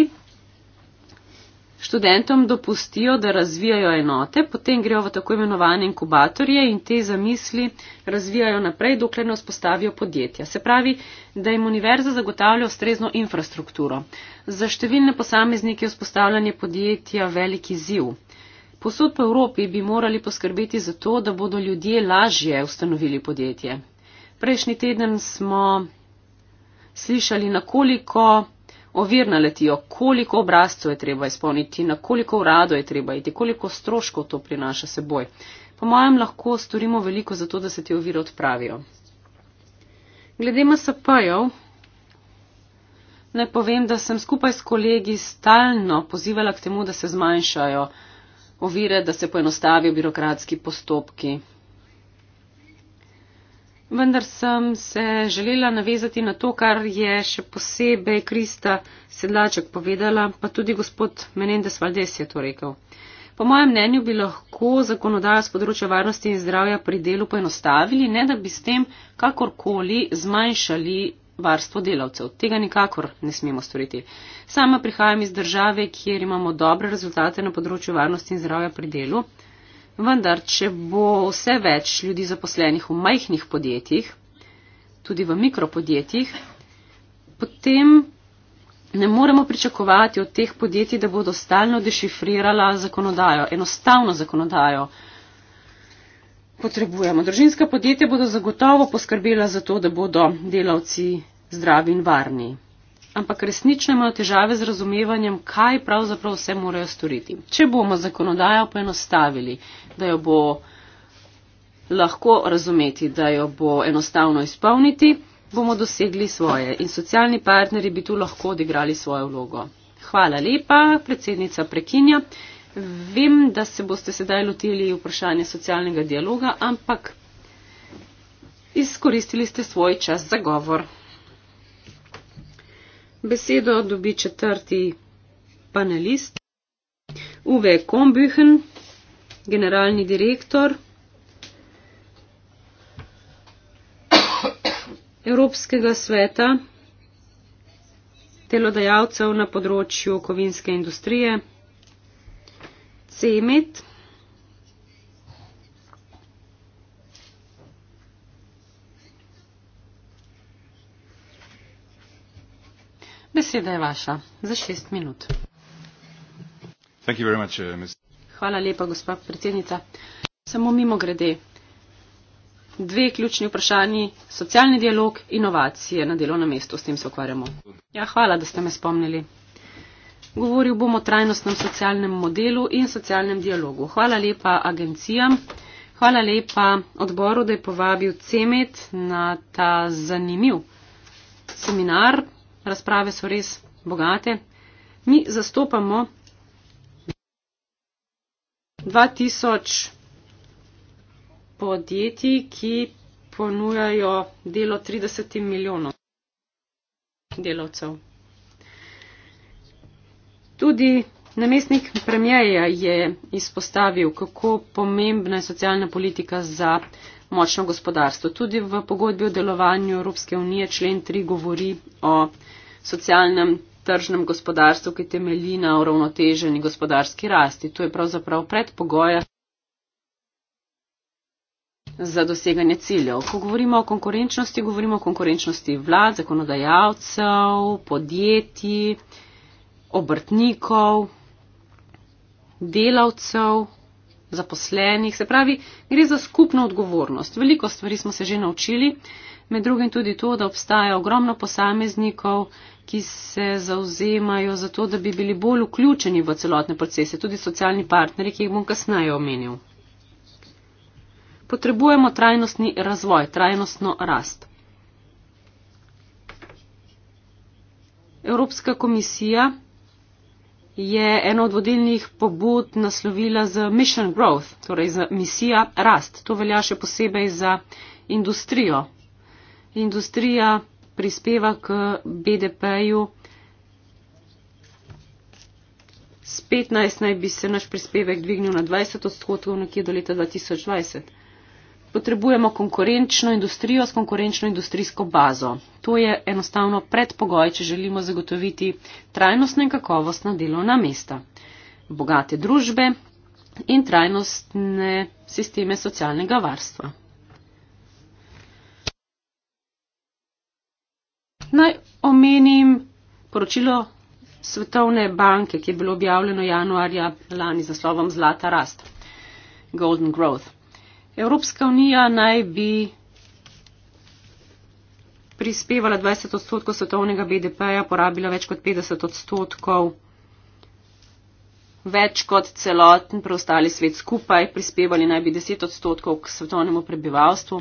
študentom dopustijo, da razvijajo enote, potem grejo v tako imenovane inkubatorje in te zamisli razvijajo naprej, dokler ne vzpostavijo podjetja. Se pravi, da jim univerza zagotavlja ustrezno infrastrukturo. Za številne posameznike je vzpostavljanje podjetja veliki ziv. Posod po Evropi bi morali poskrbeti za to, da bodo ljudje lažje ustanovili podjetje. Prejšnji teden smo slišali, na koliko ovir naletijo, koliko obrazcev je treba izpolniti, na koliko urado je treba iti, koliko stroškov to prinaša seboj. Po mojem lahko storimo veliko za to, da se te ovire odpravijo. Glede MSP-jev, naj povem, da sem skupaj s kolegi stalno pozivala k temu, da se zmanjšajo ovire, da se poenostavijo birokratski postopki vendar sem se želela navezati na to, kar je še posebej Krista Sedlaček povedala, pa tudi gospod Menendez Valdes je to rekel. Po mojem mnenju bi lahko zakonodajo z področja varnosti in zdravja pri delu poenostavili, ne da bi s tem kakorkoli zmanjšali varstvo delavcev. Tega nikakor ne smemo storiti. Sama prihajam iz države, kjer imamo dobre rezultate na področju varnosti in zdravja pri delu. Vendar, če bo vse več ljudi zaposlenih v majhnih podjetjih, tudi v mikropodjetjih, potem ne moremo pričakovati od teh podjetij, da bodo stalno dešifrirala zakonodajo, enostavno zakonodajo. Potrebujemo. Družinska podjetja bodo zagotovo poskrbela za to, da bodo delavci zdravi in varni ampak resnično imajo težave z razumevanjem, kaj pravzaprav vse morajo storiti. Če bomo zakonodajo poenostavili, da jo bo lahko razumeti, da jo bo enostavno izpolniti, bomo dosegli svoje in socialni partneri bi tu lahko odigrali svojo vlogo. Hvala lepa, predsednica prekinja. Vem, da se boste sedaj lotili vprašanja socialnega dialoga, ampak izkoristili ste svoj čas za govor besedo dobi četrti panelist Uwe Kombüchen, generalni direktor Evropskega sveta delodajalcev na področju kovinske industrije, CEMET. Beseda je vaša za šest minut. Much, uh, Hvala lepa, gospod predsednica. Samo mimo grede. Dve ključni vprašanji, socialni dialog, inovacije na delovnem mestu, s tem se ukvarjamo. Ja, hvala, da ste me spomnili. Govoril bom o trajnostnem socialnem modelu in socialnem dialogu. Hvala lepa agencijam, hvala lepa odboru, da je povabil CEMET na ta zanimiv seminar, razprave so res bogate. Mi zastopamo 2000 podjetij, ki ponujajo delo 30 milijonov delavcev. Tudi namestnik premjeja je izpostavil, kako pomembna je socialna politika za močno gospodarstvo. Tudi v pogodbi o delovanju Evropske unije člen 3 govori o socialnem tržnem gospodarstvu, ki temelji na uravnoteženi gospodarski rasti. To je pravzaprav predpogoja za doseganje ciljev. Ko govorimo o konkurenčnosti, govorimo o konkurenčnosti vlad, zakonodajalcev, podjetij, obrtnikov, delavcev, zaposlenih. Se pravi, gre za skupno odgovornost. Veliko stvari smo se že naučili, med drugim tudi to, da obstaja ogromno posameznikov, ki se zauzemajo za to, da bi bili bolj vključeni v celotne procese, tudi socialni partneri, ki jih bom kasneje omenil. Potrebujemo trajnostni razvoj, trajnostno rast. Evropska komisija je eno od vodilnih pobud naslovila z Mission Growth, torej z misija Rast. To velja še posebej za industrijo. Industrija prispeva k BDP-ju. Z 15 naj bi se naš prispevek dvignil na 20 odstotkov nekje do leta 2020. Potrebujemo konkurenčno industrijo s konkurenčno industrijsko bazo. To je enostavno predpogoj, če želimo zagotoviti trajnostna in kakovostna delovna mesta, bogate družbe in trajnostne sisteme socialnega varstva. Naj omenim poročilo Svetovne banke, ki je bilo objavljeno januarja lani z naslovom Zlata rast, Golden Growth. Evropska unija naj bi prispevala 20 odstotkov svetovnega BDP-ja, porabila več kot 50 odstotkov, več kot celoten preostali svet skupaj, prispevali naj bi 10 odstotkov k svetovnemu prebivalstvu.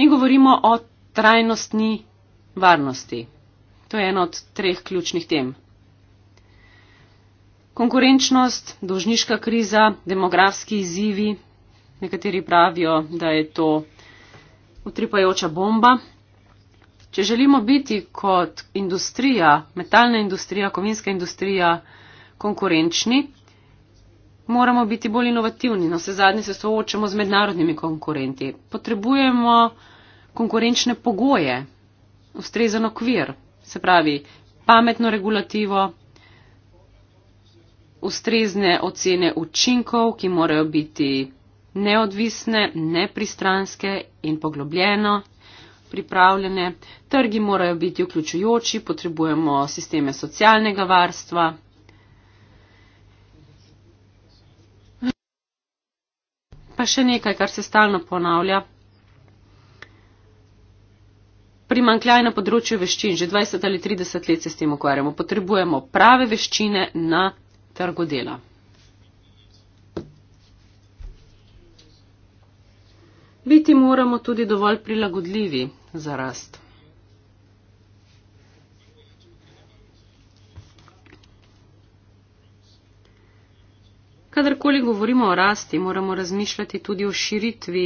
Mi govorimo o trajnostni varnosti. To je ena od treh ključnih tem. Konkurenčnost, dolžniška kriza, demografski izzivi, nekateri pravijo, da je to utripajoča bomba. Če želimo biti kot industrija, metalna industrija, kovinska industrija konkurenčni, moramo biti bolj inovativni. Na vse zadnje se soočamo z mednarodnimi konkurenti. Potrebujemo konkurenčne pogoje, ustrezen okvir, se pravi pametno regulativo, ustrezne ocene učinkov, ki morajo biti neodvisne, nepristranske in poglobljeno pripravljene. Trgi morajo biti vključujoči, potrebujemo sisteme socialnega varstva. Pa še nekaj, kar se stalno ponavlja primankljaj na področju veščin, že 20 ali 30 let se s tem ukvarjamo, potrebujemo prave veščine na trgu dela. Biti moramo tudi dovolj prilagodljivi za rast. Kadarkoli govorimo o rasti, moramo razmišljati tudi o širitvi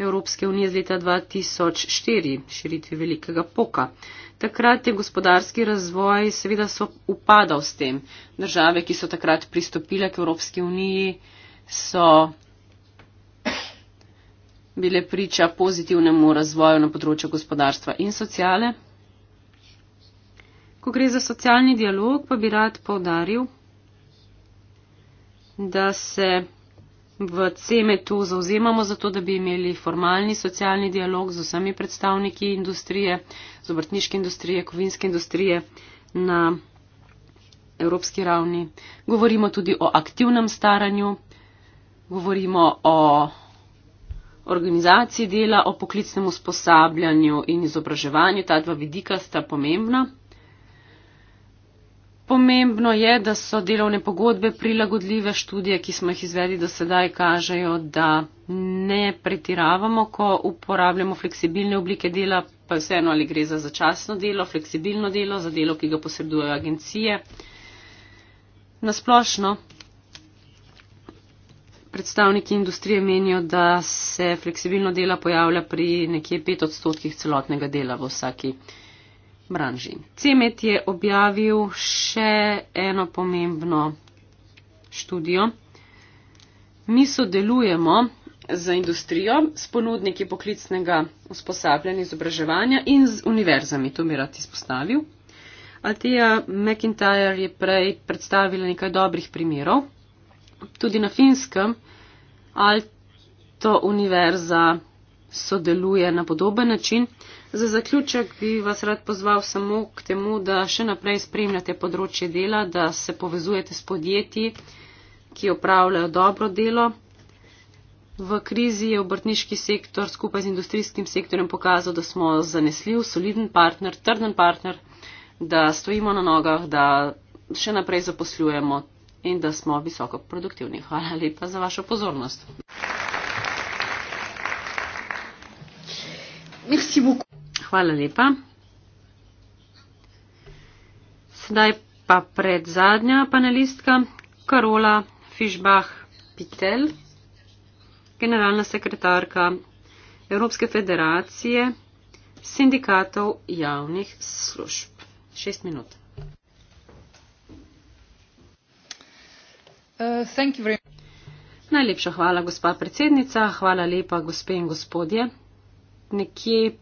Evropske unije z leta 2004, širitvi velikega poka. Takrat je gospodarski razvoj seveda so upadal s tem. Države, ki so takrat pristopile k Evropski uniji, so bile priča pozitivnemu razvoju na področju gospodarstva in sociale. Ko gre za socialni dialog, pa bi rad povdaril, da se v CEMET-u zauzemamo za to, da bi imeli formalni socialni dialog z vsemi predstavniki industrije, z obrtniške industrije, kovinske industrije na evropski ravni. Govorimo tudi o aktivnem staranju, govorimo o organizaciji dela, o poklicnem usposabljanju in izobraževanju. Ta dva vidika sta pomembna. Pomembno je, da so delovne pogodbe prilagodljive. Študije, ki smo jih izvedli do sedaj, kažejo, da ne pretiravamo, ko uporabljamo fleksibilne oblike dela, pa vseeno ali gre za začasno delo, fleksibilno delo, za delo, ki ga posredujejo agencije. Nasplošno predstavniki industrije menijo, da se fleksibilno dela pojavlja pri nekje 5 odstotkih celotnega dela v vsaki branži. Cemet je objavil še eno pomembno študijo. Mi sodelujemo za industrijo s ponudniki poklicnega usposabljanja in izobraževanja in z univerzami, to mi rad izpostavil. Altija McIntyre je prej predstavila nekaj dobrih primerov. Tudi na finskem Alto univerza sodeluje na podoben način. Za zaključek bi vas rad pozval samo k temu, da še naprej spremljate področje dela, da se povezujete s podjetji, ki opravljajo dobro delo. V krizi je obrtniški sektor skupaj z industrijskim sektorjem pokazal, da smo zanesljiv, soliden partner, trden partner, da stojimo na nogah, da še naprej zaposlujemo in da smo visoko produktivni. Hvala lepa za vašo pozornost. Merci beaucoup. Hvala lepa. Sedaj pa pred zadnja panelistka, Karola Fišbah-Pitel, generalna sekretarka Evropske federacije sindikatov javnih služb. Šest minut. Uh, very... Najlepša hvala, gospa predsednica, hvala lepa, gospe in gospodje. Nekje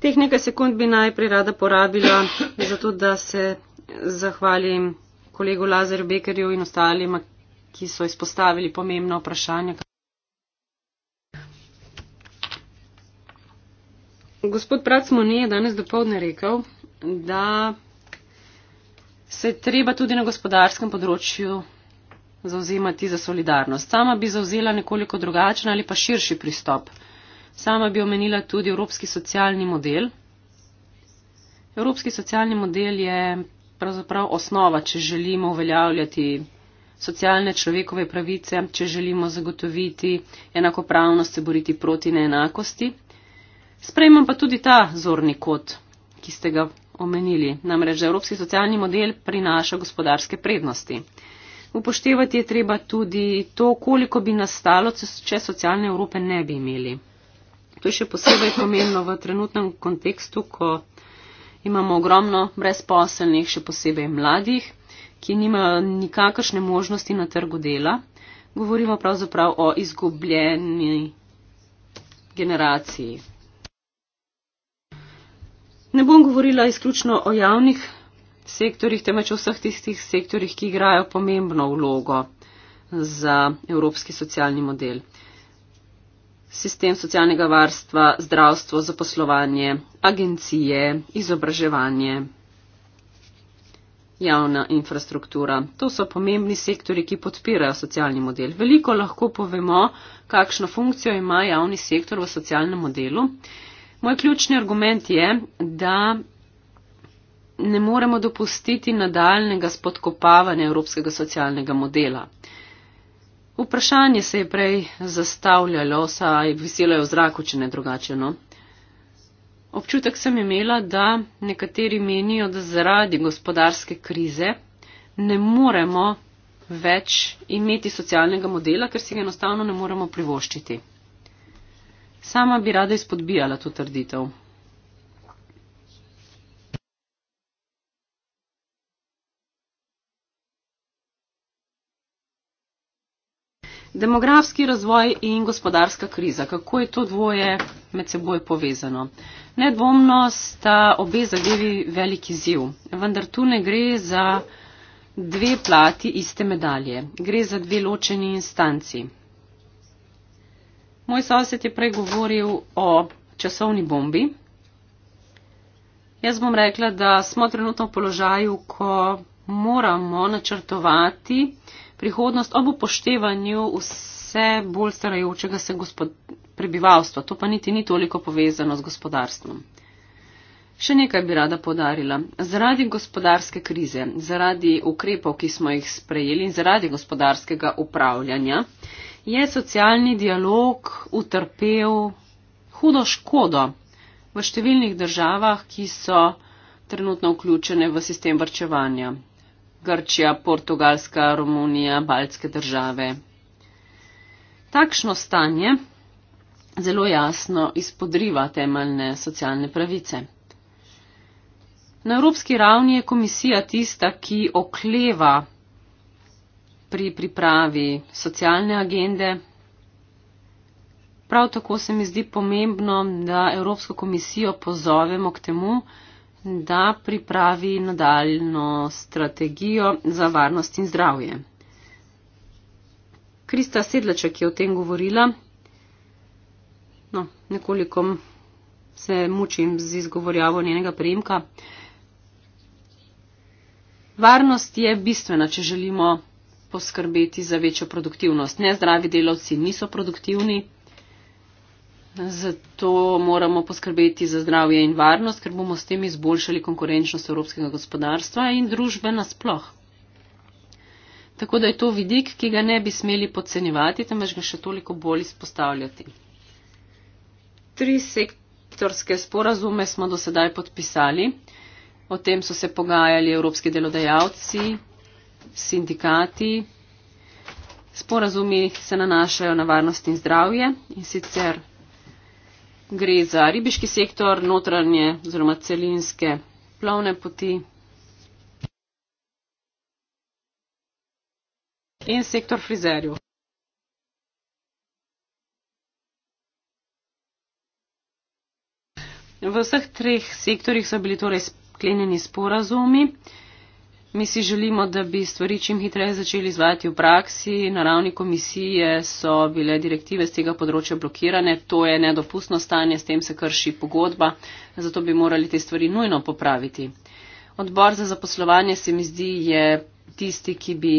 Teh nekaj sekund bi najprej rada porabila, zato da se zahvalim kolegu Lazar Bekerju in ostalima, ki so izpostavili pomembna vprašanja. Gospod Pracmoni je danes dopovdne rekel, da se treba tudi na gospodarskem področju zauzemati za solidarnost. Sama bi zauzela nekoliko drugačen ali pa širši pristop. Sama bi omenila tudi evropski socialni model. Evropski socialni model je pravzaprav osnova, če želimo uveljavljati socialne človekove pravice, če želimo zagotoviti enakopravnost, se boriti proti neenakosti. Sprejmem pa tudi ta zorni kot, ki ste ga omenili. Namreč, da evropski socialni model prinaša gospodarske prednosti. Upoštevati je treba tudi to, koliko bi nastalo, če socialne Evrope ne bi imeli. To je še posebej pomembno v trenutnem kontekstu, ko imamo ogromno brezposelnih, še posebej mladih, ki nimajo nikakršne možnosti na trgu dela. Govorimo pravzaprav o izgubljeni generaciji. Ne bom govorila izključno o javnih sektorjih, temveč v vseh tistih sektorjih, ki igrajo pomembno vlogo za evropski socialni model. Sistem socialnega varstva, zdravstvo, zaposlovanje, agencije, izobraževanje, javna infrastruktura. To so pomembni sektori, ki podpirajo socialni model. Veliko lahko povemo, kakšno funkcijo ima javni sektor v socialnem modelu. Moj ključni argument je, da ne moremo dopustiti nadaljnega spodkopavanja evropskega socialnega modela. Vprašanje se je prej zastavljalo, saj visilo je v zraku, če ne drugačeno. Občutek sem imela, da nekateri menijo, da zaradi gospodarske krize ne moremo več imeti socialnega modela, ker si ga enostavno ne moremo privoščiti. Sama bi rada izpodbijala to trditev. Demografski razvoj in gospodarska kriza. Kako je to dvoje med seboj povezano? Nedvomno sta obe zadevi veliki ziv, vendar tu ne gre za dve plati iste medalje. Gre za dve ločeni instanci. Moj sosed je prej govoril o časovni bombi. Jaz bom rekla, da smo trenutno v položaju, ko moramo načrtovati, prihodnost ob upoštevanju vse bolj starajočega se gospod, prebivalstva. To pa niti ni toliko povezano z gospodarstvom. Še nekaj bi rada podarila. Zaradi gospodarske krize, zaradi ukrepov, ki smo jih sprejeli in zaradi gospodarskega upravljanja, je socialni dialog utrpel hudo škodo v številnih državah, ki so trenutno vključene v sistem vrčevanja. Grčija, Portugalska, Romunija, Baltske države. Takšno stanje zelo jasno izpodriva temeljne socialne pravice. Na evropski ravni je komisija tista, ki okleva pri pripravi socialne agende. Prav tako se mi zdi pomembno, da Evropsko komisijo pozovemo k temu, da pripravi nadaljno strategijo za varnost in zdravje. Krista Sedlaček je o tem govorila. No, nekoliko se mučim z izgovorjavo njenega prejemka. Varnost je bistvena, če želimo poskrbeti za večjo produktivnost. Nezdravi delavci niso produktivni. Zato moramo poskrbeti za zdravje in varnost, ker bomo s tem izboljšali konkurenčnost evropskega gospodarstva in družbe nasploh. Tako da je to vidik, ki ga ne bi smeli podcenjevati, temveč ga še toliko bolj izpostavljati. Tri sektorske sporazume smo do sedaj podpisali. O tem so se pogajali evropski delodajalci, sindikati. Sporazumi se nanašajo na varnost in zdravje in sicer gre za ribiški sektor, notranje oziroma celinske plovne poti in sektor frizerjev. V vseh treh sektorjih so bili torej sklenjeni sporazumi. Mi si želimo, da bi stvari čim hitreje začeli izvajati v praksi. Na ravni komisije so bile direktive z tega področja blokirane. To je nedopustno stanje, s tem se krši pogodba, zato bi morali te stvari nujno popraviti. Odbor za zaposlovanje se mi zdi je tisti, ki bi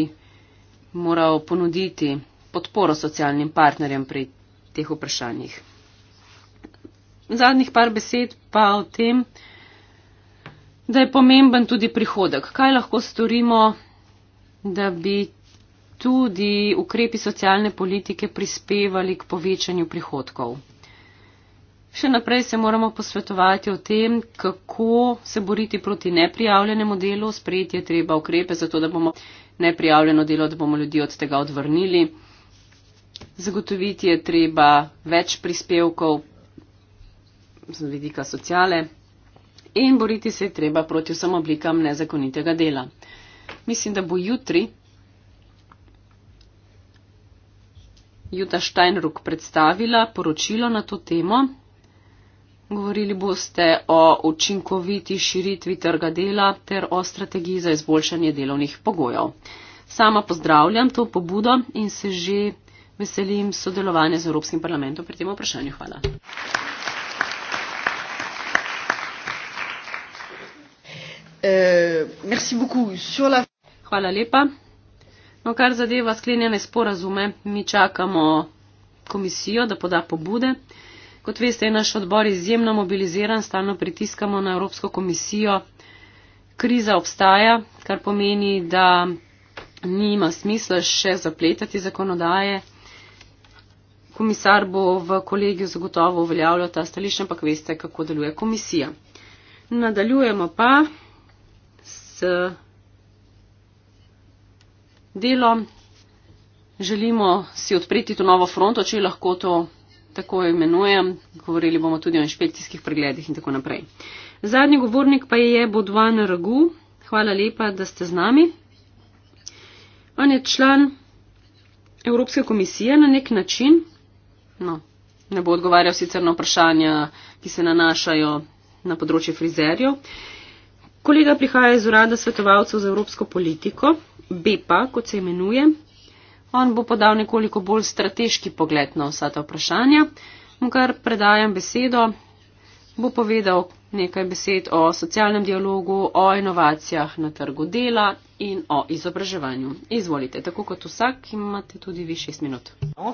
moral ponuditi podporo socialnim partnerjem pri teh vprašanjih. Zadnjih par besed pa o tem, da je pomemben tudi prihodek. Kaj lahko storimo, da bi tudi ukrepi socialne politike prispevali k povečanju prihodkov? Še naprej se moramo posvetovati o tem, kako se boriti proti neprijavljenemu delu. Sprejeti je treba ukrepe za to, da bomo neprijavljeno delo, da bomo ljudi od tega odvrnili. Zagotoviti je treba več prispevkov z vidika sociale in boriti se je treba proti vsem oblikam nezakonitega dela. Mislim, da bo jutri Juta Steinruck predstavila poročilo na to temo. Govorili boste o učinkoviti širitvi trga dela ter o strategiji za izboljšanje delovnih pogojev. Sama pozdravljam to pobudo in se že veselim sodelovanja z Evropskim parlamentom pri tem vprašanju. Hvala. Euh, merci beaucoup. Sur la... Hvala lepa. No, kar zadeva sklenjene sporazume, mi čakamo komisijo, da poda pobude. Kot veste, je naš odbor izjemno mobiliziran, stalno pritiskamo na Evropsko komisijo. Kriza obstaja, kar pomeni, da nima smisla še zapletati zakonodaje. Komisar bo v kolegiju zagotovo uveljavljal ta stališče, ampak veste, kako deluje komisija. Nadaljujemo pa delo. Želimo si odpreti to novo fronto, če lahko to tako imenujem. Govorili bomo tudi o inšpekcijskih pregledih in tako naprej. Zadnji govornik pa je Bodvan Ragu. Hvala lepa, da ste z nami. On je član Evropske komisije na nek način. No, ne bo odgovarjal sicer na vprašanja, ki se nanašajo na področje frizerjev kolega prihaja iz urada svetovalcev za evropsko politiko, BEPA, kot se imenuje. On bo podal nekoliko bolj strateški pogled na vsa ta vprašanja. Mkar predajam besedo, bo povedal nekaj besed o socialnem dialogu, o inovacijah na trgu dela in o izobraževanju. Izvolite, tako kot vsak, imate tudi vi šest minut. Uh,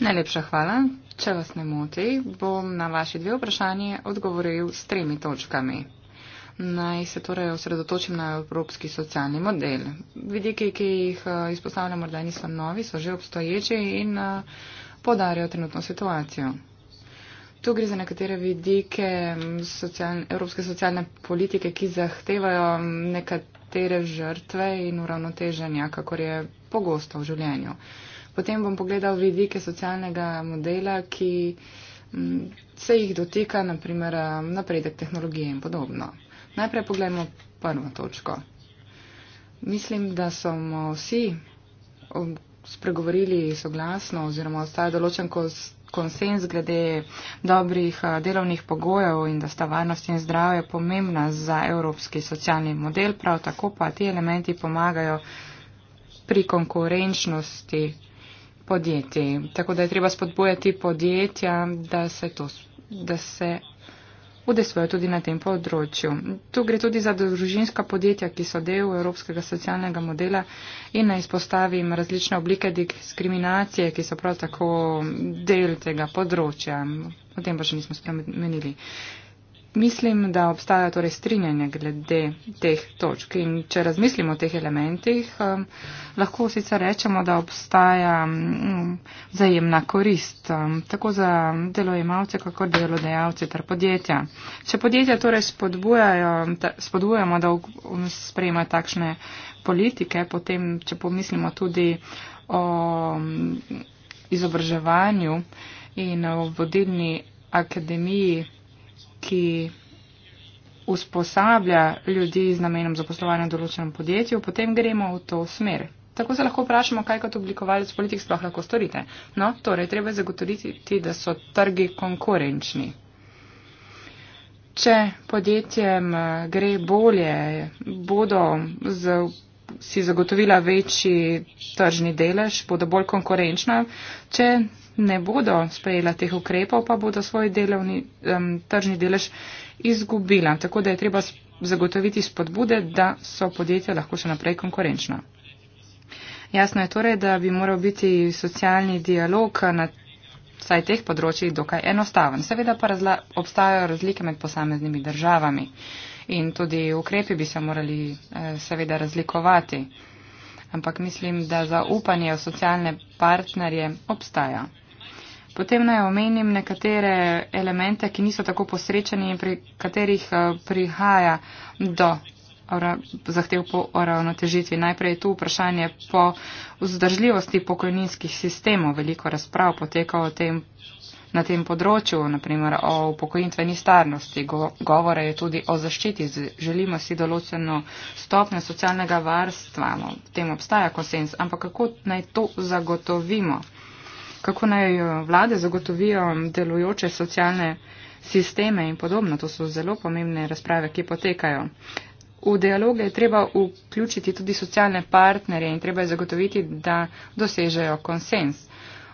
Najlepša hvala. Če vas ne moti, bom na vaše dve vprašanje odgovoril s tremi točkami. Naj se torej osredotočim na evropski socialni model. Vidiki, ki jih eh, izpostavljam, morda niso novi, so že obstoječi in eh, podarjajo trenutno situacijo. Tu gre za nekatere vidike mm, social, evropske socialne politike, ki zahtevajo mm, nekatere žrtve in uravnoteženja, kakor je pogosto v življenju. Potem bom pogledal vidike socialnega modela, ki mm, se jih dotika, naprimer, eh, napredek tehnologije in podobno. Najprej pogledamo prvo točko. Mislim, da smo vsi spregovorili soglasno oziroma ostaja določen konsens glede dobrih eh, delovnih pogojev in da sta varnost in zdravje pomembna za evropski socialni model, prav tako pa ti elementi pomagajo pri konkurenčnosti podjetij. Tako da je treba spodbujati podjetja, da se, to, da se udesvojo tudi na tem področju. Tu gre tudi za družinska podjetja, ki so del evropskega socialnega modela in naj izpostavim različne oblike diskriminacije, ki so prav tako del tega področja. O tem pa še nismo spremenili. Mislim, da obstaja torej strinjanje glede teh točk in če razmislimo o teh elementih, um, lahko sicer rečemo, da obstaja um, vzajemna um, korist um, tako za delojemalce, kako delodajalce ter podjetja. Če podjetja torej spodbujamo, da um, sprejema takšne politike, potem, če pomislimo tudi o um, izobraževanju in o vodilni akademiji, ki usposablja ljudi z namenom zaposlovanja v določenem podjetju, potem gremo v to smer. Tako se lahko vprašamo, kaj kot oblikovalec politik sploh lahko storite. No, torej, treba je zagotoviti, da so trgi konkurenčni. Če podjetjem eh, gre bolje, bodo z, si zagotovila večji tržni delež, bodo bolj konkurenčna. Če ne bodo sprejela teh ukrepov, pa bodo svoj delovni, um, tržni delež izgubila. Tako da je treba zagotoviti spodbude, da so podjetja lahko še naprej konkurenčna. Jasno je torej, da bi moral biti socialni dialog na vsaj teh področjih dokaj enostaven. Seveda pa razla, obstajajo razlike med posameznimi državami in tudi ukrepi bi se morali eh, seveda razlikovati. Ampak mislim, da zaupanje v socialne partnerje obstaja. Potem naj omenim nekatere elemente, ki niso tako posrečeni in pri katerih eh, prihaja do zahtev po uravnotežitvi. Najprej je tu vprašanje po vzdržljivosti pokojninskih sistemov. Veliko razprav poteka o tem. Na tem področju, naprimer o upokojitveni starnosti, govore je tudi o zaščiti. Želimo si določeno stopnjo socialnega varstva. V tem obstaja konsens, ampak kako naj to zagotovimo? kako naj eh, vlade zagotovijo delujoče socialne sisteme in podobno. To so zelo pomembne razprave, ki potekajo. V dialoge je treba vključiti tudi socialne partnerje in treba je zagotoviti, da dosežejo konsens.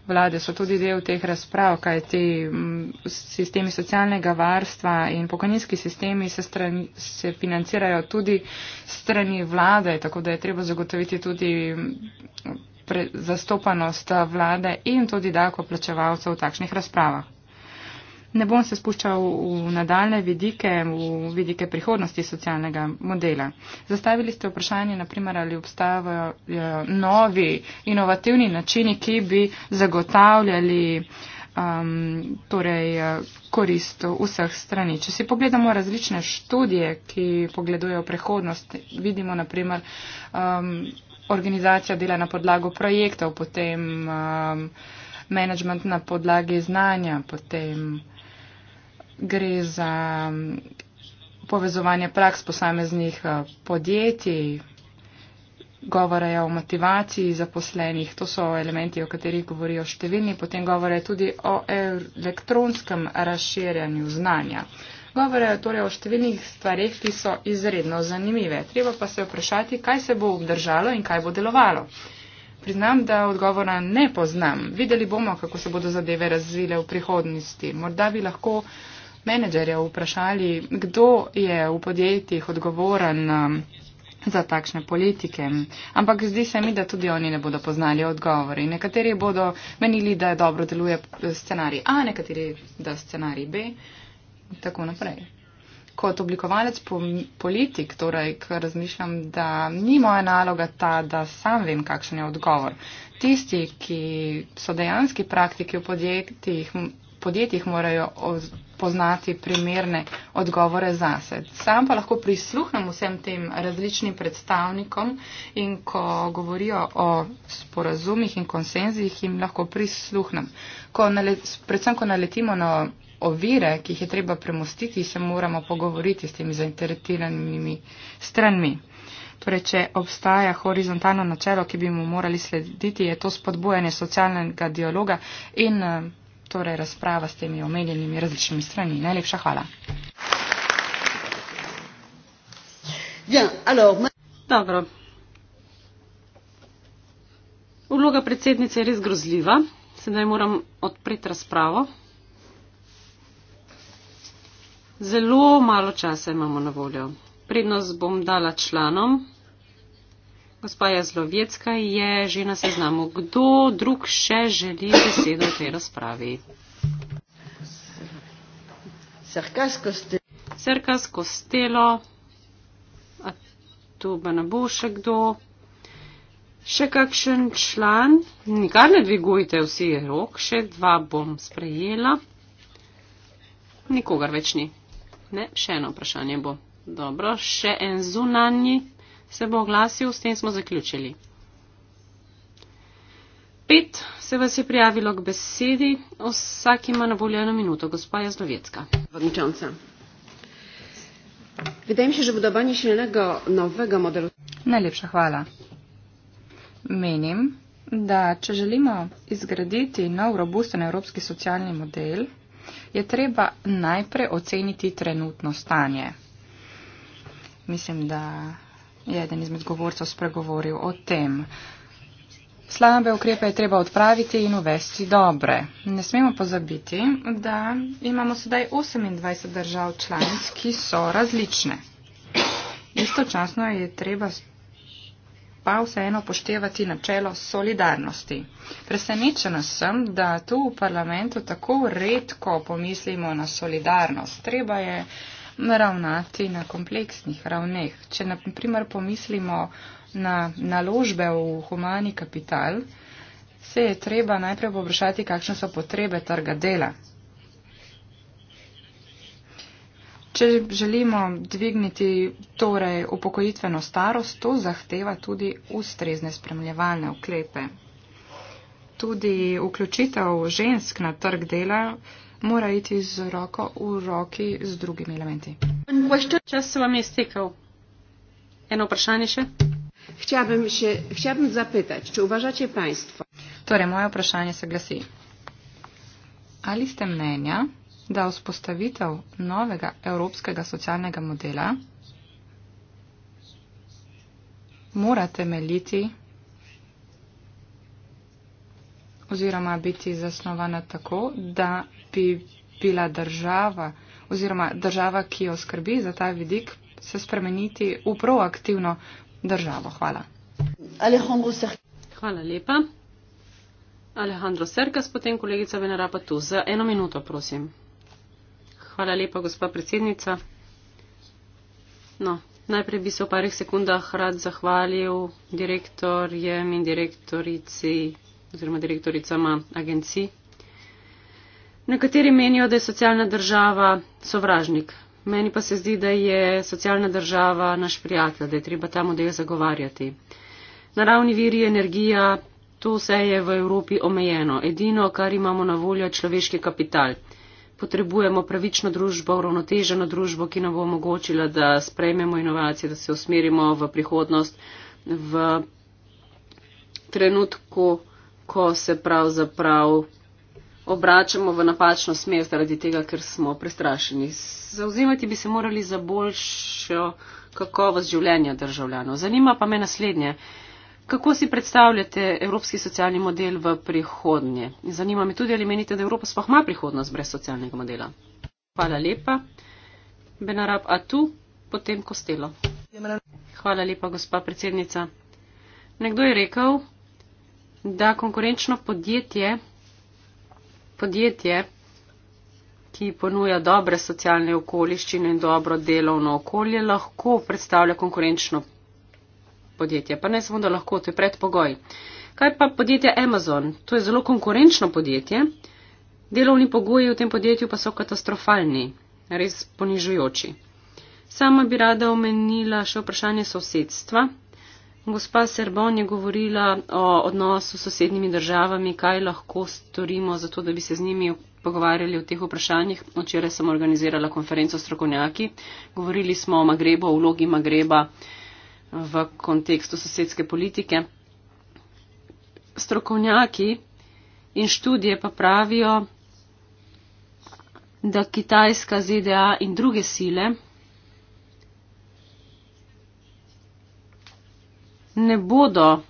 Vlade so tudi del teh razprav, kaj ti mm, sistemi socialnega varstva in pokojninski sistemi se, strani, se financirajo tudi strani vlade, tako da je treba zagotoviti tudi zastopanost eh, vlade in tudi davko plačevalcev v takšnih razpravah. Ne bom se spuščal v nadaljne vidike, v vidike prihodnosti socialnega modela. Zastavili ste vprašanje, naprimer, ali obstajajo eh, novi inovativni načini, ki bi zagotavljali um, torej, eh, korist vseh strani. Če si pogledamo različne študije, ki pogledujejo prihodnost, vidimo, naprimer, um, ehm, organizacija dela na podlagu projektov, potem um, management na podlagi znanja, potem gre za um, povezovanje praks posameznih uh, podjetij, govora je o motivaciji zaposlenih, to so elementi, o katerih govorijo številni, potem govora je tudi o elektronskem razširjanju znanja. Uh, Govore je torej o številnih stvareh, ki so izredno zanimive. Treba pa se vprašati, kaj se bo obdržalo in kaj bo delovalo. Priznam, da odgovora ne poznam. Videli bomo, kako se bodo zadeve razvile v prihodnosti. Morda bi lahko menedžerja vprašali, kdo je v podjetjih odgovoren um, za takšne politike. Ampak zdi se mi, da tudi oni ne bodo poznali odgovori. Nekateri bodo menili, da dobro deluje scenarij A, nekateri, da scenarij B in tako naprej. Kot oblikovalec politik, torej, ker razmišljam, da ni moja naloga ta, da sam vem, kakšen je odgovor. Tisti, ki so dejanski praktiki v podjetjih, podjetjih morajo poznati primerne odgovore zase. Sam pa lahko prisluhnem vsem tem različnim predstavnikom in ko govorijo o sporazumih in konsenzih, jim lahko prisluhnem. Ko predvsem, ko naletimo na ovire, ki jih je treba premostiti, se moramo pogovoriti s temi zainteresiranimi stranmi. Torej, če obstaja horizontalno načelo, ki bi mu morali slediti, je to spodbujanje socialnega dialoga in eh, torej, razprava s temi omenjenimi različnimi stranmi. Najlepša hvala. Dobro.
Vloga predsednice je res grozljiva. Sedaj moram odpreti razpravo. Zelo malo časa imamo na voljo. Prednost bom dala članom. Gospa Jazlovjecka je že na seznamu. Kdo drug še želi besedo v tej razpravi? Serkas Kostelo. A tu pa ne bo še kdo. Še kakšen član? Nikar ne dvigujte vsi rok, še dva bom sprejela. Nikogar več ni. Ne, še eno vprašanje bo. Dobro, še en zunanji se bo oglasil, s tem smo zaključili. Pet se vas je prijavilo k besedi, vsak ima na voljo eno minuto. Gospa Jazdovjecka. Vodničanca. Vidim še, že bo dobanje še enega novega modelu.
Najlepša hvala. Menim, da če želimo izgraditi nov robusten evropski socialni model, je treba najprej oceniti trenutno stanje. Mislim, da je eden izmed govorcev spregovoril o tem. Slabe ukrepe je treba odpraviti in uvesti dobre. Ne smemo pozabiti, da imamo sedaj 28 držav članic, ki so različne. Istočasno je treba pa vseeno poštevati načelo solidarnosti. Presenečena sem, da tu v parlamentu tako redko pomislimo na solidarnost. Treba je ravnati na kompleksnih ravneh. Če na primer pomislimo na naložbe v humani kapital, se je treba najprej vprašati, kakšne so potrebe trga dela. Če želimo dvigniti torej upokojitveno starost, to zahteva tudi ustrezne spremljevalne ukrepe. Tudi vključitev žensk na trg dela mora iti z roko v roki z drugimi elementi. Čas se vam je stekal. Eno vprašanje še? Htjabim še htjabim zapetač, če uvažate panjstvo. Torej, moje vprašanje se glasi. Ali ste mnenja, da vzpostavitev novega evropskega socialnega modela mora temeljiti oziroma biti zasnovana tako, da bi bila država oziroma država, ki jo skrbi za ta vidik, se spremeniti v proaktivno državo. Hvala.
Hvala lepa. Alejandro Serkas, potem kolegica Venera pa tu. Za eno minuto, prosim. Hvala lepa, gospa predsednica. No, najprej bi se v parih sekundah rad zahvalil direktorjem in direktorici oziroma direktoricama agencij. Nekateri menijo, da je socialna država sovražnik. Meni pa se zdi, da je socialna država naš prijatelj, da je treba ta model zagovarjati. Naravni viri, energija, to vse je v Evropi omejeno. Edino, kar imamo na voljo, je človeški kapital potrebujemo pravično družbo, uravnoteženo družbo, ki nam bo omogočila, da sprejmemo inovacije, da se usmerimo v prihodnost, v trenutku, ko se pravzaprav obračamo v napačno smer zaradi tega, ker smo prestrašeni. Zauzimati bi se morali za boljšo kakovost življenja državljanov. Zanima pa me naslednje. Uh, Kako si predstavljate evropski socialni model v prihodnje? Zanima me tudi, ali menite, da Evropa sploh ima prihodnost brez socialnega modela. Hvala lepa. Benarab Atu, potem Kostelo. Hvala lepa, gospa predsednica. Nekdo je rekel, da konkurenčno podjetje, podjetje, ki ponuja dobre socialne okoliščine in dobro delovno okolje, lahko predstavlja konkurenčno podjetje. Pa ne samo, da lahko, to je predpogoj. Kaj pa podjetje Amazon? To je zelo konkurenčno podjetje. Delovni pogoji v tem podjetju pa so katastrofalni, res ponižujoči. Sama bi rada omenila še vprašanje sosedstva. Gospa Serbon je govorila o odnosu s sosednjimi državami, kaj lahko storimo, zato da bi se z njimi pogovarjali o teh vprašanjih. Včeraj sem organizirala konferenco strokovnjaki, govorili smo o Magrebu, o vlogi Magreba v kontekstu sosedske politike. Strokovnjaki in študije pa pravijo, da Kitajska, ZDA in druge sile ne bodo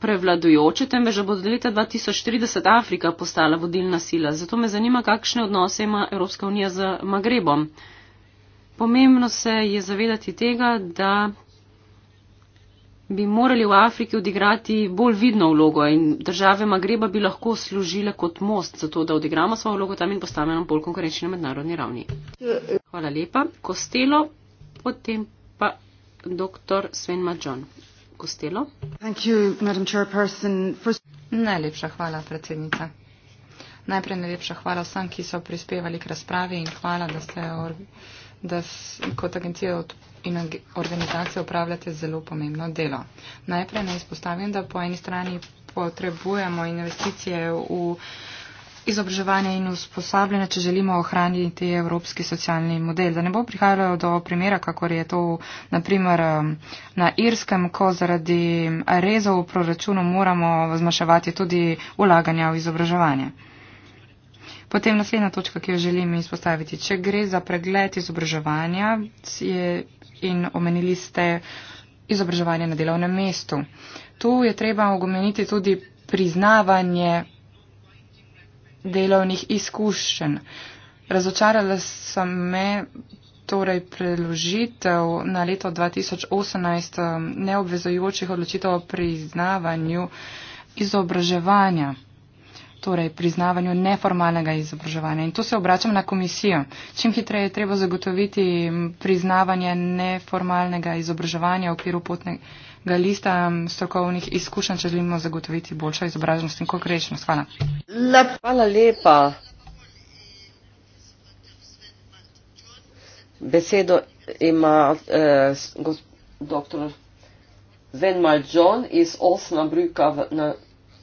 prevladujoče, temveč da bo do leta 2030 Afrika postala vodilna sila. Zato me zanima, kakšne odnose ima Evropska unija z Magrebom. Pomembno se je zavedati tega, da bi morali v Afriki odigrati bolj vidno vlogo in države Magreba bi lahko služile kot most za to, da odigramo svojo vlogo tam in postanemo bolj konkurenčni na mednarodni ravni. Hvala lepa. Kostelo, potem pa dr. Sven Mađon. Kostelo.
Najlepša hvala, predsednica. Najprej najlepša hvala vsem, ki so prispevali k razpravi in hvala, da ste da kot agencija odprli in organizacijo upravljate zelo pomembno delo. Najprej naj izpostavim, da po eni strani potrebujemo investicije v izobraževanje in usposabljanje, če želimo ohraniti evropski socialni model. Da ne bo prihajalo do primera, kakor je to naprimer na Irskem, ko zaradi rezov v proračunu moramo zmaševati tudi ulaganja v izobraževanje. Potem naslednja točka, ki jo želim izpostaviti. Če gre za pregled izobraževanja, je in omenili ste izobraževanje na delovnem mestu. Tu je treba omeniti tudi priznavanje delovnih izkušenj. Razočarala sem me torej preložitev na leto 2018 um, neobvezojočih odločitev o priznavanju izobraževanja torej priznavanju neformalnega izobraževanja. In tu se obračam na komisijo. Čim hitreje je treba zagotoviti priznavanje neformalnega izobraževanja v okviru potnega lista um, strokovnih izkušenj, če želimo zagotoviti boljšo izobraženost in konkrečnost. Hvala.
Hvala lepa. Besedo ima eh, dr. Venmal John iz Osnabrücka v,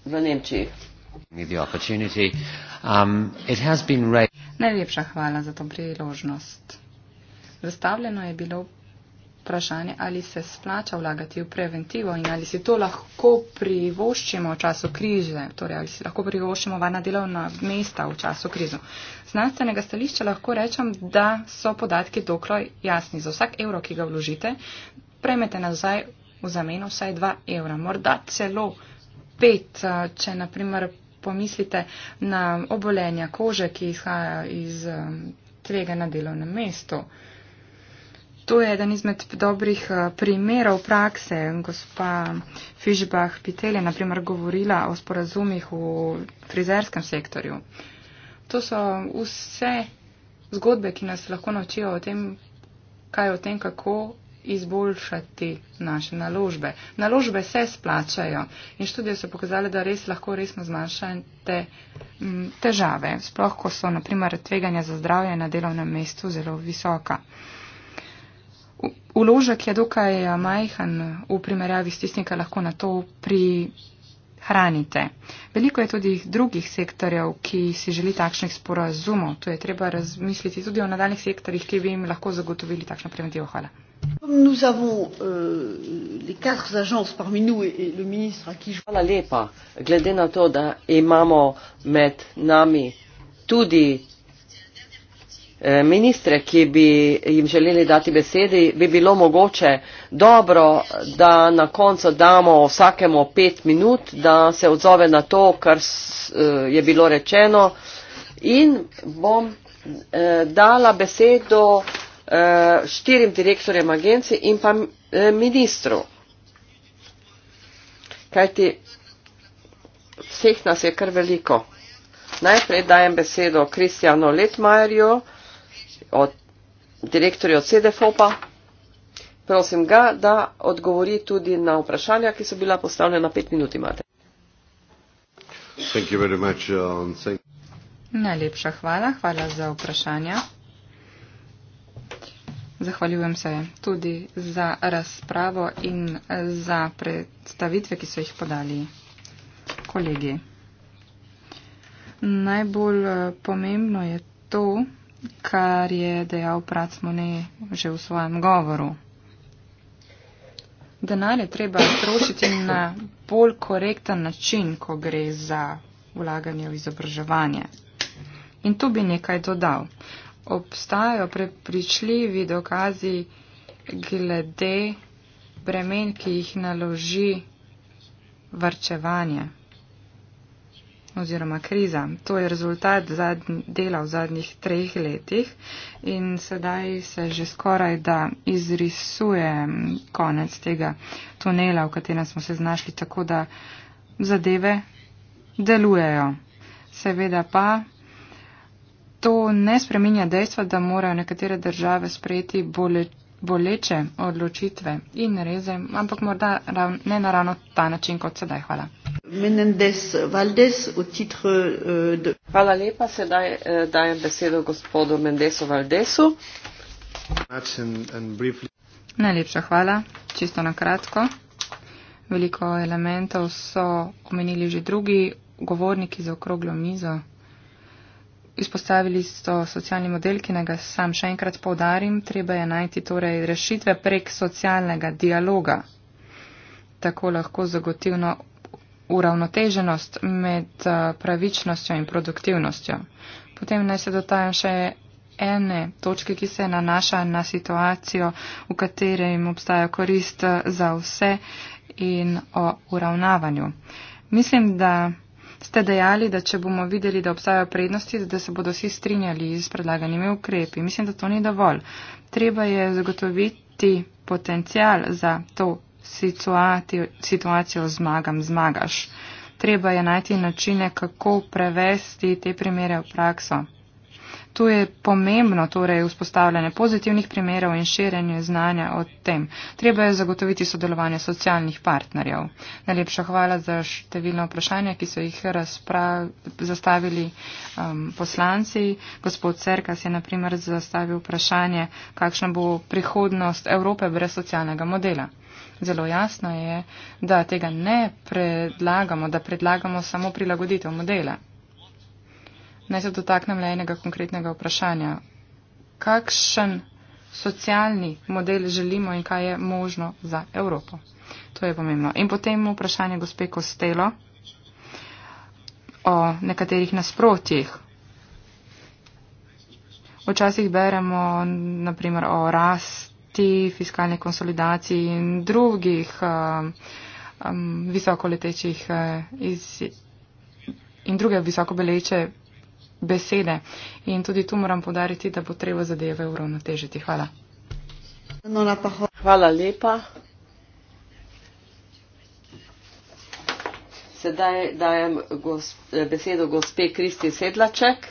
v Nemčiji. Um, Najlepša hvala za to priložnost. Zastavljeno je bilo vprašanje, ali se splača vlagati v preventivo in ali si to lahko privoščimo v času krize, torej ali si lahko privoščimo varna delovna mesta v času krize. Z znanstvenega stališča lahko rečem, da so podatki dokaj jasni. Za vsak evro, ki ga vložite, prejmete nazaj v zameno vsaj 2 evra, morda celo 5, eh, če naprimer pomislite na obolenja kože, ki izhajajo iz um, trega na delovnem mestu. To je eden izmed dobrih uh, primerov prakse. Gospa Fižbah Pitel je naprimer govorila o sporazumih v frizerskem sektorju. To so vse zgodbe, ki nas lahko naučijo o tem, kaj o tem, kako izboljšati naše naložbe. Naložbe se splačajo in študije so pokazale, da res lahko resno zmanjšate mm, težave, sploh ko so naprimer tveganja za zdravje na delovnem mestu zelo visoka. Uložek je dokaj eh, majhen v primerjavi s tistim, kar lahko na to pri hranite. Veliko je tudi drugih sektorjev, ki si želi takšnih sporazumov. Tu je treba razmisliti tudi o nadaljnih sektorjih, ki bi jim lahko zagotovili takšno preventivo. Hvala.
Euh, Hvala
lepa. Glede na to, da imamo med nami tudi Eh, ministre, ki bi jim želeli dati besedi, bi bilo mogoče dobro, da na koncu damo vsakemu pet minut, da se odzove na to, kar eh, je bilo rečeno. In bom eh, dala besedo štirim direktorjem agencij in pa ministru. Kajti vseh nas je kar veliko. Najprej dajem besedo Kristjanu Letmajerju, od direktorja od CDFOPA. Prosim ga, da odgovori tudi na vprašanja, ki so bila postavljena pet minut imate.
Thank you very much, uh, thank...
Najlepša hvala, hvala za vprašanja. Zahvaljujem se tudi za razpravo in za predstavitve, ki so jih podali kolegi. Najbolj eh, pomembno je to, kar je dejal Pracmone že v svojem govoru. Denar je treba trošiti na bolj korektan način, ko gre za vlaganje v izobraževanje. In tu bi nekaj dodal. Obstajajo prepričljivi dokazi glede bremen, ki jih naloži varčevanje oziroma kriza. To je rezultat zadn, dela v zadnjih treh letih in sedaj se že skoraj da izrisuje konec tega tunela, v katerem smo se znašli, tako da zadeve delujejo. Seveda pa. To ne spreminja dejstva, da morajo nekatere države sprejeti bolečine boleče odločitve in reze, ampak morda rav, ne na ravno ta način kot sedaj. Hvala.
Eh, hvala lepa, sedaj eh, dajem besedo gospodu Mendesu Valdesu.
Najlepša hvala, čisto na kratko. Veliko elementov so omenili že drugi govorniki za okroglo mizo. Izpostavili so socialni model, ki naj ga sam še enkrat povdarim. Treba je najti torej rešitve prek socialnega dialoga. Tako lahko zagotivno uravnoteženost med eh, pravičnostjo in produktivnostjo. Potem naj se dotajam še ene točke, ki se nanaša na situacijo, v katerej jim obstaja korist eh, za vse in o uravnavanju. Mislim, da ste dejali, da če bomo videli, da obstajajo prednosti, da se bodo vsi strinjali z predlaganimi ukrepi. Mislim, da to ni dovolj. Treba je zagotoviti potencial za to situacijo zmagam, zmagaš. Treba je najti načine, kako prevesti te primere v prakso. Tu je pomembno torej vzpostavljanje pozitivnih primerov in širjenje znanja o tem. Treba je zagotoviti sodelovanje socialnih partnerjev. Najlepša hvala za številne vprašanja, ki so jih zastavili um, poslanci. Gospod Cerkas je naprimer zastavil vprašanje, kakšna bo prihodnost Evrope brez socialnega modela. Zelo jasno je, da tega ne predlagamo, da predlagamo samo prilagoditev modela. Naj se dotaknem le enega konkretnega vprašanja. Kakšen socialni model želimo in kaj je možno za Evropo? To je pomembno. In potem vprašanje gospe Kostelo o nekaterih nasprotjih. Včasih beremo naprimer o rasti, fiskalni konsolidaciji in drugih um, um, visokoletečih uh, iz, in druge visokobeleče besede. In tudi tu moram podariti, da bo treba zadeve uravnotežiti. Hvala.
Hvala lepa. Sedaj dajem gosp besedo gospe Kristi Sedlaček.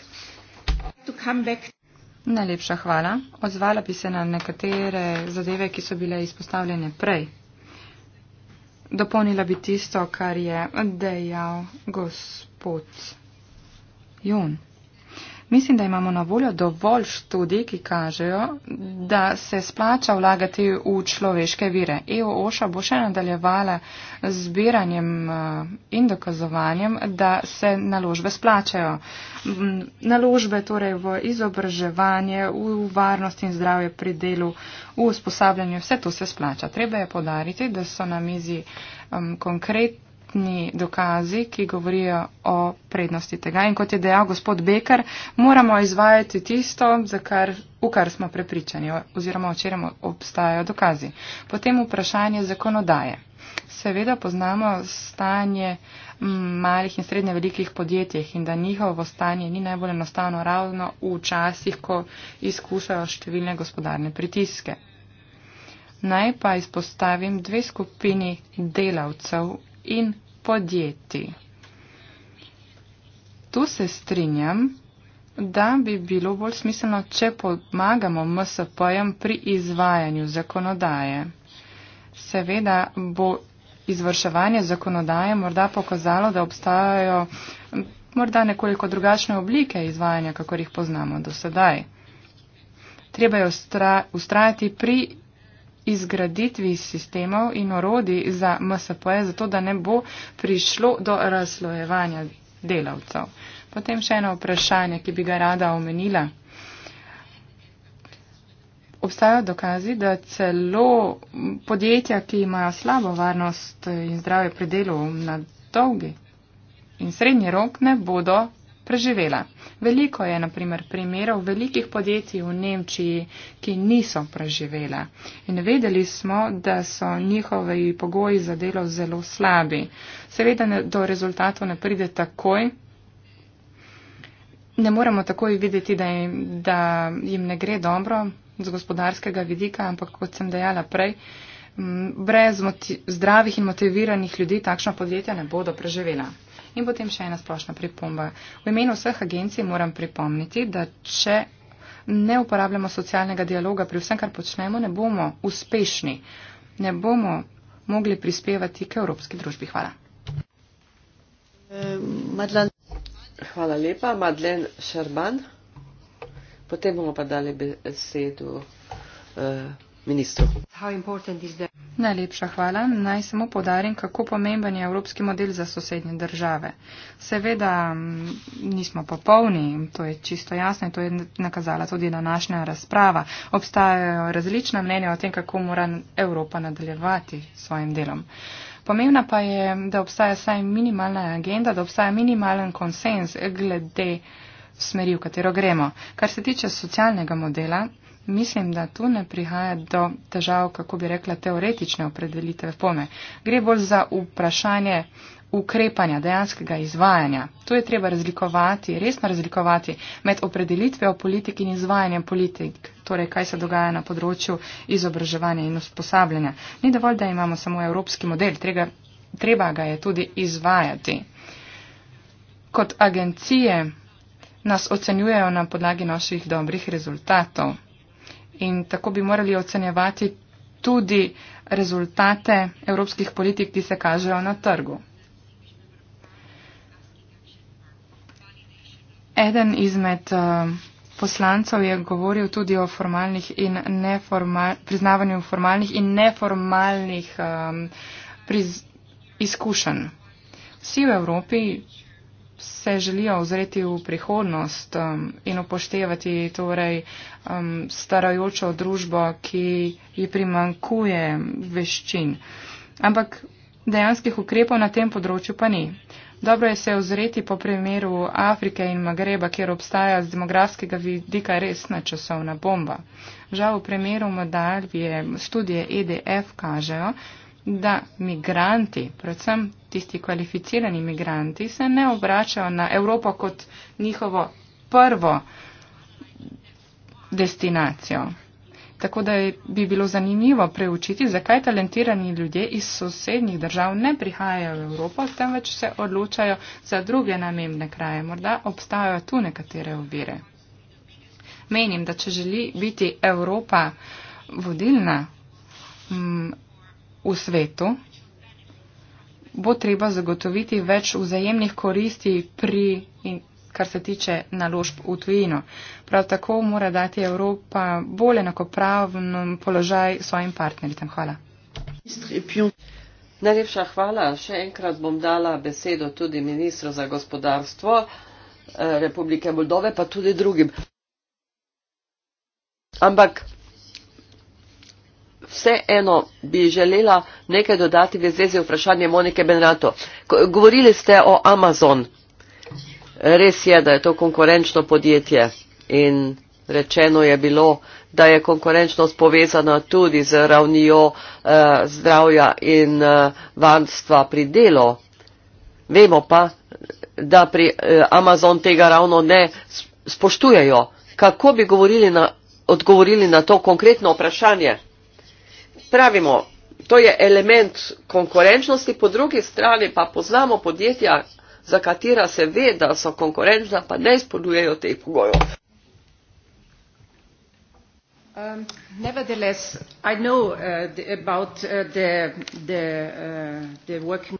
Najlepša hvala. Odzvala bi se na nekatere zadeve, ki so bile izpostavljene prej. Dopolnila bi tisto, kar je dejal gospod Jun. Mislim, da imamo na voljo dovolj študij, ki kažejo, da se splača vlagati v človeške vire. EU OŠA bo še nadaljevala z zbiranjem eh, in dokazovanjem, da se naložbe splačajo. Naložbe torej v izobraževanje, v varnost in zdravje pri delu, v usposabljanju, vse to se splača. Treba je podariti, da so na mizi um, konkretni konkretni dokazi, ki govorijo o prednosti tega. In kot je dejal gospod Beker, moramo izvajati tisto, za kar, v kar smo prepričani oziroma o čem obstajajo dokazi. Potem vprašanje zakonodaje. Seveda poznamo stanje malih in srednje velikih podjetjih in da njihovo stanje ni najbolj enostavno ravno v časih, ko izkušajo številne gospodarne pritiske. Naj pa izpostavim dve skupini delavcev in podjetij. Tu se strinjam, da bi bilo bolj smiselno, če pomagamo MSP-jem pri izvajanju zakonodaje. Seveda bo izvrševanje zakonodaje morda pokazalo, da obstajajo morda nekoliko drugačne oblike izvajanja, kakor jih poznamo do sedaj. Treba je ustrajati pri izgraditvi sistemov in orodij za MSP, zato da ne bo prišlo do razlojevanja delavcev. Potem še eno vprašanje, ki bi ga rada omenila. Obstajajo dokazi, da celo podjetja, ki imajo slabo varnost in zdravje pri delu na dolgi in srednji rok, ne bodo preživela. Veliko je naprimer primerov velikih podjetij v Nemčiji, ki niso preživela. In vedeli smo, da so njihovi pogoji za delo zelo slabi. Seveda ne, do rezultatov ne pride takoj. Ne moremo takoj videti, da jim, da jim ne gre dobro z gospodarskega vidika, ampak kot sem dejala prej, brez zdravih in motiviranih ljudi takšna podjetja ne bodo preživela. In potem še ena splošna pripomba. V imenu vseh agencij moram pripomniti, da če ne uporabljamo socialnega dialoga pri vsem, kar počnemo, ne bomo uspešni, ne bomo mogli prispevati k evropski družbi. Hvala.
Madlen. Hvala lepa, Madlen Šerban. Potem bomo pa dali besedo. Uh, ministru.
Najlepša hvala. Naj samo podarim, kako pomemben je evropski model za sosednje države. Seveda nismo popolni, to je čisto jasno in to je nakazala tudi današnja razprava. Obstajajo različna mnenja o tem, kako mora Evropa nadaljevati svojim delom. Pomembna pa je, da obstaja saj minimalna agenda, da obstaja minimalen konsens glede smeri, v katero gremo. Kar se tiče socialnega modela, Mislim, da tu ne prihaja do težav, kako bi rekla, teoretične opredelitve pome. Gre bolj za vprašanje ukrepanja, dejanskega izvajanja. Tu je treba razlikovati, resno razlikovati med opredelitvijo politik in izvajanjem politik, torej kaj se dogaja na področju izobraževanja in usposabljanja. Ni dovolj, da imamo samo evropski model, treba, treba ga je tudi izvajati. Kot agencije nas ocenjujejo na podlagi naših dobrih rezultatov in tako bi morali ocenjevati tudi rezultate evropskih politik, ki se kažejo na trgu. Eden izmed uh, poslancev je govoril tudi o formalnih in neformal, priznavanju formalnih in neformalnih um, priz, izkušenj. Vsi v Evropi se želijo ozreti v prihodnost um, in upoštevati torej, um, starajočo družbo, ki ji primankuje veščin. Ampak dejanskih ukrepov na tem področju pa ni. Dobro je se ozreti po primeru Afrike in Magreba, kjer obstaja z demografskega vidika resna časovna bomba. Žal v primeru Madalvije studije EDF kažejo, da migranti, predvsem tisti kvalificirani migranti, se ne obračajo na Evropo kot njihovo prvo destinacijo. Tako da bi bilo zanimivo preučiti, zakaj talentirani ljudje iz sosednjih držav ne prihajajo v Evropo, temveč se odločajo za druge namembne kraje. Morda obstajajo tu nekatere ovire. Menim, da če želi biti Evropa vodilna, v svetu, bo treba zagotoviti več vzajemnih koristi pri in kar se tiče naložb v tujino. Prav tako mora dati Evropa bolj enakopraven položaj svojim partneritem. Hvala.
Najlepša hvala. Še enkrat bom dala besedo tudi ministru za gospodarstvo eh, Republike Moldove, pa tudi drugim. Ampak vseeno bi želela nekaj dodati v zvezi z vprašanjem Monike Benrato. Govorili ste o Amazon. Res je, da je to konkurenčno podjetje in rečeno je bilo, da je konkurenčnost povezana tudi z ravnijo eh, zdravja in eh, varstva pri delu. Vemo pa, da pri eh, Amazon tega ravno ne spoštujejo. Kako bi na, odgovorili na to konkretno vprašanje? pravimo, to je element konkurenčnosti, po drugi strani pa poznamo podjetja, za katera se ve, da so konkurenčna, pa ne izpodujejo teh pogojev. Um, nevertheless, I know uh, the, about uh, the, the, uh, the working.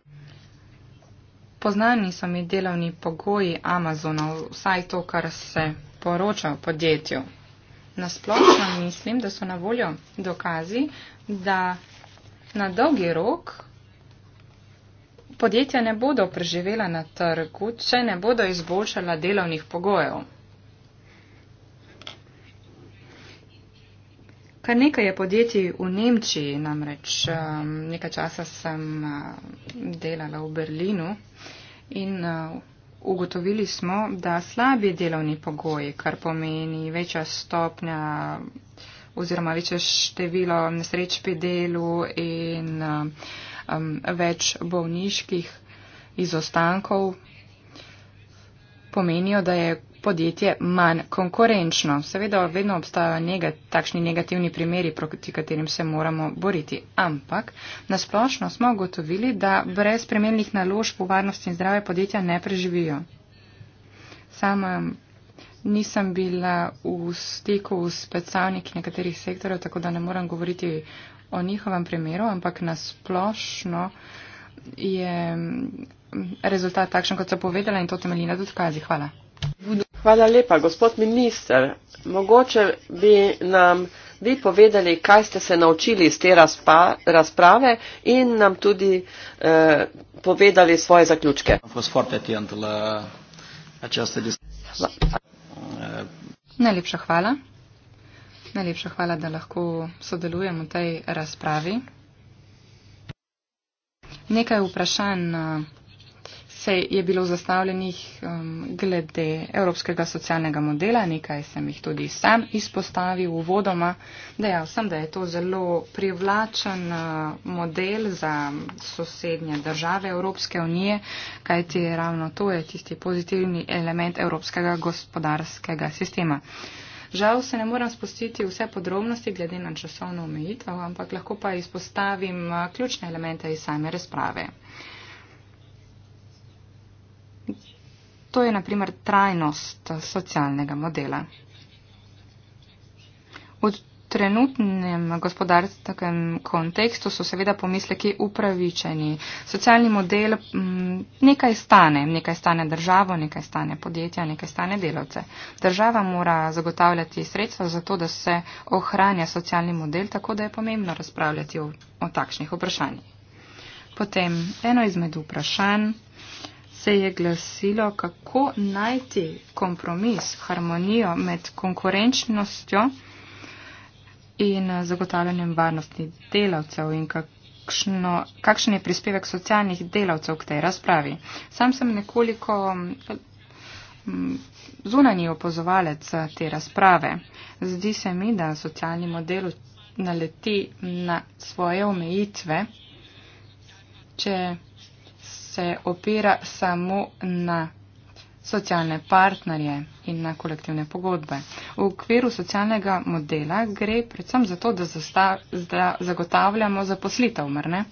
Poznani so mi delovni pogoji Amazona, vsaj to, kar se poroča v podjetju. Nasplošno mislim, da so na voljo dokazi, da na dolgi rok podjetja ne bodo preživela na trgu, če ne bodo izboljšala delovnih pogojev. Kar nekaj je podjetij v Nemčiji, namreč um, nekaj časa sem um, delala v Berlinu in uh, ugotovili smo, da slabi delovni pogoji, kar pomeni večja stopnja oziroma večje število nesreč pri delu in um, več bolniških izostankov pomenijo, da je podjetje manj konkurenčno. Seveda vedno obstajajo nega, takšni negativni primeri, proti katerim se moramo boriti. Ampak nasplošno smo ugotovili, da brez premenljih naložb v varnost in zdrave podjetja ne preživijo. Sama nisem bila v stiku s predstavniki nekaterih sektorjev, tako da ne moram govoriti o njihovem primeru, ampak nasplošno je mm, rezultat takšen, kot so povedala in to temelji na dokazi. Hvala.
Hvala lepa, gospod minister. Mogoče bi nam vi povedali, kaj ste se naučili iz te razpa, razprave in nam tudi eh, povedali svoje zaključke. Hvala.
Najlepša hvala. Najlepša hvala, da lahko sodelujem v tej razpravi. Nekaj vprašanj. Uh, precej je bilo zastavljenih um, glede evropskega socialnega modela, nekaj sem jih tudi sam izpostavil v vodoma, dejal sem, da je to zelo privlačen uh, model za sosednje države Evropske unije, kajti ravno to je tisti pozitivni element evropskega gospodarskega sistema. Žal se ne moram spustiti vse podrobnosti glede na časovno omejitev, ampak lahko pa izpostavim uh, ključne elemente iz same razprave. To je na primer trajnost socialnega modela. V trenutnem gospodarskem kontekstu so seveda pomisleki upravičeni. Socialni model mm, nekaj stane, nekaj stane državo, nekaj stane podjetja, nekaj stane delavce. Država mora zagotavljati sredstva za to, da se ohranja socialni model, tako da je pomembno razpravljati o, o takšnih vprašanjih. Potem eno izmed vprašanj se je glasilo, kako najti kompromis, harmonijo med konkurenčnostjo in zagotavljanjem varnosti delavcev in kakšno, kakšen je prispevek socialnih delavcev k tej razpravi. Sam sem nekoliko mm, zunanji opozovalec te razprave. Zdi se mi, da socialni model naleti na svoje omejitve, če se opira samo na socialne partnerje in na kolektivne pogodbe. V okviru socialnega modela gre predvsem za to, da, da zagotavljamo zaposlitev, mar ne?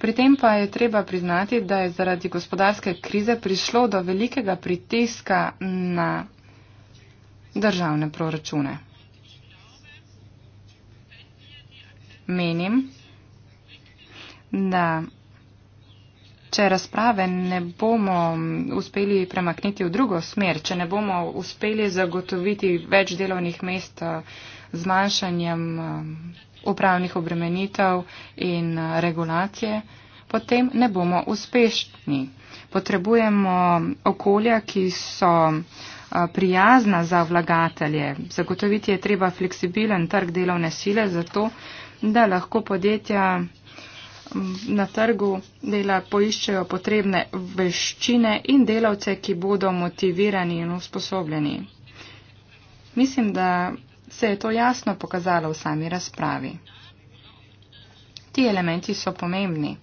Pri tem pa je treba priznati, da je zaradi gospodarske krize prišlo do velikega pritiska na državne proračune. Menim, da če razprave ne bomo uspeli premakniti v drugo smer, če ne bomo uspeli zagotoviti več delovnih mest eh, zmanjšanjem eh, upravnih obremenitev in eh, regulacije, potem ne bomo uspešni. Potrebujemo okolja, ki so prijazna za vlagatelje. Zagotoviti je treba fleksibilen trg delovne sile zato, da lahko podjetja na trgu dela poiščejo potrebne veščine in delavce, ki bodo motivirani in usposobljeni. Mislim, da se je to jasno pokazalo v sami razpravi. Ti elementi so pomembni.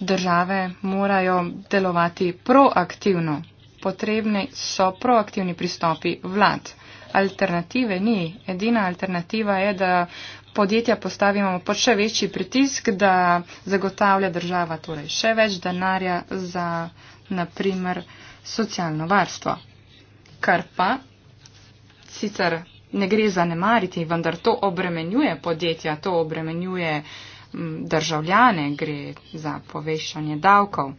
Države morajo delovati proaktivno. Potrebni so proaktivni pristopi vlad. Alternative ni. Edina alternativa je, da podjetja postavimo pod še večji pritisk, da zagotavlja država torej še več denarja za, naprimer, socialno varstvo. Kar pa sicer ne gre zanemariti, vendar to obremenjuje podjetja, to obremenjuje državljane, gre za povešanje davkov.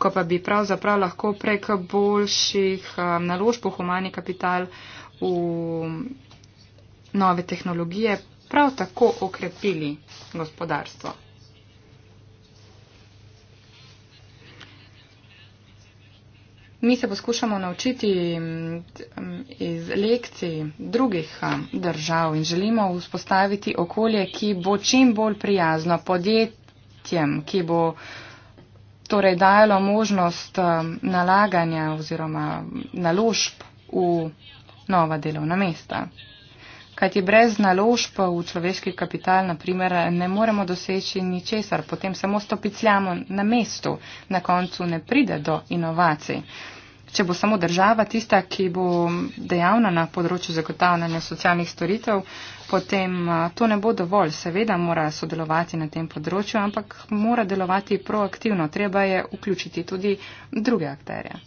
Ko pa bi pravzaprav lahko prek boljših naložb v humani kapital v nove tehnologije prav tako okrepili gospodarstvo. Mi se poskušamo naučiti mm, mm, iz lekcij drugih držav in želimo vzpostaviti okolje, ki bo čim bolj prijazno podjetjem, ki bo torej dajalo možnost nalaganja oziroma naložb v nova delovna mesta. Kajti brez naložb v človeški kapital, naprimer, ne moremo doseči ničesar, potem samo stopicljamo na mestu, na koncu ne pride do inovacij. Če bo samo država tista, ki bo dejavna na področju zagotavljanja socialnih storitev, potem to ne bo dovolj. Seveda mora sodelovati na tem področju, ampak mora delovati proaktivno. Treba je vključiti tudi druge akterje.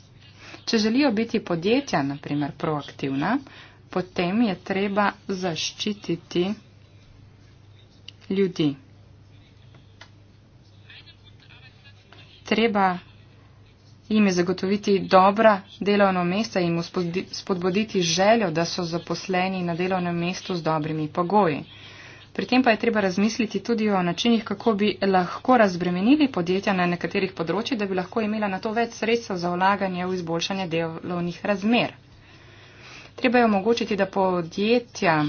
Če želijo biti podjetja, naprimer, proaktivna, potem je treba zaščititi ljudi. Treba jim je zagotoviti dobra delovno mesta in spodbuditi željo, da so zaposleni na delovnem mestu z dobrimi pogoji. Pri tem pa je treba razmisliti tudi o načinih, kako bi lahko razbremenili podjetja na nekaterih področjih, da bi lahko imela na to več sredstev za vlaganje v izboljšanje delovnih razmer. Treba je omogočiti, da podjetja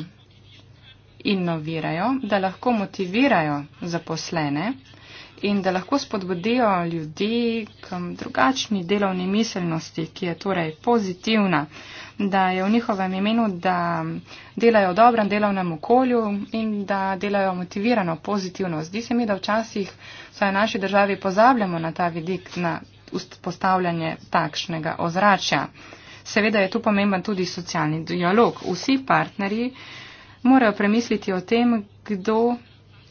inovirajo, da lahko motivirajo zaposlene in da lahko spodbudijo ljudi k drugačni delovni miselnosti, ki je torej pozitivna, da je v njihovem imenu, da delajo v dobrem delovnem okolju in da delajo motivirano, pozitivno. Zdi se mi, da včasih v naši državi pozabljamo na ta vidik, na postavljanje takšnega ozračja. Seveda je tu pomemben tudi socialni dialog. Vsi partnerji morajo premisliti o tem, kdo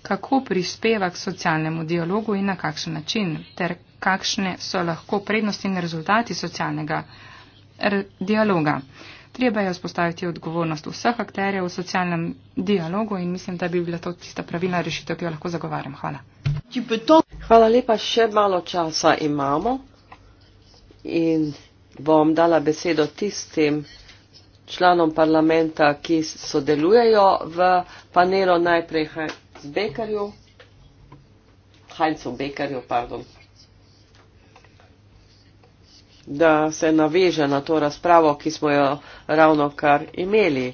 kako prispeva k socialnemu dialogu in na kakšen način, ter kakšne so lahko prednosti in rezultati socialnega dialoga. Treba je vzpostaviti odgovornost vseh akterjev v socialnem dialogu in mislim, da bi bila to tista pravilna rešitev, ki jo lahko zagovarjam. Hvala.
Hvala lepa, še malo časa imamo. In bom dala besedo tistim članom parlamenta, ki sodelujejo v panelu najprej z Bekarju. Hajcu Bekarju, pardon. Da se naveže na to razpravo, ki smo jo ravno kar imeli.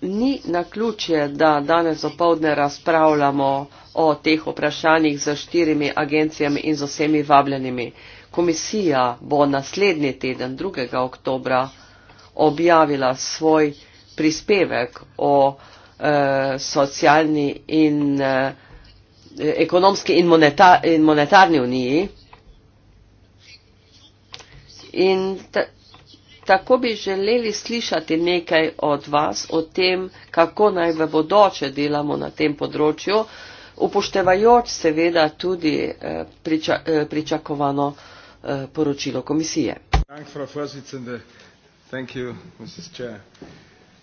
Ni na ključje, da danes opovdne razpravljamo o teh vprašanjih z štirimi agencijami in z vsemi vabljenimi. Komisija bo naslednji teden, 2. oktober, objavila svoj prispevek o eh, socialni in eh, ekonomski in, moneta, in monetarni uniji. In ta, tako bi želeli slišati nekaj od vas o tem, kako naj v bodoče delamo na tem področju. Eh, upoštevajoč seveda tudi eh, priča, eh, pričakovano eh, poročilo komisije.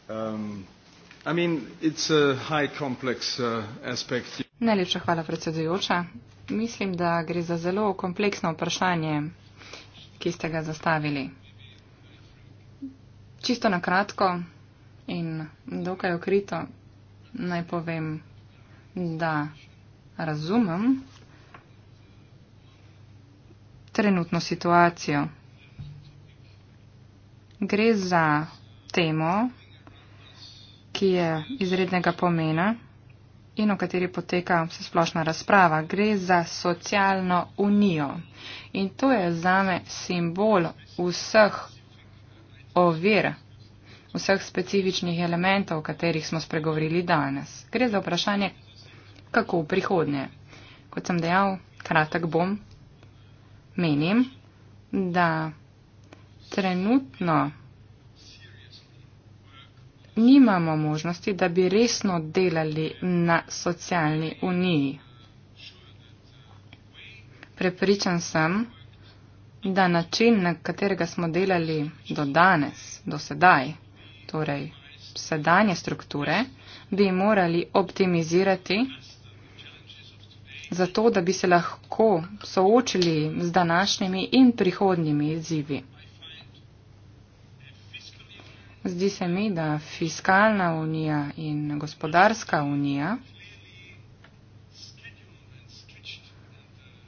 Um, uh,
Najlepša hvala, predsedujoča. Mislim, da gre za zelo kompleksno vprašanje, ki ste ga zastavili. Čisto na kratko in dokaj okrito naj povem Da, razumem trenutno situacijo. Gre za temo, ki je izrednega pomena in o kateri poteka vse splošna razprava. Gre za socialno unijo. In to je zame simbol vseh ovir, vseh specifičnih elementov, o katerih smo spregovorili danes. Gre za vprašanje, kako v prihodnje. Kot sem dejal, kratek bom, menim, da trenutno nimamo možnosti, da bi resno delali na socialni uniji. Prepričan sem, da način, na katerega smo delali do danes, do sedaj, torej sedanje strukture, bi morali optimizirati zato da bi se lahko soočili z današnjimi in prihodnjimi izzivi. Zdi se mi, da fiskalna unija in gospodarska unija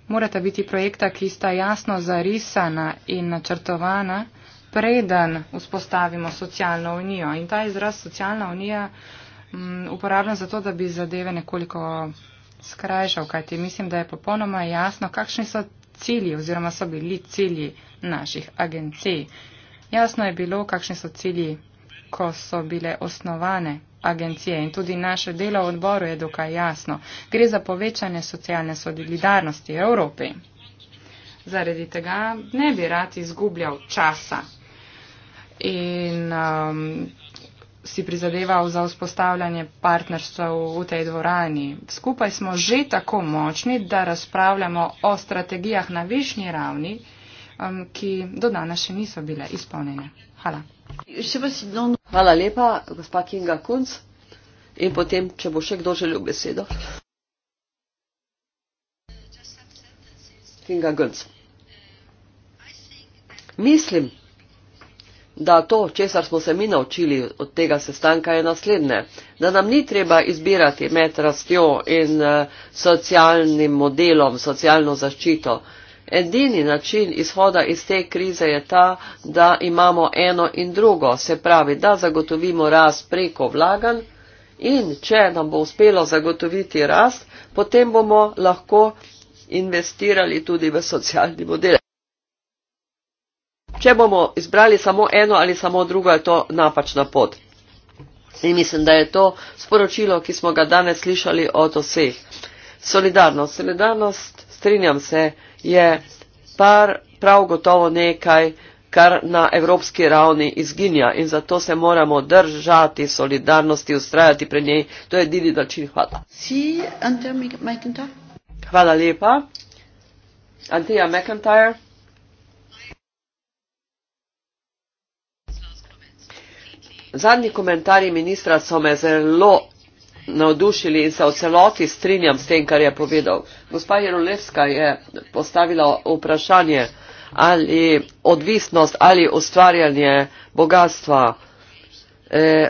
morata biti projekta, ki sta jasno zarisana in načrtovana, preden vzpostavimo socialno unijo. In ta izraz socialna unija mm, uporabljam zato, da bi zadeve nekoliko skrajšal, kajti mislim, da je popolnoma jasno, kakšni so cilji oziroma so bili cilji naših agencij. Jasno je bilo, kakšni so cilji, ko so bile osnovane agencije in tudi naše delo v odboru je dokaj jasno. Gre za povečanje socialne solidarnosti Evropi. Zaradi tega ne bi rad izgubljal časa. In um, si prizadeval za vzpostavljanje partnerstva v tej dvorani. Skupaj smo že tako močni, da razpravljamo o strategijah na višji ravni, um, ki do danes še niso bile izpolnjene. Hvala.
Hvala lepa, gospa Kinga Kunc. In potem, če bo še kdo želel besedo. Kinga Gunc. Mislim, da to, česar smo se mi naučili od tega sestanka, je naslednje, da nam ni treba izbirati med rastjo in eh, socialnim modelom, socialno zaščito. Edini način izhoda iz te krize je ta, da imamo eno in drugo, se pravi, da zagotovimo rast preko vlagan in če nam bo uspelo zagotoviti rast, potem bomo lahko investirali tudi v socialni model. Če bomo izbrali samo eno ali samo drugo, je to napačna pot. In mislim, da je to sporočilo, ki smo ga danes slišali od vseh. Solidarnost. Solidarnost, strinjam se, je par prav gotovo nekaj, kar na evropski ravni izginja in zato se moramo držati solidarnosti, ustrajati pred njej. To je edini način. Hvala. Hvala lepa. Antija McIntyre. Zadnji komentarji ministra so me zelo navdušili in se v celoti strinjam s tem, kar je povedal. Gospa Jerolevska je postavila vprašanje ali odvisnost ali ustvarjanje bogatstva. Eh,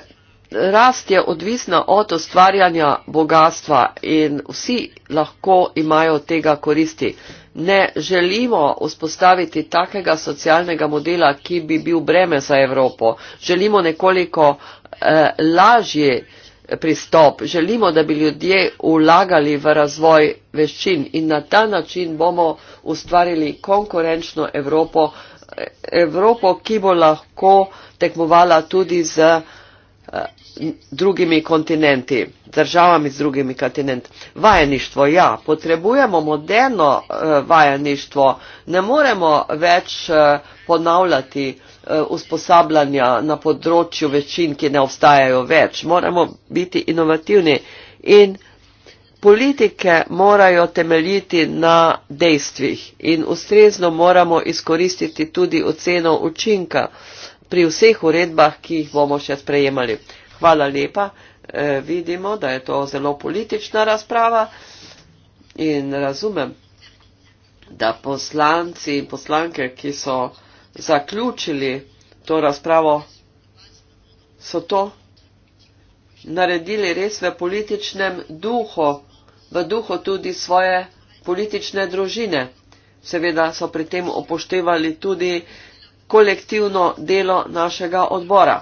rast je odvisna od ustvarjanja bogatstva in vsi lahko imajo tega koristi. Ne želimo vzpostaviti takega socialnega modela, ki bi bil breme za Evropo. Želimo nekoliko eh, lažji pristop. Želimo, da bi ljudje vlagali v razvoj veščin in na ta način bomo ustvarili konkurenčno Evropo, eh, Evropo, ki bo lahko tekmovala tudi z eh, drugimi kontinenti, državami z drugimi kontinenti. Vajeništvo, ja, potrebujemo moderno eh, vajeništvo, ne moremo več eh, ponavljati eh, usposabljanja na področju večin, ki ne obstajajo več, moramo biti inovativni in politike morajo temeljiti na dejstvih in ustrezno moramo izkoristiti tudi oceno učinka pri vseh uredbah, ki jih bomo še sprejemali. Hvala lepa. E, vidimo, da je to zelo politična razprava in razumem, da poslanci in poslanke, ki so zaključili to razpravo, so to naredili res v političnem duhu, v duhu tudi svoje politične družine. Seveda so pri tem upoštevali tudi kolektivno delo našega odbora.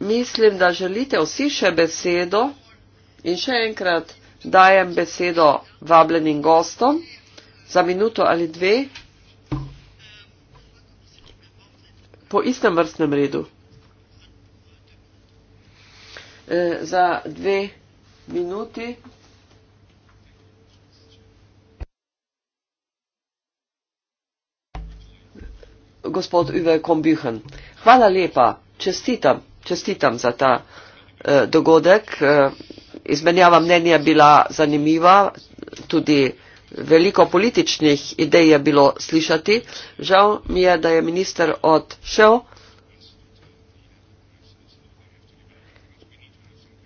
Mislim, da želite vsi še besedo in še enkrat dajem besedo vabljenim gostom za minuto ali dve po istem vrstnem redu. E, za dve minuti. gospod Uwe Kombühen. Hvala lepa, čestitam, čestitam za ta eh, dogodek. Eh, izmenjava mnenja bila zanimiva, tudi veliko političnih idej je bilo slišati. Žal mi je, da je minister odšel.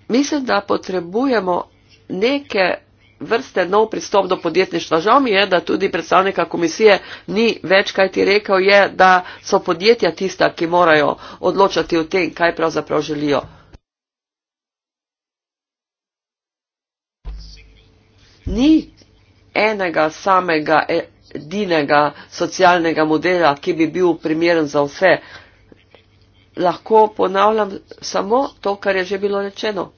Mislim, da potrebujemo neke vrste nov pristop do podjetništva. Žal mi je, da tudi predstavnika komisije ni več kaj ti rekel, je, da so podjetja tista, ki morajo odločati o tem, kaj pravzaprav želijo. Ni enega samega edinega socialnega modela, ki bi bil primeren za vse. Lahko ponavljam samo to, kar je že bilo rečeno.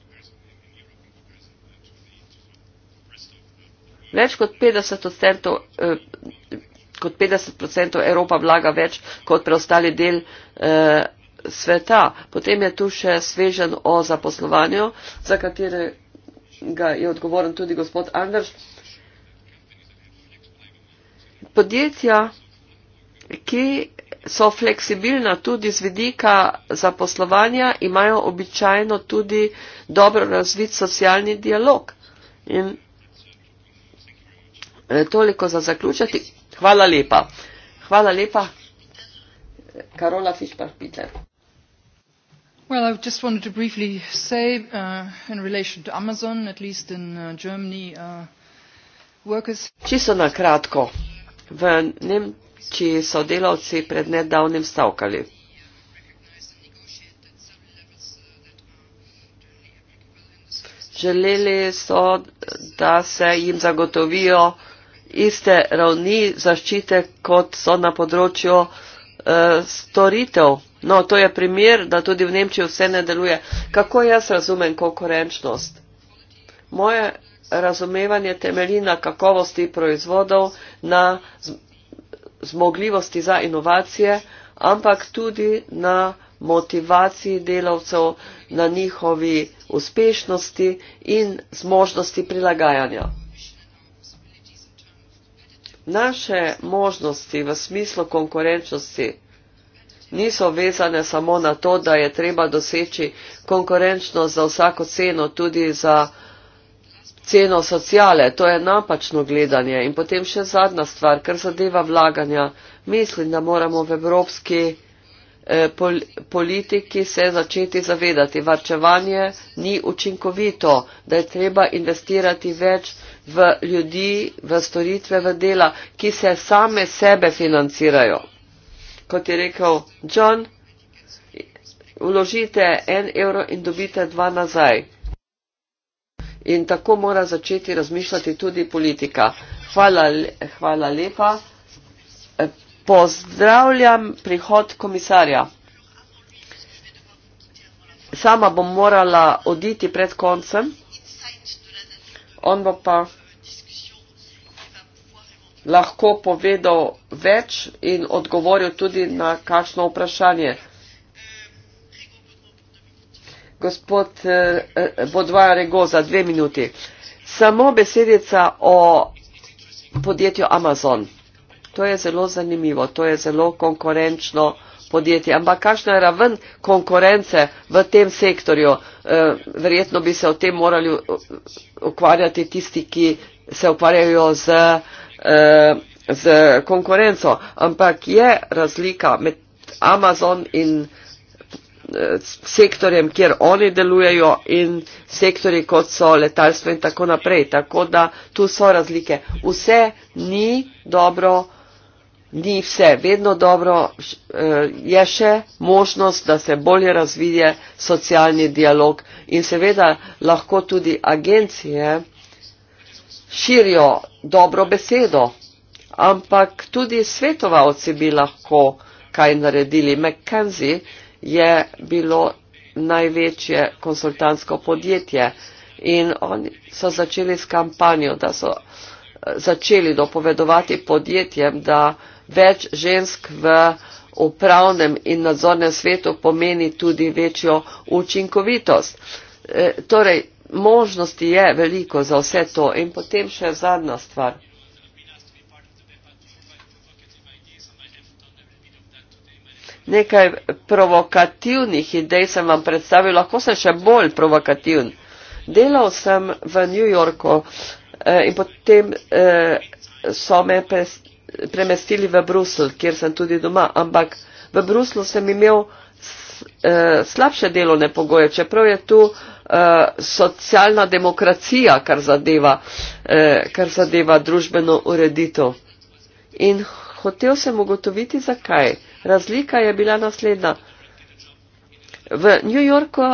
Več kot 50 odstotkov. Eh, kot 50% Evropa vlaga več kot preostali del eh, sveta. Potem je tu še svežen o zaposlovanju, za katerega je odgovoren tudi gospod Anders. Podjetja, ki so fleksibilna tudi z vidika zaposlovanja, imajo običajno tudi dobro razvit socialni dialog. In Eh, toliko za zaključati. Hvala lepa. Hvala lepa. Karola Fišpar-Peter.
Well, I just wanted to briefly say uh, in relation to Amazon, at least in uh, Germany, uh, workers.
Čisto na kratko. V Nemčiji so delavci pred nedavnim stavkali. Želeli so, da se jim zagotovijo iste ravni zaščite, kot so na področju uh, storitev. No, to je primer, da tudi v Nemčiji vse ne deluje. Kako jaz razumem konkurenčnost? Moje razumevanje temelji na kakovosti proizvodov, na zmogljivosti za inovacije, ampak tudi na motivaciji delavcev, na njihovi uspešnosti in zmožnosti prilagajanja. Naše možnosti v smislu konkurenčnosti niso vezane samo na to, da je treba doseči konkurenčnost za vsako ceno, tudi za ceno sociale. To je napačno gledanje. In potem še zadnja stvar, kar zadeva vlaganja. Mislim, da moramo v evropski eh, pol politiki se začeti zavedati, varčevanje ni učinkovito, da je treba investirati več v ljudi, v storitve, v dela, ki se same sebe financirajo. Kot je rekel John, uložite en evro in dobite dva nazaj. In tako mora začeti razmišljati tudi politika. Hvala, hvala lepa. Pozdravljam prihod komisarja. Sama bom morala oditi pred koncem on bo pa lahko povedal več in odgovoril tudi na kakšno vprašanje. Gospod eh, Bodvaja Rego za dve minuti. Samo besedica o podjetju Amazon. To je zelo zanimivo, to je zelo konkurenčno podjetje. Ampak kakšna je raven konkurence v tem sektorju? Eh, verjetno bi se o tem morali ukvarjati tisti, ki se ukvarjajo z, eh, z konkurenco. Ampak je razlika med Amazon in eh, sektorjem, kjer oni delujejo in sektori, kot so letalstvo in tako naprej. Tako da tu so razlike. Vse ni dobro ni vse vedno dobro, eh, je še možnost, da se bolje razvije socialni dialog in seveda lahko tudi agencije širijo dobro besedo, ampak tudi svetovalci bi lahko kaj naredili. McKenzie je bilo največje konsultantsko podjetje in oni so začeli s kampanjo, da so eh, začeli dopovedovati podjetjem, da več žensk v upravnem in nadzornem svetu pomeni tudi večjo učinkovitost. E, torej, možnosti je veliko za vse to. In potem še zadnja stvar. Nekaj provokativnih idej sem vam predstavil, lahko sem še bolj provokativen. Delal sem v New Yorku e, in potem e, so me prestavili premestili v Bruselj, kjer sem tudi doma, ampak v Bruslu sem imel eh, slabše delovne pogoje, čeprav je tu eh, socialna demokracija, kar zadeva, eh, kar zadeva družbeno ureditev. In hotel sem ugotoviti, zakaj. Razlika je bila naslednja. V New Yorku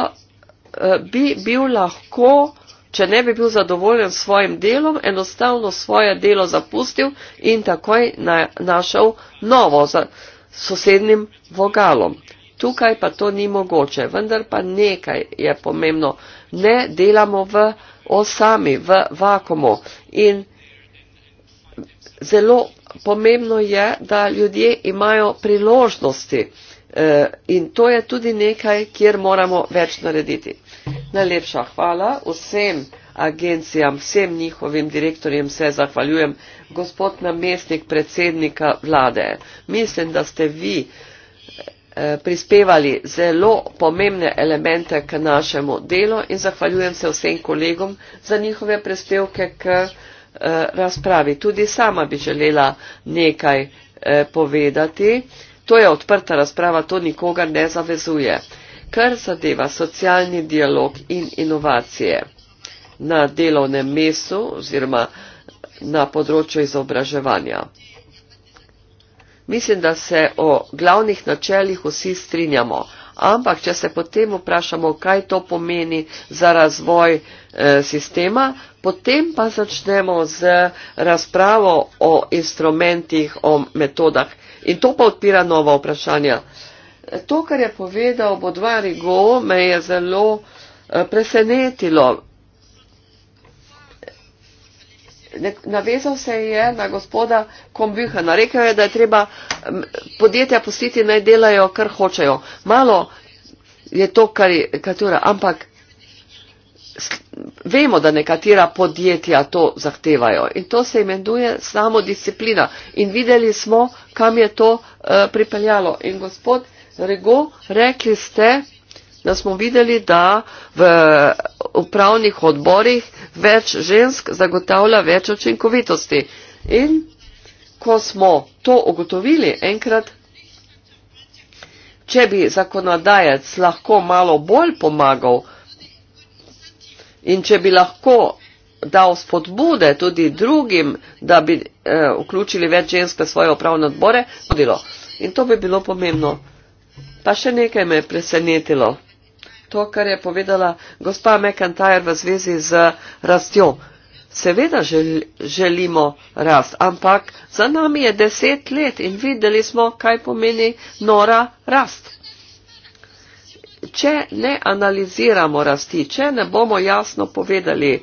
bi bil lahko če ne bi bil zadovoljen s svojim delom, enostavno svoje delo zapustil in takoj na, našel novo za sosednjim vogalom. Tukaj pa to ni mogoče, vendar pa nekaj je pomembno. Ne delamo v osami, v vakumu. In zelo pomembno je, da ljudje imajo priložnosti. Eh, in to je tudi nekaj, kjer moramo več narediti. Najlepša hvala vsem agencijam, vsem njihovim direktorjem se zahvaljujem, gospod namestnik predsednika vlade. Mislim, da ste vi eh, prispevali zelo pomembne elemente k našemu delu in zahvaljujem se vsem kolegom za njihove prispevke k eh, razpravi. Tudi sama bi želela nekaj eh, povedati. To je odprta razprava, to nikoga ne zavezuje kar zadeva socialni dialog in inovacije. Na delovnem mestu oziroma na področju izobraževanja. Mislim, da se o glavnih načeljih vsi strinjamo, ampak če se potem vprašamo, kaj to pomeni za razvoj eh, sistema, potem pa začnemo z razpravo o instrumentih, o metodah in to pa odpira nova vprašanja. Eh, To, kar je povedal Bodvarigo, me je zelo eh, presenetilo. Navezal se je na gospoda Kombihana. Rekel je, da je treba podjetja pustiti naj delajo, kar hočejo. Malo je to karikatura, ampak vemo, da nekatera podjetja to zahtevajo in to se imenuje samo disciplina. In videli smo, kam je to uh, pripeljalo. In gospod uh, Rego, rekli ste, da smo videli, da v upravnih odborih več žensk zagotavlja več očinkovitosti. In ko smo to ugotovili enkrat, če bi zakonodajec lahko malo bolj pomagal in če bi lahko dal spodbude tudi drugim, da bi eh, vključili več žensk v svoje upravne odbore, bi to bi bilo pomembno. Pa še nekaj me je presenetilo. To, kar je povedala gospa McIntyre v zvezi z rastjo. Seveda žel, želimo rast, ampak za nami je deset let in videli smo, kaj pomeni nora rast. Če ne analiziramo rasti, če ne bomo jasno povedali,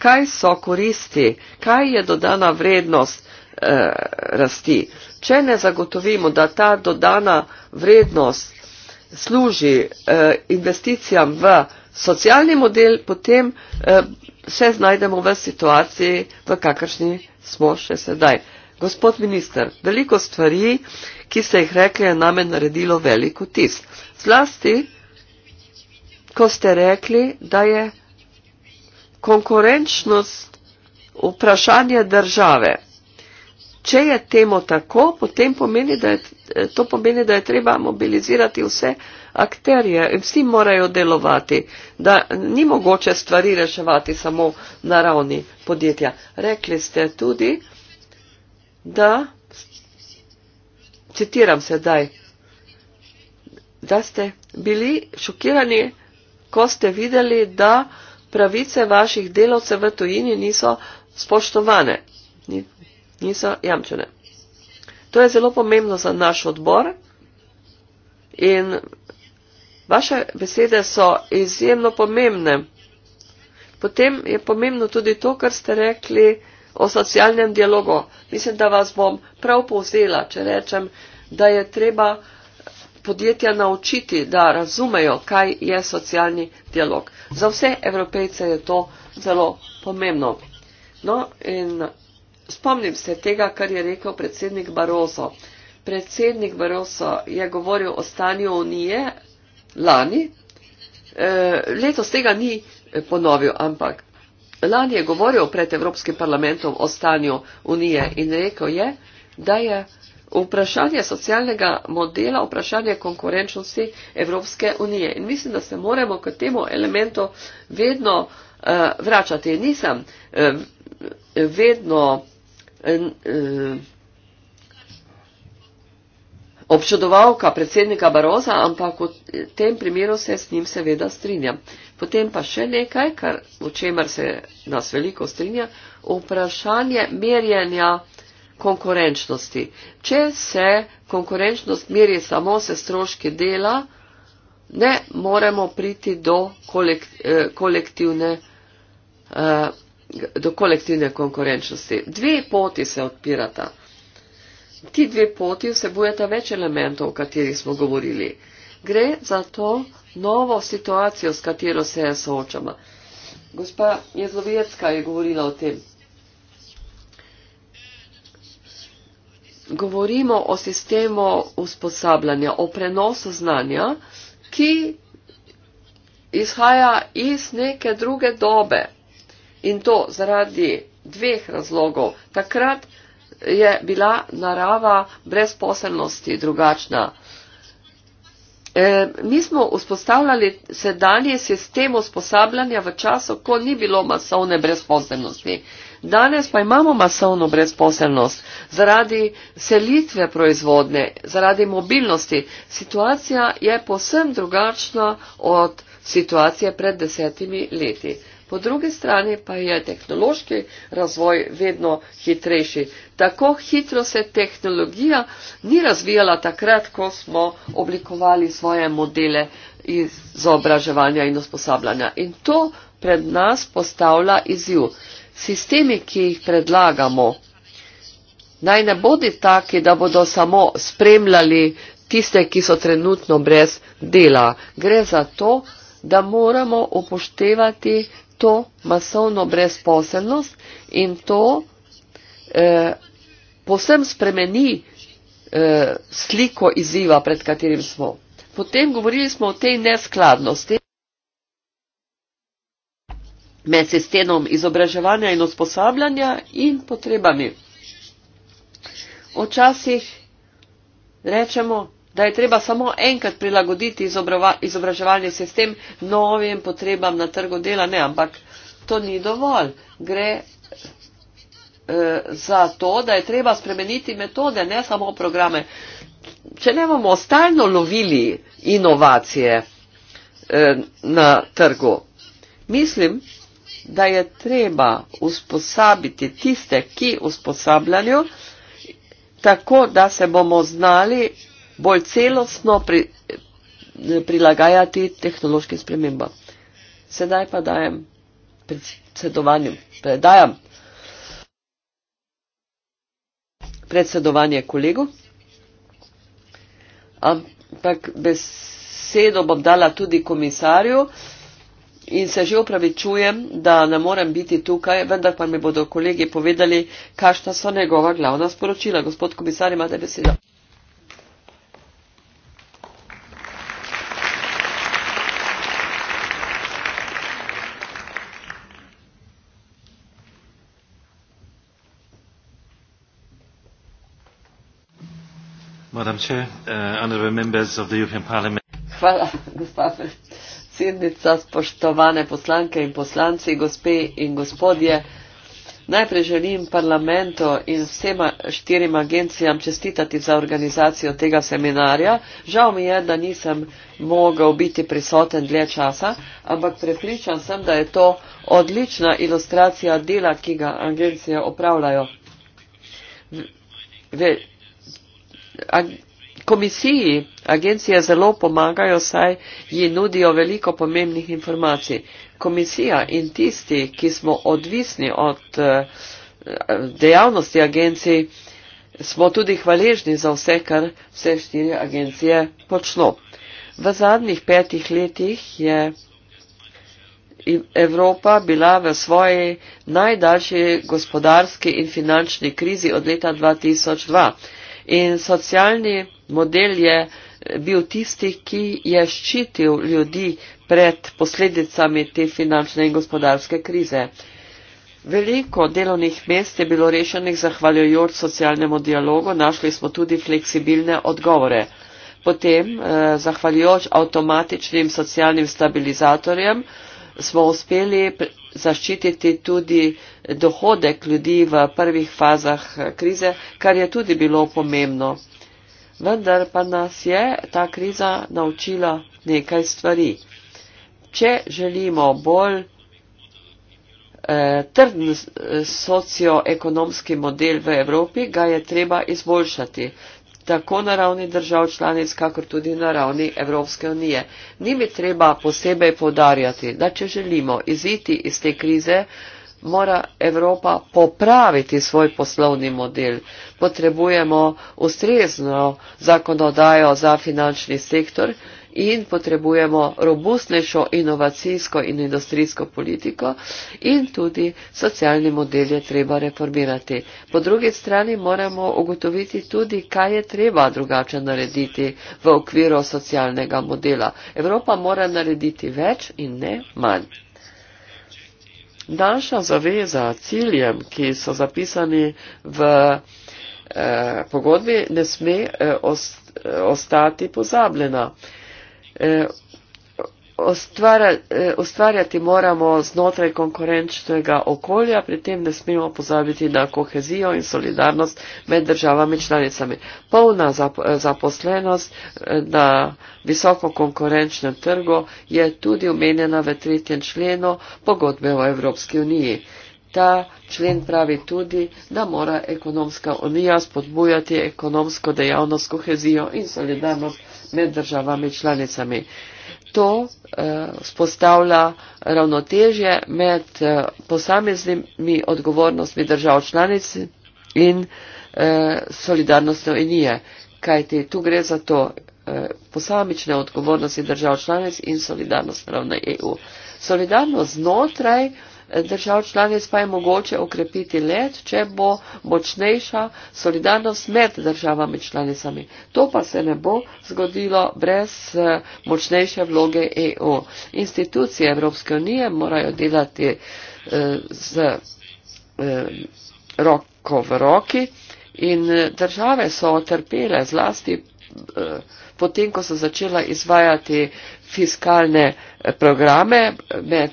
kaj so koristi, kaj je dodana vrednost eh, rasti, če ne zagotovimo, da ta dodana vrednost služi eh, investicijam v socialni model, potem eh, se znajdemo v situaciji, v kakršni smo še sedaj. Gospod minister, veliko stvari, ki ste jih rekli, je name naredilo velik vtis. Zlasti, ko ste rekli, da je konkurenčnost vprašanje države. Če je temu tako, potem pomeni, da je, to pomeni, da je treba mobilizirati vse akterje in vsi morajo delovati, da ni mogoče stvari reševati samo na ravni podjetja. Rekli ste tudi, da, citiram sedaj, da ste bili šokirani, ko ste videli, da pravice vaših delovcev v tujini niso spoštovane niso jamčene. To je zelo pomembno za naš odbor in vaše besede so izjemno pomembne. Potem je pomembno tudi to, kar ste rekli o socialnem dialogu. Mislim, da vas bom prav povzela, če rečem, da je treba podjetja naučiti, da razumejo, kaj je socialni dialog. Za vse evropejce je to zelo pomembno. No, in spomnim se tega, kar je rekel predsednik Barozo. Predsednik Barozo je govoril o stanju unije lani. E, letos tega ni ponovil, ampak lani je govoril pred Evropskim parlamentom o stanju unije in rekel je, da je vprašanje socialnega modela vprašanje konkurenčnosti Evropske unije. In mislim, da se moramo k temu elementu vedno uh, vračati. Nisem uh, vedno en, eh, občudovalka predsednika Baroza, ampak v tem primeru se s njim seveda strinjam. Potem pa še nekaj, kar, o čemer se nas veliko strinja, vprašanje merjenja konkurenčnosti. Če se konkurenčnost meri samo se stroški dela, ne moremo priti do eh, kolektivne. Eh, do kolektivne konkurenčnosti. Dve poti se odpirata. Ti dve poti vsebujeta več elementov, o katerih smo govorili. Gre za to novo situacijo, s katero se je soočama. Gospa Jezlovjecka je govorila o tem. Govorimo o sistemu usposabljanja, o prenosu znanja, ki izhaja iz neke druge dobe in to zaradi dveh razlogov. Takrat je bila narava brezposelnosti drugačna. E, mi smo vzpostavljali sedanje sistem usposabljanja v času, ko ni bilo masovne brezposelnosti. Danes pa imamo masovno brezposelnost zaradi selitve proizvodne, zaradi mobilnosti. Situacija je posebno drugačna od situacije pred desetimi leti po drugi strani pa je tehnološki razvoj vedno hitrejši. Tako hitro se tehnologija ni razvijala takrat, ko smo oblikovali svoje modele izobraževanja in usposabljanja. In to pred nas postavlja izziv. Sistemi, ki jih predlagamo, naj ne bodi taki, da bodo samo spremljali tiste, ki so trenutno brez dela. Gre za to, da moramo upoštevati to masovno brezposelnost in to eh, posem spremeni eh, sliko izziva, pred katerim smo. Potem govorili smo o tej neskladnosti med sistemom izobraževanja in usposabljanja in potrebami. Včasih rečemo, da je treba samo enkrat prilagoditi izobraževalni sistem novim potrebam na trgu dela. Ne, ampak to ni dovolj. Gre eh, za to, da je treba spremeniti metode, ne samo programe. Če ne bomo stalno lovili inovacije eh, na trgu, mislim, da je treba usposabiti tiste, ki usposabljanju, tako da se bomo znali bolj celostno pri, prilagajati tehnološkim spremembam. Sedaj pa dajem predsedovanju, predajam predsedovanje kolegu, ampak besedo bom dala tudi komisarju in se že upravičujem, da ne morem biti tukaj, vendar pa mi bodo kolegi povedali, kakšna so njegova glavna sporočila. Gospod komisar, imate besedo. Uh, Hvala, gospa predsednica, spoštovane poslanke in poslanci, gospe in gospodje. Najprej želim parlamentu in vsema štirim agencijam čestitati za organizacijo tega seminarja. Žal mi je, da nisem mogel biti prisoten dlje časa, ampak prepričan sem, da je to odlična ilustracija dela, ki ga agencije opravljajo. Ve, komisiji agencije zelo pomagajo, saj ji nudijo veliko pomembnih informacij. Komisija in tisti, ki smo odvisni od eh, dejavnosti agencij, smo tudi hvaležni za vse, kar vse štiri agencije počno. V zadnjih petih letih je Evropa bila v svoji najdaljši gospodarski in finančni krizi od leta 2002. In socialni model je bil tisti, ki je ščitil ljudi pred posledicami te finančne in gospodarske krize. Veliko delovnih mest je bilo rešenih zahvaljujoč socialnemu dialogu, našli smo tudi fleksibilne odgovore. Potem, eh, zahvaljujoč avtomatičnim socialnim stabilizatorjem, smo uspeli zaščititi tudi dohodek ljudi v prvih fazah krize, kar je tudi bilo pomembno. Vendar pa nas je ta kriza naučila nekaj stvari. Če želimo bolj eh, trden socioekonomski model v Evropi, ga je treba izboljšati tako na ravni držav članic, kakor tudi na ravni Evropske unije. Nimi treba posebej podarjati, da če želimo iziti iz te krize, mora Evropa popraviti svoj poslovni model. Potrebujemo ustrezno zakonodajo za finančni sektor, in potrebujemo robustnejšo inovacijsko in industrijsko politiko in tudi socialni model je treba reformirati. Po drugi strani moramo ugotoviti tudi, kaj je treba drugače narediti v okviru socialnega modela. Evropa mora narediti več in ne manj. Naša zaveza ciljem, ki so zapisani v eh, pogodbi, ne sme eh, ostati pozabljena. Eh, E, Ostvarja, e, ustvarjati moramo znotraj konkurenčnega okolja, pri tem ne smemo pozabiti na kohezijo in solidarnost med državami članicami. Polna zap, e, zaposlenost na visoko konkurenčnem trgu je tudi omenjena v tretjem členu pogodbe o Evropski uniji. Ta člen pravi tudi, da mora ekonomska unija spodbujati ekonomsko dejavnost, kohezijo in solidarnost med državami članicami. To spostavlja eh, ravnotežje med eh, posameznimi odgovornostmi držav članic in eh, solidarnostjo enije, kajti tu gre za to posamične odgovornosti držav članic in solidarnost ravno EU. Solidarnost znotraj držav članic pa je mogoče okrepiti let, če bo močnejša solidarnost med državami članicami. To pa se ne bo zgodilo brez eh, močnejše vloge EU. Institucije Evropske unije morajo delati eh, z eh, roko v roki in države so trpele zlasti potem, ko so začela izvajati fiskalne programe med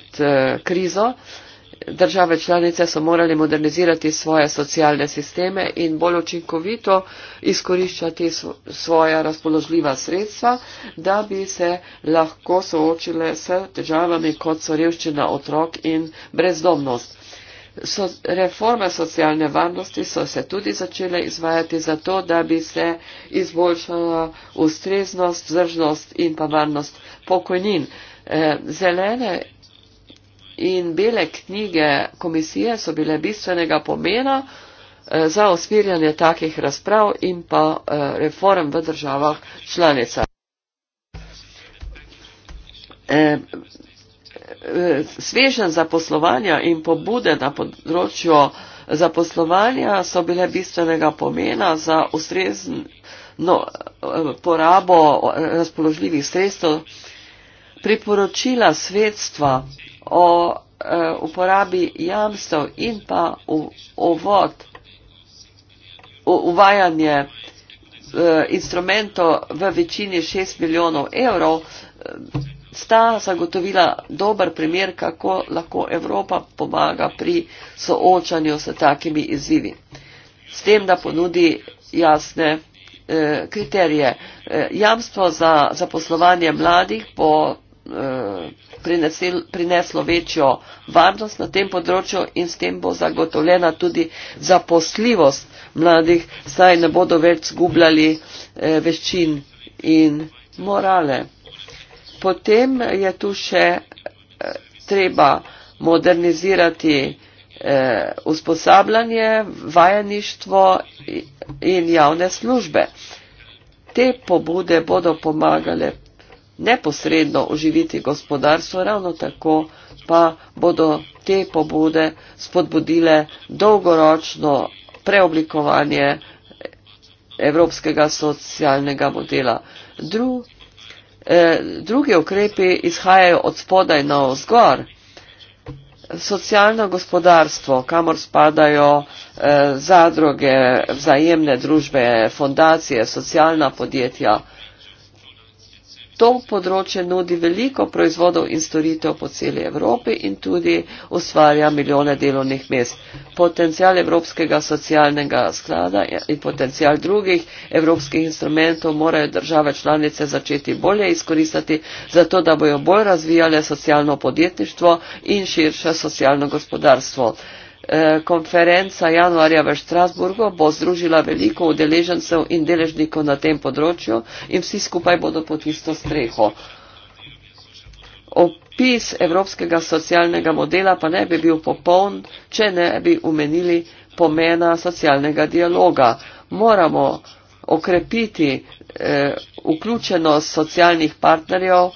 krizo, države članice so morali modernizirati svoje socialne sisteme in bolj učinkovito izkoriščati svoja razpoložljiva sredstva, da bi se lahko soočile s težavami, kot so revščina otrok in brezdomnost. So, reforme socialne varnosti so se tudi začele izvajati zato, da bi se izboljšala ustreznost, vzdržnost in pa varnost pokojnin. Eh, zelene in bele knjige komisije so bile bistvenega pomena eh, za osvirjanje takih razprav in pa eh, reform v državah članica. Eh, svežen zaposlovanja in pobude na področju zaposlovanja so bile bistvenega pomena za ustrezno porabo razpoložljivih sredstev. Priporočila sredstva o uh, uporabi jamstev in pa uvod, uvajanje uh, instrumentov v večini 6 milijonov evrov, e, sta zagotovila dober primer, kako lahko Evropa pomaga pri soočanju s takimi izzivi. S tem, da ponudi jasne eh, kriterije. Eh, jamstvo za zaposlovanje mladih po Eh, prinesel, prineslo večjo varnost na tem področju in s tem bo zagotovljena tudi zaposljivost mladih, saj ne bodo več zgubljali eh, veščin in morale. Potem je tu še eh, treba modernizirati eh, usposabljanje, vajeništvo in javne službe. Te pobude bodo pomagale neposredno oživiti gospodarstvo, ravno tako pa bodo te pobude spodbudile dolgoročno preoblikovanje evropskega socialnega modela. Dru, eh, drugi ukrepi izhajajo od spodaj na vzgor. Socialno gospodarstvo, kamor spadajo eh, zadruge, vzajemne družbe, fondacije, socialna podjetja, eh, to področje nudi veliko proizvodov in storitev po celi Evropi in tudi ustvarja milijone delovnih mest. Potencijal Evropskega socialnega sklada in potencijal drugih evropskih instrumentov morajo države članice začeti bolje izkoristiti, zato da bojo bolj razvijale socialno podjetništvo in širše socialno gospodarstvo. Eh, konferenca januarja v Štrasburgu bo združila veliko udeležencev in deležnikov na tem področju in vsi skupaj bodo pod isto streho. Opis evropskega socialnega modela pa ne bi bil popoln, če ne bi umenili pomena socialnega dialoga. Moramo okrepiti eh, vključenost socialnih partnerjev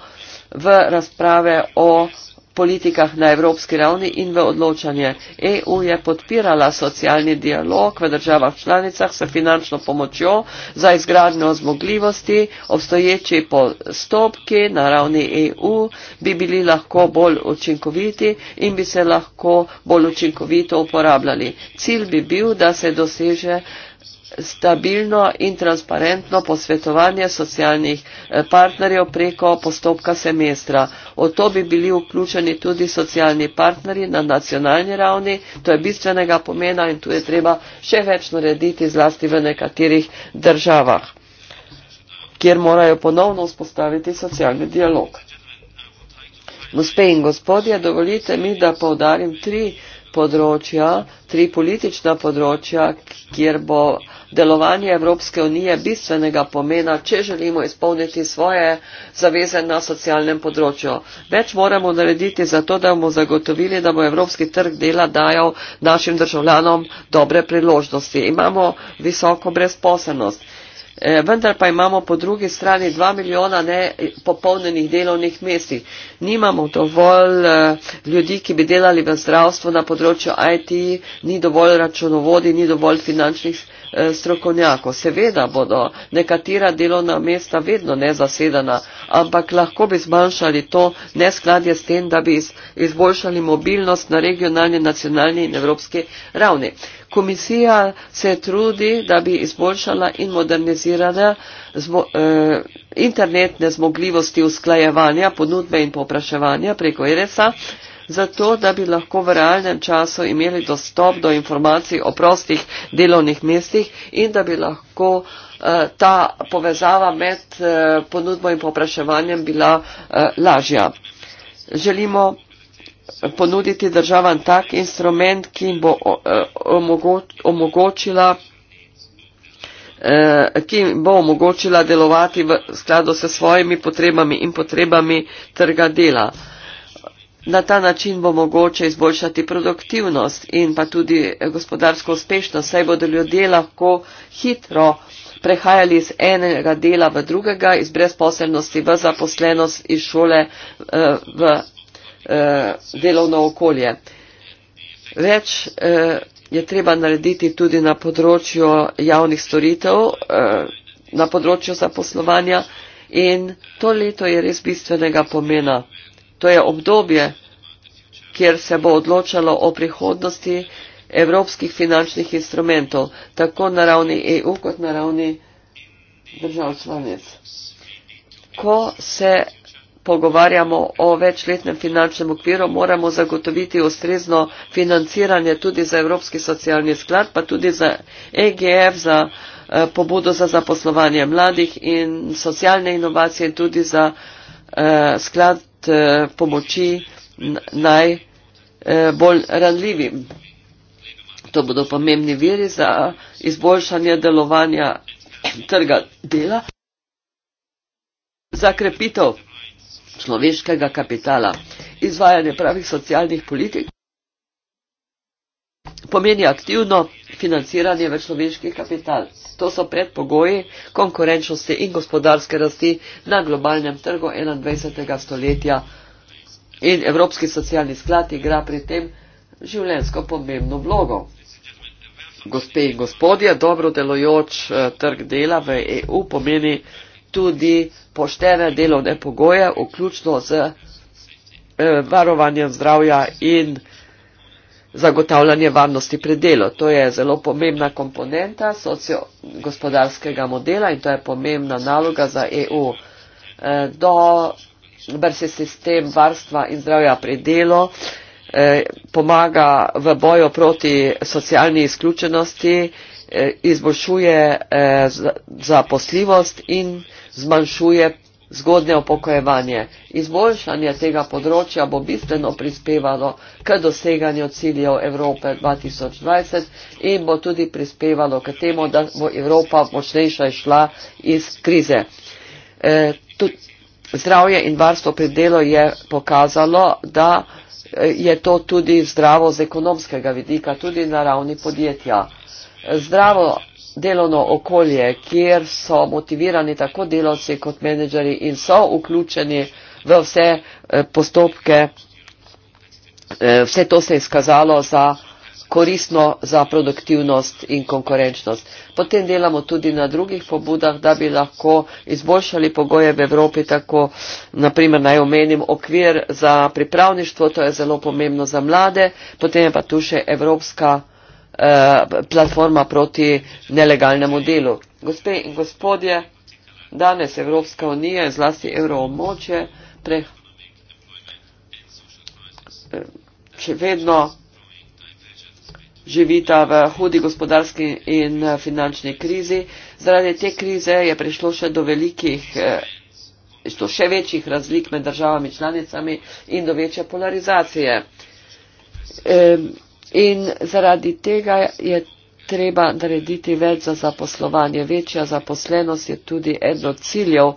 v razprave o politikah na evropski ravni in v odločanje. EU je podpirala socialni dialog v državah članicah s finančno pomočjo za izgradnjo zmogljivosti. Obstoječi postopki na ravni EU bi bili lahko bolj učinkoviti in bi se lahko bolj učinkovito uporabljali. Cilj bi bil, da se doseže stabilno in transparentno posvetovanje socialnih eh, partnerjev preko postopka semestra. O to bi bili vključeni tudi socialni partnerji na nacionalni ravni. To je bistvenega pomena in tu je treba še več narediti zlasti v nekaterih državah, kjer morajo ponovno vzpostaviti socialni dialog. Gospe in gospodje, dovolite mi, da povdarim tri področja, tri politična področja, kjer bo delovanje Evropske unije bistvenega pomena, če želimo izpolniti svoje zaveze na socialnem področju. Več moramo narediti za to, da bomo zagotovili, da bo Evropski trg dela dajal našim državljanom dobre priložnosti. Imamo visoko brezposobnost. E, vendar pa imamo po drugi strani dva milijona nepopolnenih delovnih mest. Nimamo dovolj e, ljudi, ki bi delali v zdravstvu na področju IT, ni dovolj računovodi, ni dovolj finančnih sredstev. Eh, strokovnjakov. Seveda bodo nekatera delovna mesta vedno nezasedena, ampak lahko bi zmanjšali to neskladje s tem, da bi izboljšali mobilnost na regionalni, nacionalni in evropski ravni. Komisija se trudi, da bi izboljšala in modernizirala zmo, eh, internetne zmogljivosti usklajevanja ponudbe in popraševanja preko ERS-a. Eh, zato da bi lahko v realnem času imeli dostop do informacij o prostih delovnih mestih in da bi lahko eh, ta povezava med eh, ponudbo in popraševanjem bila eh, lažja. Želimo ponuditi državam tak instrument, ki jim bo omogočila ki bo omogočila delovati v skladu s svojimi potrebami in potrebami trga dela. Na ta način bo mogoče izboljšati produktivnost in pa tudi gospodarsko uspešnost, saj bodo ljudje lahko hitro prehajali iz enega dela v drugega, iz brezposelnosti v zaposlenost, iz šole eh, v eh, delovno okolje. Več eh, je treba narediti tudi na področju javnih storitev, na področju zaposlovanja in to leto je res bistvenega pomena. To je obdobje, kjer se bo odločalo o prihodnosti evropskih finančnih instrumentov, tako na ravni EU kot na ravni držav članic. Ko se pogovarjamo o večletnem finančnem okviru, moramo zagotoviti ustrezno financiranje tudi za Evropski socialni sklad, pa tudi za EGF, za eh, pobudo za zaposlovanje mladih in socialne inovacije, tudi za eh, sklad Eh, pomoči najbolj eh, ranljivim. To bodo pomembni viri za izboljšanje delovanja <clears throat> trga dela, za krepitev človeškega kapitala, izvajanje pravih socialnih politik, pomeni aktivno financiranje v človeški kapital. To so predpogoji konkurenčnosti in gospodarske rasti na globalnem trgu 21. stoletja. In Evropski socialni sklad igra pri tem življensko pomembno vlogo. Gospe in gospodje, dobro delojoč eh, trg dela v EU pomeni tudi poštene delovne pogoje, vključno z eh, varovanjem zdravja in zagotavljanje varnosti pri delu. To je zelo pomembna komponenta sociogospodarskega modela in to je pomembna naloga za EU. E, dober se sistem varstva in zdravja pri delu e, pomaga v boju proti socialni izključenosti, e, izboljšuje zaposljivost in zmanjšuje zgodnje upokojevanje. Izboljšanje tega področja bo bistveno prispevalo k doseganju ciljev Evrope 2020 in bo tudi prispevalo k temu, da bo Evropa močnejša išla iz krize. E, tudi zdravje in varstvo pri delu je pokazalo, da e, je to tudi zdravo z ekonomskega vidika, tudi na ravni podjetja. Zdravo delovno okolje, kjer so motivirani tako delavci kot menedžeri in so vključeni v vse eh, postopke. Eh, vse to se je skazalo za koristno, za produktivnost in konkurenčnost. Potem delamo tudi na drugih pobudah, da bi lahko izboljšali pogoje v Evropi, tako naprimer naj omenim okvir za pripravništvo, to je zelo pomembno za mlade, potem je pa tu še Evropska. Eh, platforma proti nelegalnemu delu. Gospe in gospodje, danes Evropska unija, zlasti euroomoče, pre... Eh, še vedno živita v hudi gospodarski in finančni krizi. Zaradi te krize je prišlo še do velikih, eh, do še večjih razlik med državami članicami in do večje polarizacije. E, In zaradi tega je treba narediti več za zaposlovanje. Večja zaposlenost je tudi eno ciljev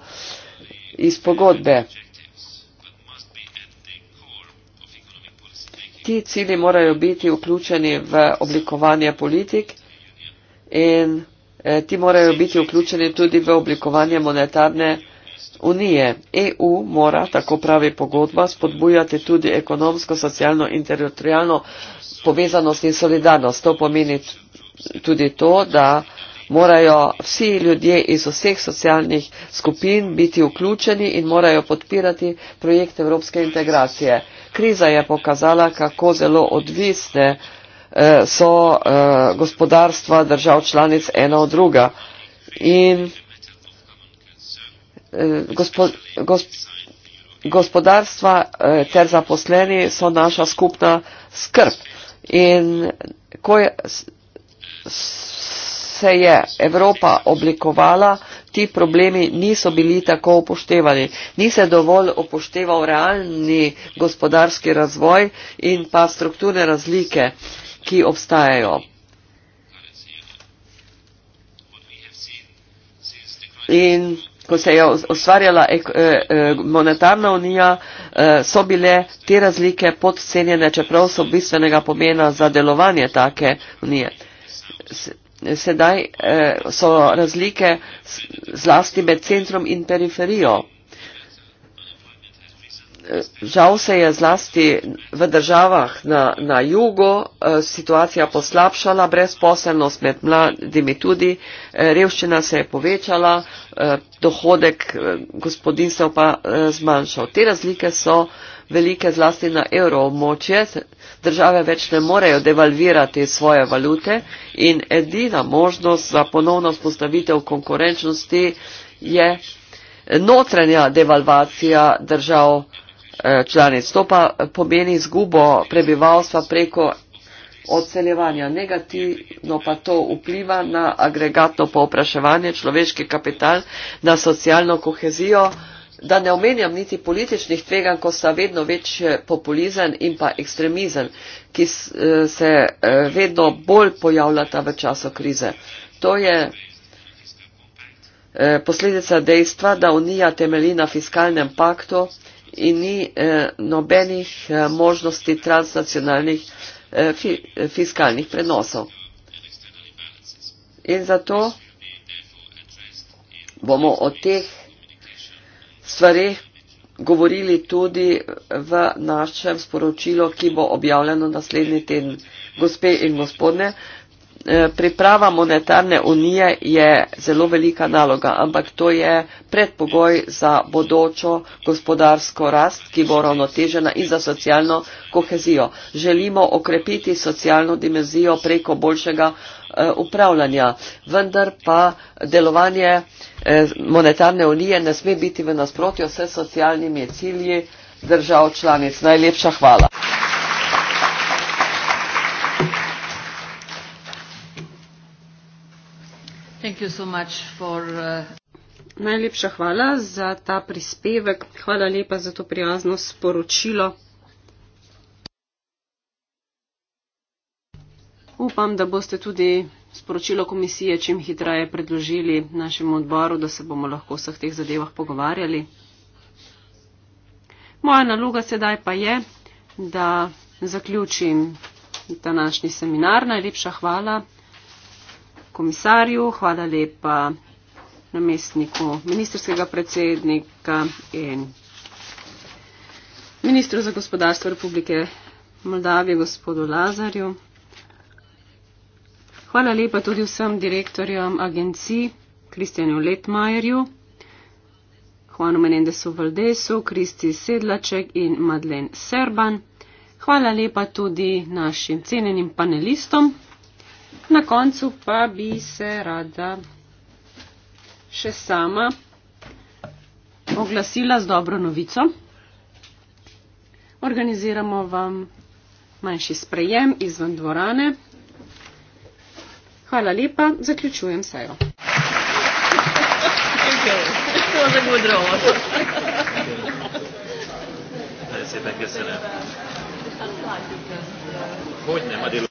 iz pogodbe. Ti cilji morajo biti vključeni v oblikovanje politik in eh, ti morajo biti vključeni tudi v oblikovanje monetarne politike unije EU mora, tako pravi pogodba, spodbujati tudi ekonomsko, socialno in teritorijalno povezanost in solidarnost. To pomeni tudi to, da morajo vsi ljudje iz vseh socialnih skupin biti vključeni in morajo podpirati projekt evropske integracije. Kriza je pokazala, kako zelo odvisne eh, so eh, gospodarstva držav članic ena od druga. In Eh, gospodarstva eh, ter zaposleni so naša skupna skrb. In ko je, se je Evropa oblikovala, ti problemi niso bili tako upoštevani. Ni se dovolj upošteval realni gospodarski razvoj in pa strukturne razlike, ki obstajajo. In ko se je ustvarjala e, e, monetarna unija, e, so bile te razlike podcenjene, čeprav so bistvenega pomena za delovanje take unije. Sedaj so razlike zlasti med centrom in periferijo žal se je zlasti v državah na, na jugu eh, situacija poslabšala, brezposelnost med mladimi tudi, eh, revščina se je povečala, eh, dohodek gospodinstv pa zmanjšal. Te razlike so velike zlasti na evroobmočje, države več ne morejo devalvirati svoje valute in edina možnost za ponovno spostavitev konkurenčnosti je notranja devalvacija držav. Eh, članic. To pa pomeni izgubo prebivalstva preko odseljevanja. Negativno pa to vpliva na agregatno povpraševanje, človeški kapital, na socialno kohezijo, da ne omenjam niti političnih tveganj, ko sta vedno več populizem in pa ekstremizem, ki eh, se eh, vedno bolj pojavljata v času krize. To je posledica dejstva, da Unija temelji na fiskalnem paktu, in ni eh, nobenih eh, možnosti transnacionalnih eh, fi, eh, fiskalnih prenosov. In zato bomo o teh stvarih govorili tudi v našem sporočilu, ki bo objavljeno naslednji teden. Gospe in gospodne, eh, Eh, priprava monetarne unije je zelo velika naloga, ampak to je predpogoj za bodočo gospodarsko rast, ki bo ravnotežena in za socialno kohezijo. Želimo okrepiti socialno dimenzijo preko boljšega eh, upravljanja, vendar pa delovanje eh, monetarne unije ne sme biti v nasprotju s socialnimi cilji držav članic. Najlepša hvala.
So for, uh... Najlepša hvala za ta prispevek. Hvala lepa za to prijazno sporočilo. Upam, da boste tudi sporočilo komisije čim hitreje predložili našemu odboru, da se bomo lahko o vseh teh zadevah pogovarjali. Moja naloga sedaj pa je, da zaključim današnji seminar. Najlepša hvala komisarju, hvala lepa namestniku ministrskega predsednika in ministru za gospodarstvo Republike Moldavije, gospodu Lazarju. Hvala lepa tudi vsem direktorjem agencij, Kristjanu Letmajerju, Juanu Menendesu Valdesu, Kristi Sedlaček in Madlen Serban. Hvala lepa tudi našim cenenim panelistom. Na koncu pa bi se rada še sama oglasila z dobro novico. Organiziramo vam manjši sprejem izven dvorane. Hvala lepa, zaključujem sejo.
Hogy nem a